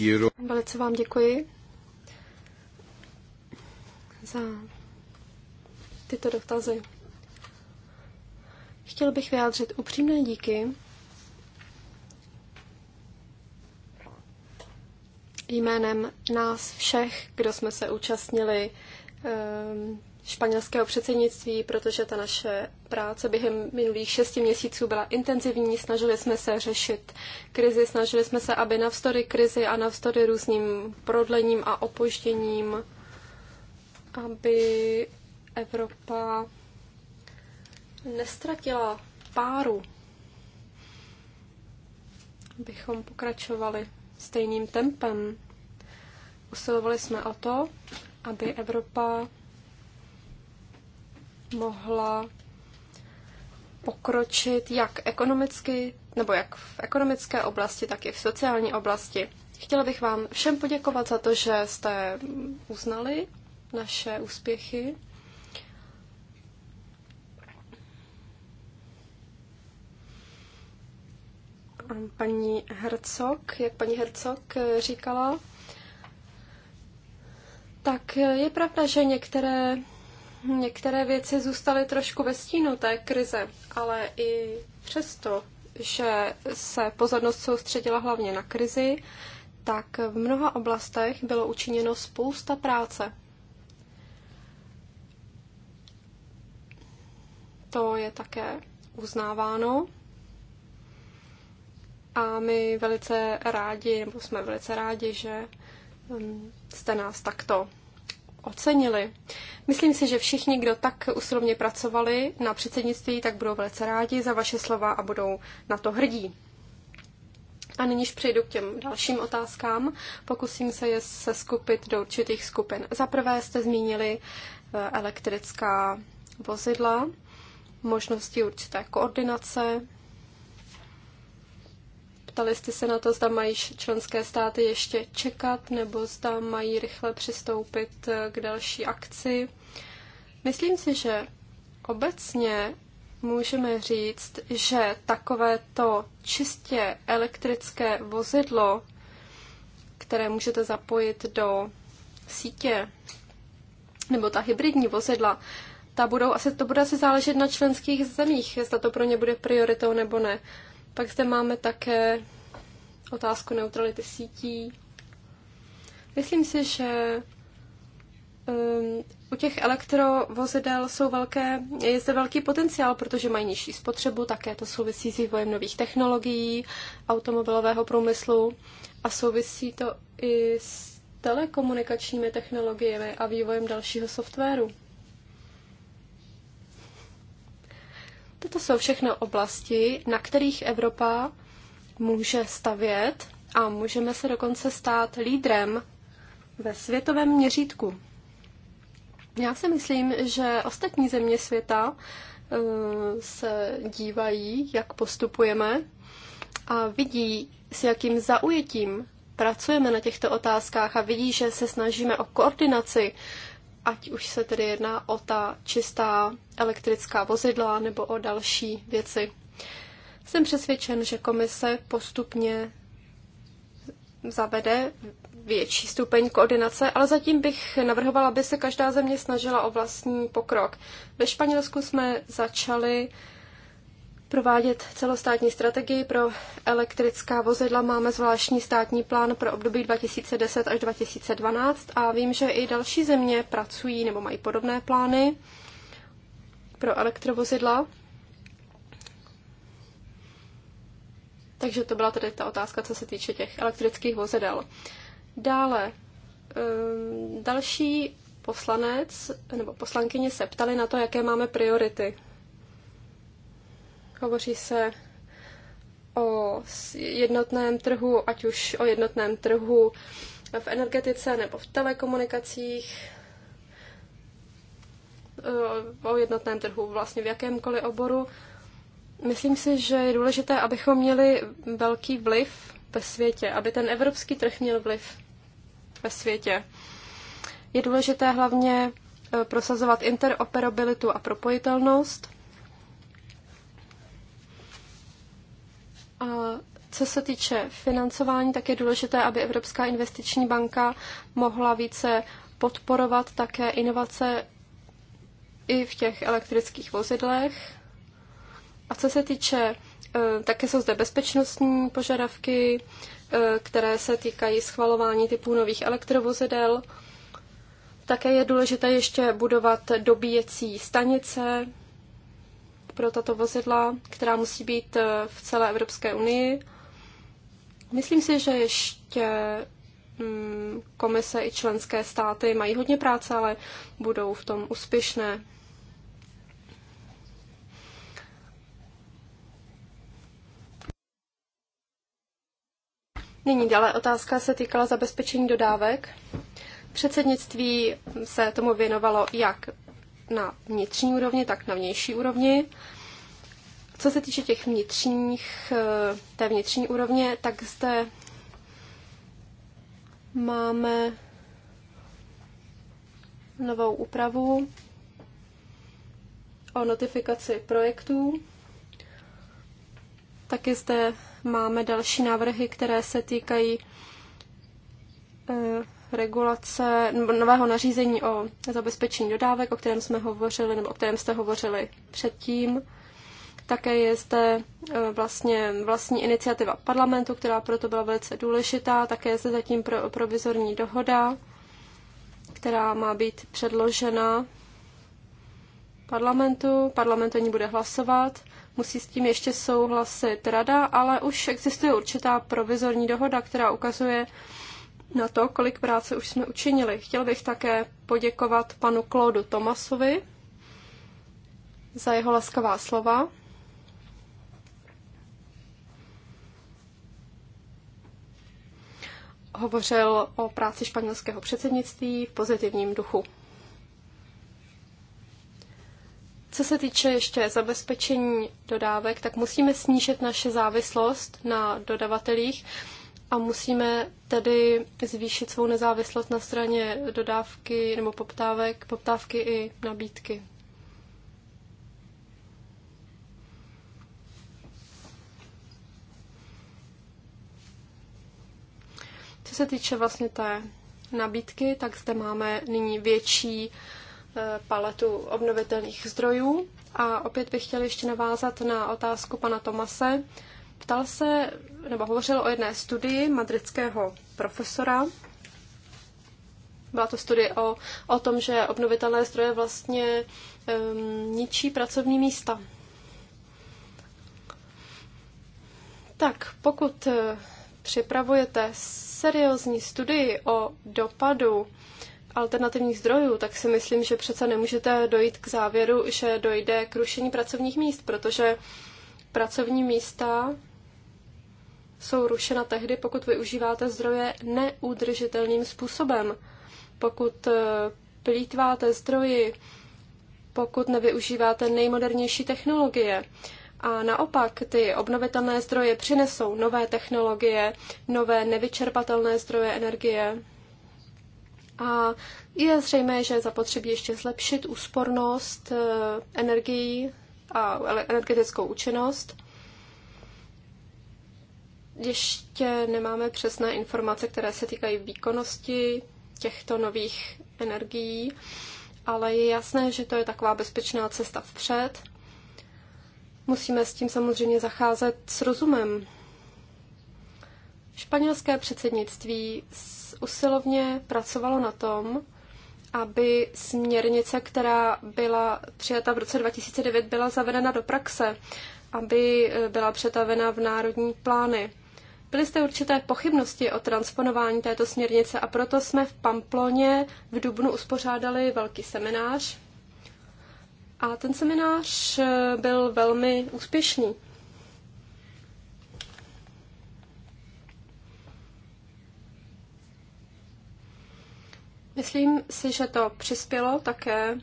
Quiero... Velice vám děkuji za tyto dotazy. Chtěl bych vyjádřit upřímné díky jménem nás všech, kdo jsme se účastnili Ehm, španělského předsednictví, protože ta naše práce během minulých šesti měsíců byla intenzivní. Snažili jsme se řešit krizi, snažili jsme se, aby navzdory krizi a navzdory různým prodlením a opožděním, aby Evropa nestratila páru, bychom pokračovali stejným tempem. Usilovali jsme o to, aby Evropa mohla pokročit jak ekonomicky, nebo jak v ekonomické oblasti, tak i v sociální oblasti. Chtěla bych vám všem poděkovat za to, že jste uznali naše úspěchy. Paní Hercog, jak paní Hercog říkala, tak je pravda, že některé, některé věci zůstaly trošku ve stínu té krize, ale i přesto, že se pozornost soustředila hlavně na krizi, tak v mnoha oblastech bylo učiněno spousta práce. To je také uznáváno. A my velice rádi, nebo jsme velice rádi, že um, jste nás takto ocenili. Myslím si, že všichni, kdo tak usilovně pracovali na předsednictví, tak budou velice rádi za vaše slova a budou na to hrdí. A nyníž přejdu k těm dalším otázkám. Pokusím se je seskupit do určitých skupin. Za prvé jste zmínili eh, elektrická vozidla, možnosti určité koordinace zeptali, jestli se na to, zda mají členské státy ještě čekat, nebo zda mají rychle přistoupit eh, k další akci. Myslím si, že obecně můžeme říct, že takovéto čistě elektrické vozidlo, které můžete zapojit do sítě, nebo ta hybridní vozidla, ta budou asi, to bude asi záležet na členských zemích, jestli to pro ně bude prioritou nebo ne. Pak zde máme také otázku neutrality sítí. Myslím si, že um, u těch elektrovozidel jsou velké, je zde velký potenciál, protože mají nižší spotřebu, také to souvisí s vývojem nových technologií, automobilového průmyslu a souvisí to i s telekomunikačními technologiemi a vývojem dalšího softwaru. Toto jsou všechno oblasti, na kterých Evropa může stavět a můžeme se dokonce stát lídrem ve světovém měřítku. Já si myslím, že ostatní země světa eh, se dívají, jak postupujeme a vidí, s jakým zaujetím pracujeme na těchto otázkách a vidí, že se snažíme o koordinaci ať už se tedy jedná o ta čistá elektrická vozidla nebo o další věci. Jsem přesvědčen, že komise postupně zavede větší stupeň koordinace, ale zatím bych navrhovala, aby se každá země snažila o vlastní pokrok. Ve Španělsku jsme začali uh, provádět celostátní strategii pro elektrická vozidla. Máme zvláštní státní plán pro období 2010 až 2012 a vím, že i další země pracují nebo mají podobné plány pro elektrovozidla. Takže to byla tedy ta otázka, co se týče těch elektrických vozidel. Dále, ehm, další poslanec nebo poslankyně se ptali na to, jaké máme priority Hovoří se o jednotném trhu, ať už o jednotném trhu v energetice nebo v telekomunikacích, eh, o jednotném trhu vlastně v jakémkoliv oboru. Myslím si, že je důležité, abychom měli velký vliv ve světě, aby ten evropský trh měl vliv ve světě. Je důležité hlavně eh, prosazovat interoperabilitu a propojitelnost – A co se týče financování, tak je důležité, aby Evropská investiční banka mohla více podporovat také inovace i v těch elektrických vozidlech. A co se týče, e, také jsou zde bezpečnostní požadavky, e, které se týkají schvalování typů nových elektrovozidel. Také je důležité ještě budovat dobíjecí stanice pro tato vozidla, která musí být eh, v celé Evropské unii. Myslím si, že ještě mm, komise i členské státy mají hodně práce, ale budou v tom úspěšné. Nyní dále otázka se týkala zabezpečení dodávek. Předsednictví se tomu věnovalo jak na vnitřní úrovni, tak na vnější úrovni. Co se týče těch vnitřních, eh, té vnitřní úrovně, tak zde máme novou úpravu o notifikaci projektů. Taky zde máme další návrhy, které se týkají eh, regulace, nového nařízení o zabezpečení dodávek, o kterém jsme hovořili, nebo o kterém jste hovořili předtím. Také je zde e, vlastně vlastní iniciativa parlamentu, která proto byla velice důležitá. Také je zde zatím pro, provizorní dohoda, která má být předložena parlamentu. Parlament o ní bude hlasovat. Musí s tím ještě souhlasit rada, ale už existuje určitá provizorní dohoda, která ukazuje, na to, kolik práce už jsme učinili. Chtěl bych také poděkovat panu Claudu Tomasovi za jeho laskavá slova. Hovořil o práci španělského předsednictví v pozitivním duchu. Co se týče ještě zabezpečení dodávek, tak musíme snížit naše závislost na dodavatelích a musíme tedy zvýšit svou nezávislost na straně dodávky nebo poptávek, poptávky i nabídky. Co se týče vlastně té nabídky, tak zde máme nyní větší eh, paletu obnovitelných zdrojů. A opět bych chtěla ještě navázat na otázku pana Tomase Ptal se, nebo hovořil o jedné studii madridského profesora. Byla to studie o, o tom, že obnovitelné zdroje vlastně um, ničí pracovní místa. Tak, pokud eh, připravujete seriózní studii o dopadu alternativních zdrojů, tak si myslím, že přece nemůžete dojít k závěru, že dojde k rušení pracovních míst, protože pracovní místa jsou rušena tehdy, pokud využíváte zdroje neudržitelným způsobem. Pokud eh, plítváte zdroji, pokud nevyužíváte nejmodernější technologie. A naopak ty obnovitelné zdroje přinesou nové technologie, nové nevyčerpatelné zdroje energie. A je zřejmé, že zapotřebí ještě zlepšit úspornost eh, energií a energetickou účinnost ještě nemáme přesné informace, které se týkají výkonnosti těchto nových energií, ale je jasné, že to je taková bezpečná cesta vpřed. Musíme s tím samozřejmě zacházet s rozumem. Španělské předsednictví usilovně pracovalo na tom, aby směrnice, která byla přijata v roce 2009, byla zavedena do praxe, aby eh, byla přetavena v národní plány. Byly jste určité pochybnosti o transponování této směrnice a proto jsme v Pamploně v Dubnu uspořádali velký seminář. A ten seminář eh, byl velmi úspěšný. Myslím si, že to přispělo také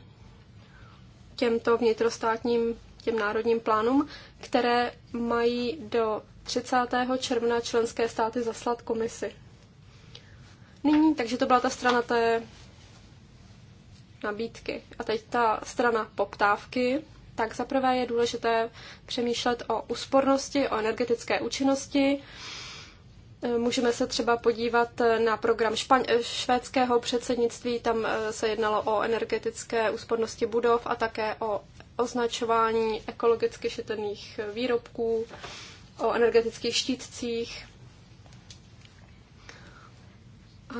těmto vnitrostátním, těm národním plánům, které mají do 30. června členské státy zaslat komisi. Nyní, takže to byla ta strana té nabídky. A teď ta strana poptávky. Tak zaprvé je důležité přemýšlet o úspornosti, o energetické účinnosti. E, můžeme se třeba podívat na program špaň- e, švédského předsednictví, tam e, se jednalo o energetické úspornosti budov a také o označování ekologicky šetrných výrobků o energetických štítcích. A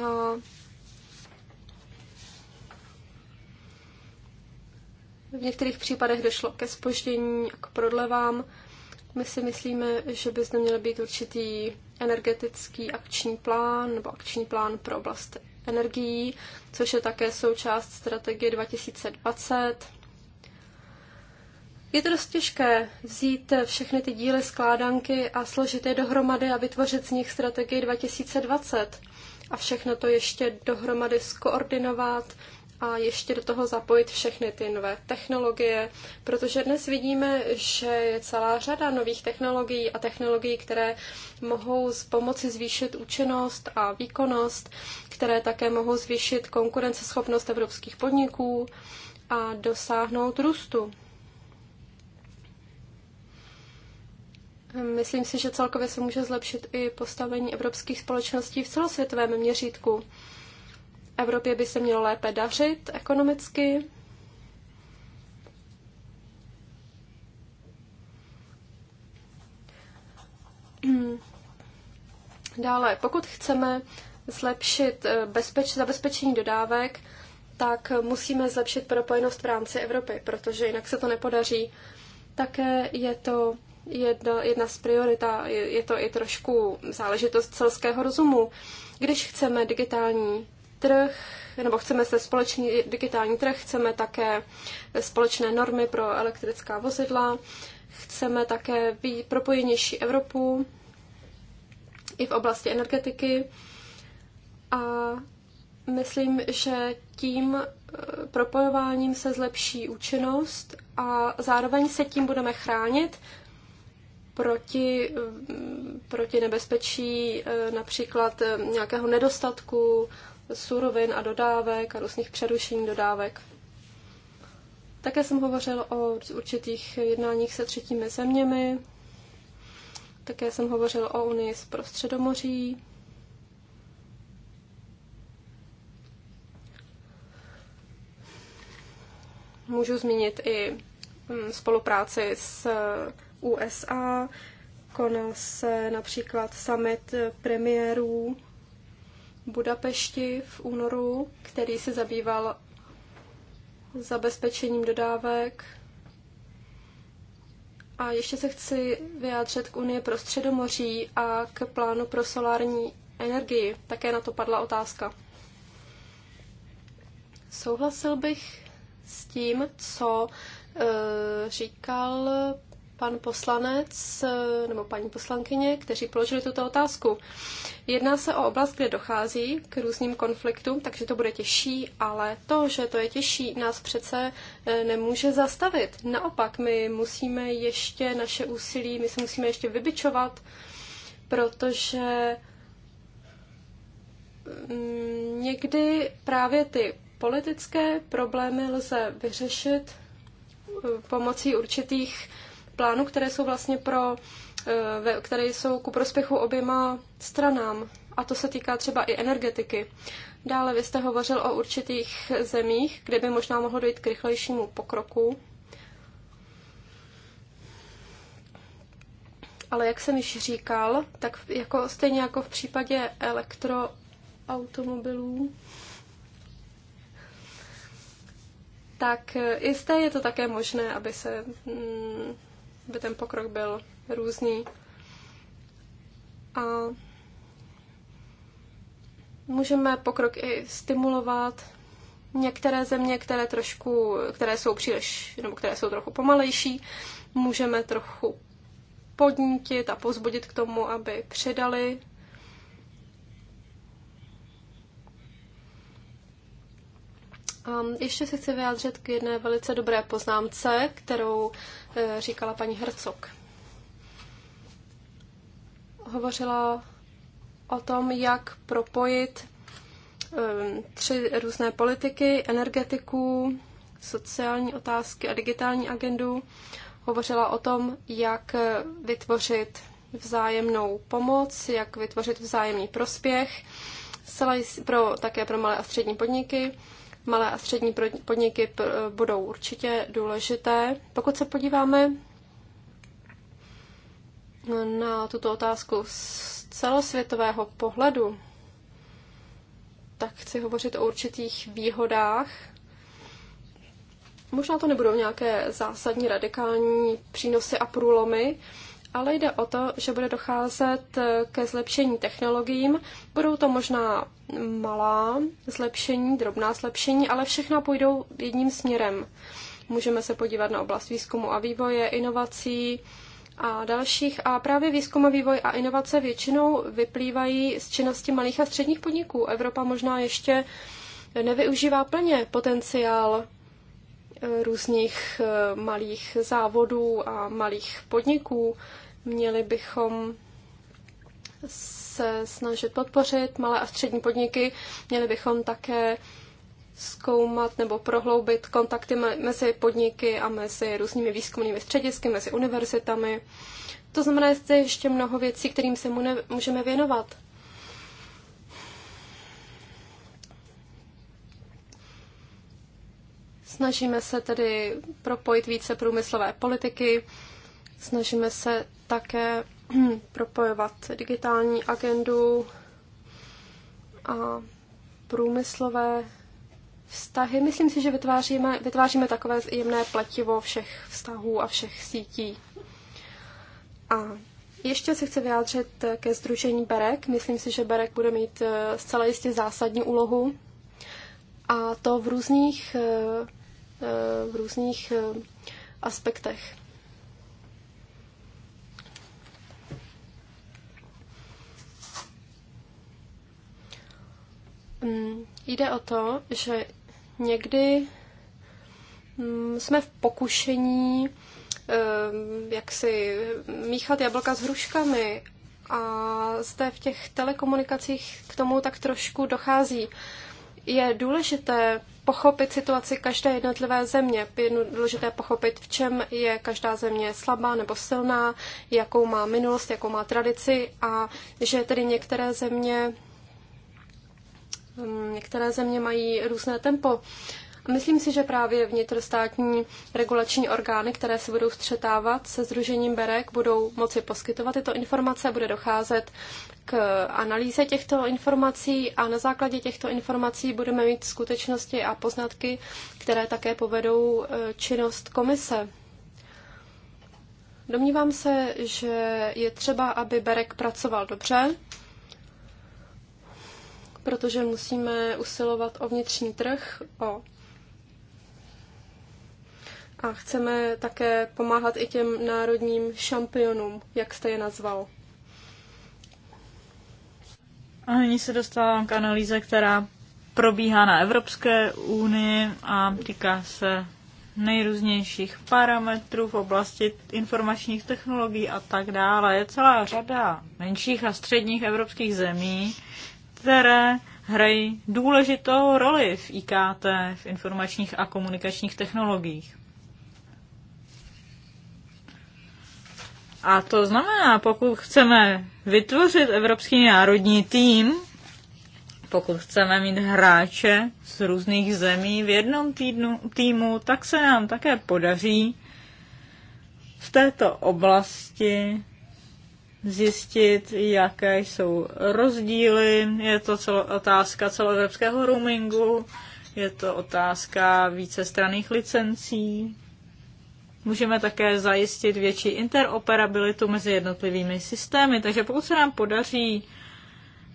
v některých případech došlo ke spoždění a k prodlevám. My si myslíme, že by zde měl být určitý energetický akční plán nebo akční plán pro oblast energií, což je také součást strategie 2020. Je to dost těžké vzít všechny ty díly skládanky a složit je dohromady a vytvořit z nich strategii 2020 a všechno to ještě dohromady skoordinovat a ještě do toho zapojit všechny ty nové technologie, protože dnes vidíme, že je celá řada nových technologií a technologií, které mohou s pomoci zvýšit účinnost a výkonnost, které také mohou zvýšit konkurenceschopnost evropských podniků a dosáhnout růstu. Myslím si, že celkově se může zlepšit i postavení evropských společností v celosvětovém měřítku. Evropě by se mělo lépe dařit ekonomicky. Dále, pokud chceme zlepšit eh, bezpeč, zabezpečení dodávek, tak musíme zlepšit propojenost v rámci Evropy, protože jinak se to nepodaří. Také je to jedno, jedna z priorita, je, je to i trošku záležitost celského rozumu. Když chceme digitální trh, nebo chceme se společný digitální trh, chceme také společné normy pro elektrická vozidla, chceme také propojenější Evropu i v oblasti energetiky a myslím, že tím e, propojováním se zlepší účinnost a zároveň se tím budeme chránit proti, proti nebezpečí eh, například eh, nějakého nedostatku surovin a dodávek a různých přerušení dodávek. Také jsem hovořil o určitých jednáních se třetími zeměmi. Také jsem hovořil o Unii z prostředomoří. Můžu zmínit i mm, spolupráci s USA, konal se například summit premiérů Budapešti v únoru, který se zabýval zabezpečením dodávek. A ještě se chci vyjádřit k Unii pro středomoří a k plánu pro solární energii. Také na to padla otázka. Souhlasil bych s tím, co e, říkal pan poslanec eh, nebo paní poslankyně, kteří položili tuto otázku. Jedná se o oblast, kde dochází k různým konfliktům, takže to bude těžší, ale to, že to je těžší, nás přece eh, nemůže zastavit. Naopak, my musíme ještě naše úsilí, my se musíme ještě vybičovat, protože mm, někdy právě ty politické problémy lze vyřešit eh, pomocí určitých plánů, které jsou vlastně pro, eh, které jsou ku prospěchu oběma stranám. A to se týká třeba i energetiky. Dále vy jste hovořil o určitých zemích, kde by možná mohlo dojít k rychlejšímu pokroku. Ale jak jsem již říkal, tak jako, stejně jako v případě elektroautomobilů, tak eh, jisté je to také možné, aby se mm, by ten pokrok byl různý. A můžeme pokrok i stimulovat. Některé země, které trošku, které jsou příliš, nebo které jsou trochu pomalejší, můžeme trochu podnítit a pozbudit k tomu, aby přidali um, ještě se chci vyjádřit k jedné velice dobré poznámce, kterou Eh, říkala paní Hercog. Hovořila o tom, jak propojit eh, tři různé politiky, energetiku, sociální otázky a digitální agendu. Hovořila o tom, jak eh, vytvořit vzájemnou pomoc, jak vytvořit vzájemný prospěch pro, také pro malé a střední podniky. Malé a střední podniky budou určitě důležité. Pokud se podíváme na tuto otázku z celosvětového pohledu, tak chci hovořit o určitých výhodách. Možná to nebudou nějaké zásadní radikální přínosy a průlomy, ale jde o to, že bude docházet eh, ke zlepšení technologiím. Budou to možná malá zlepšení, drobná zlepšení, ale všechna půjdou jedním směrem. Můžeme se podívat na oblast výzkumu a vývoje, inovací a dalších. A právě výzkum a vývoj a inovace většinou vyplývají z činnosti malých a středních podniků. Evropa možná ještě nevyužívá plně potenciál různých eh, malých závodů a malých podniků. Měli bychom se snažit podpořit malé a střední podniky. Měli bychom také zkoumat nebo prohloubit kontakty mezi podniky a mezi různými výzkumnými středisky, mezi univerzitami. To znamená, že je ještě mnoho věcí, kterým se můžeme věnovat. Snažíme se tedy propojit více průmyslové politiky, snažíme se také propojovat digitální agendu a průmyslové vztahy. Myslím si, že vytváříme, vytváříme takové jemné pletivo všech vztahů a všech sítí. A ještě se chci vyjádřit ke združení Berek. Myslím si, že Berek bude mít eh, zcela jistě zásadní úlohu. A to v různých eh, v různých eh, aspektech. Mm, jde o to, že někdy mm, jsme v pokušení eh, jak si míchat jablka s hruškami a zde v těch telekomunikacích k tomu tak trošku dochází. Je důležité pochopit situaci každé jednotlivé země. Je důležité pochopit, v čem je každá země slabá nebo silná, jakou má minulost, jakou má tradici a že tedy některé země, mm, některé země mají různé tempo Myslím si, že právě vnitrostátní regulační orgány, které se budou střetávat se Združením Berek, budou moci poskytovat tyto informace, bude docházet k analýze těchto informací a na základě těchto informací budeme mít skutečnosti a poznatky, které také povedou eh, činnost komise. Domnívám se, že je třeba, aby Berek pracoval dobře, protože musíme usilovat o vnitřní trh, o a chceme také pomáhat i těm národním šampionům, jak jste je nazval. A nyní se dostávám k analýze, která probíhá na Evropské unii a týká se nejrůznějších parametrů v oblasti informačních technologií a tak dále. Je celá řada menších a středních evropských zemí, které hrají důležitou roli v IKT, v informačních a komunikačních technologiích. A to znamená, pokud chceme vytvořit evropský národní tým, pokud chceme mít hráče z různých zemí v jednom týdnu, týmu, tak se nám také podaří v této oblasti zjistit, jaké jsou rozdíly. Je to celo, otázka celoevropského roamingu, je to otázka vícestranných licencí, Můžeme také zajistit větší interoperabilitu mezi jednotlivými systémy. Takže pokud se nám podaří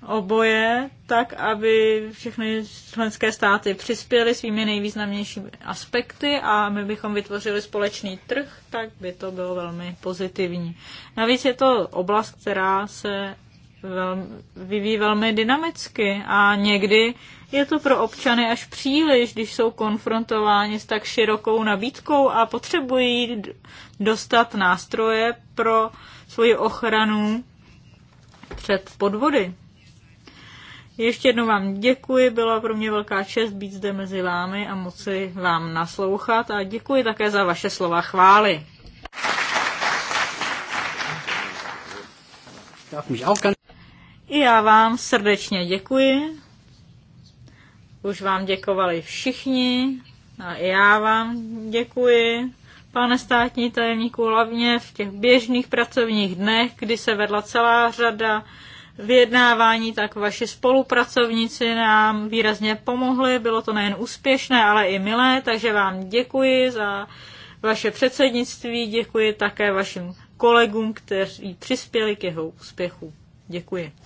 oboje, tak aby všechny členské státy přispěly svými nejvýznamnějšími aspekty a my bychom vytvořili společný trh, tak by to bylo velmi pozitivní. Navíc je to oblast, která se velmi, vyvíjí velmi dynamicky a někdy je to pro občany až příliš, když jsou konfrontováni s tak širokou nabídkou a potřebují dostat nástroje pro svoji ochranu před podvody. Ještě jednou vám děkuji, byla pro mě velká čest být zde mezi vámi a moci vám naslouchat a děkuji také za vaše slova chvály. I já vám srdečně děkuji. Už vám děkovali všichni a já vám děkuji, pane státní tajemníku, hlavně v těch běžných pracovních dnech, kdy se vedla celá řada vyjednávání, tak vaši spolupracovníci nám výrazně pomohli. Bylo to nejen úspěšné, ale i milé, takže vám děkuji za vaše předsednictví, děkuji také vašim kolegům, kteří přispěli k jeho úspěchu. Děkuji.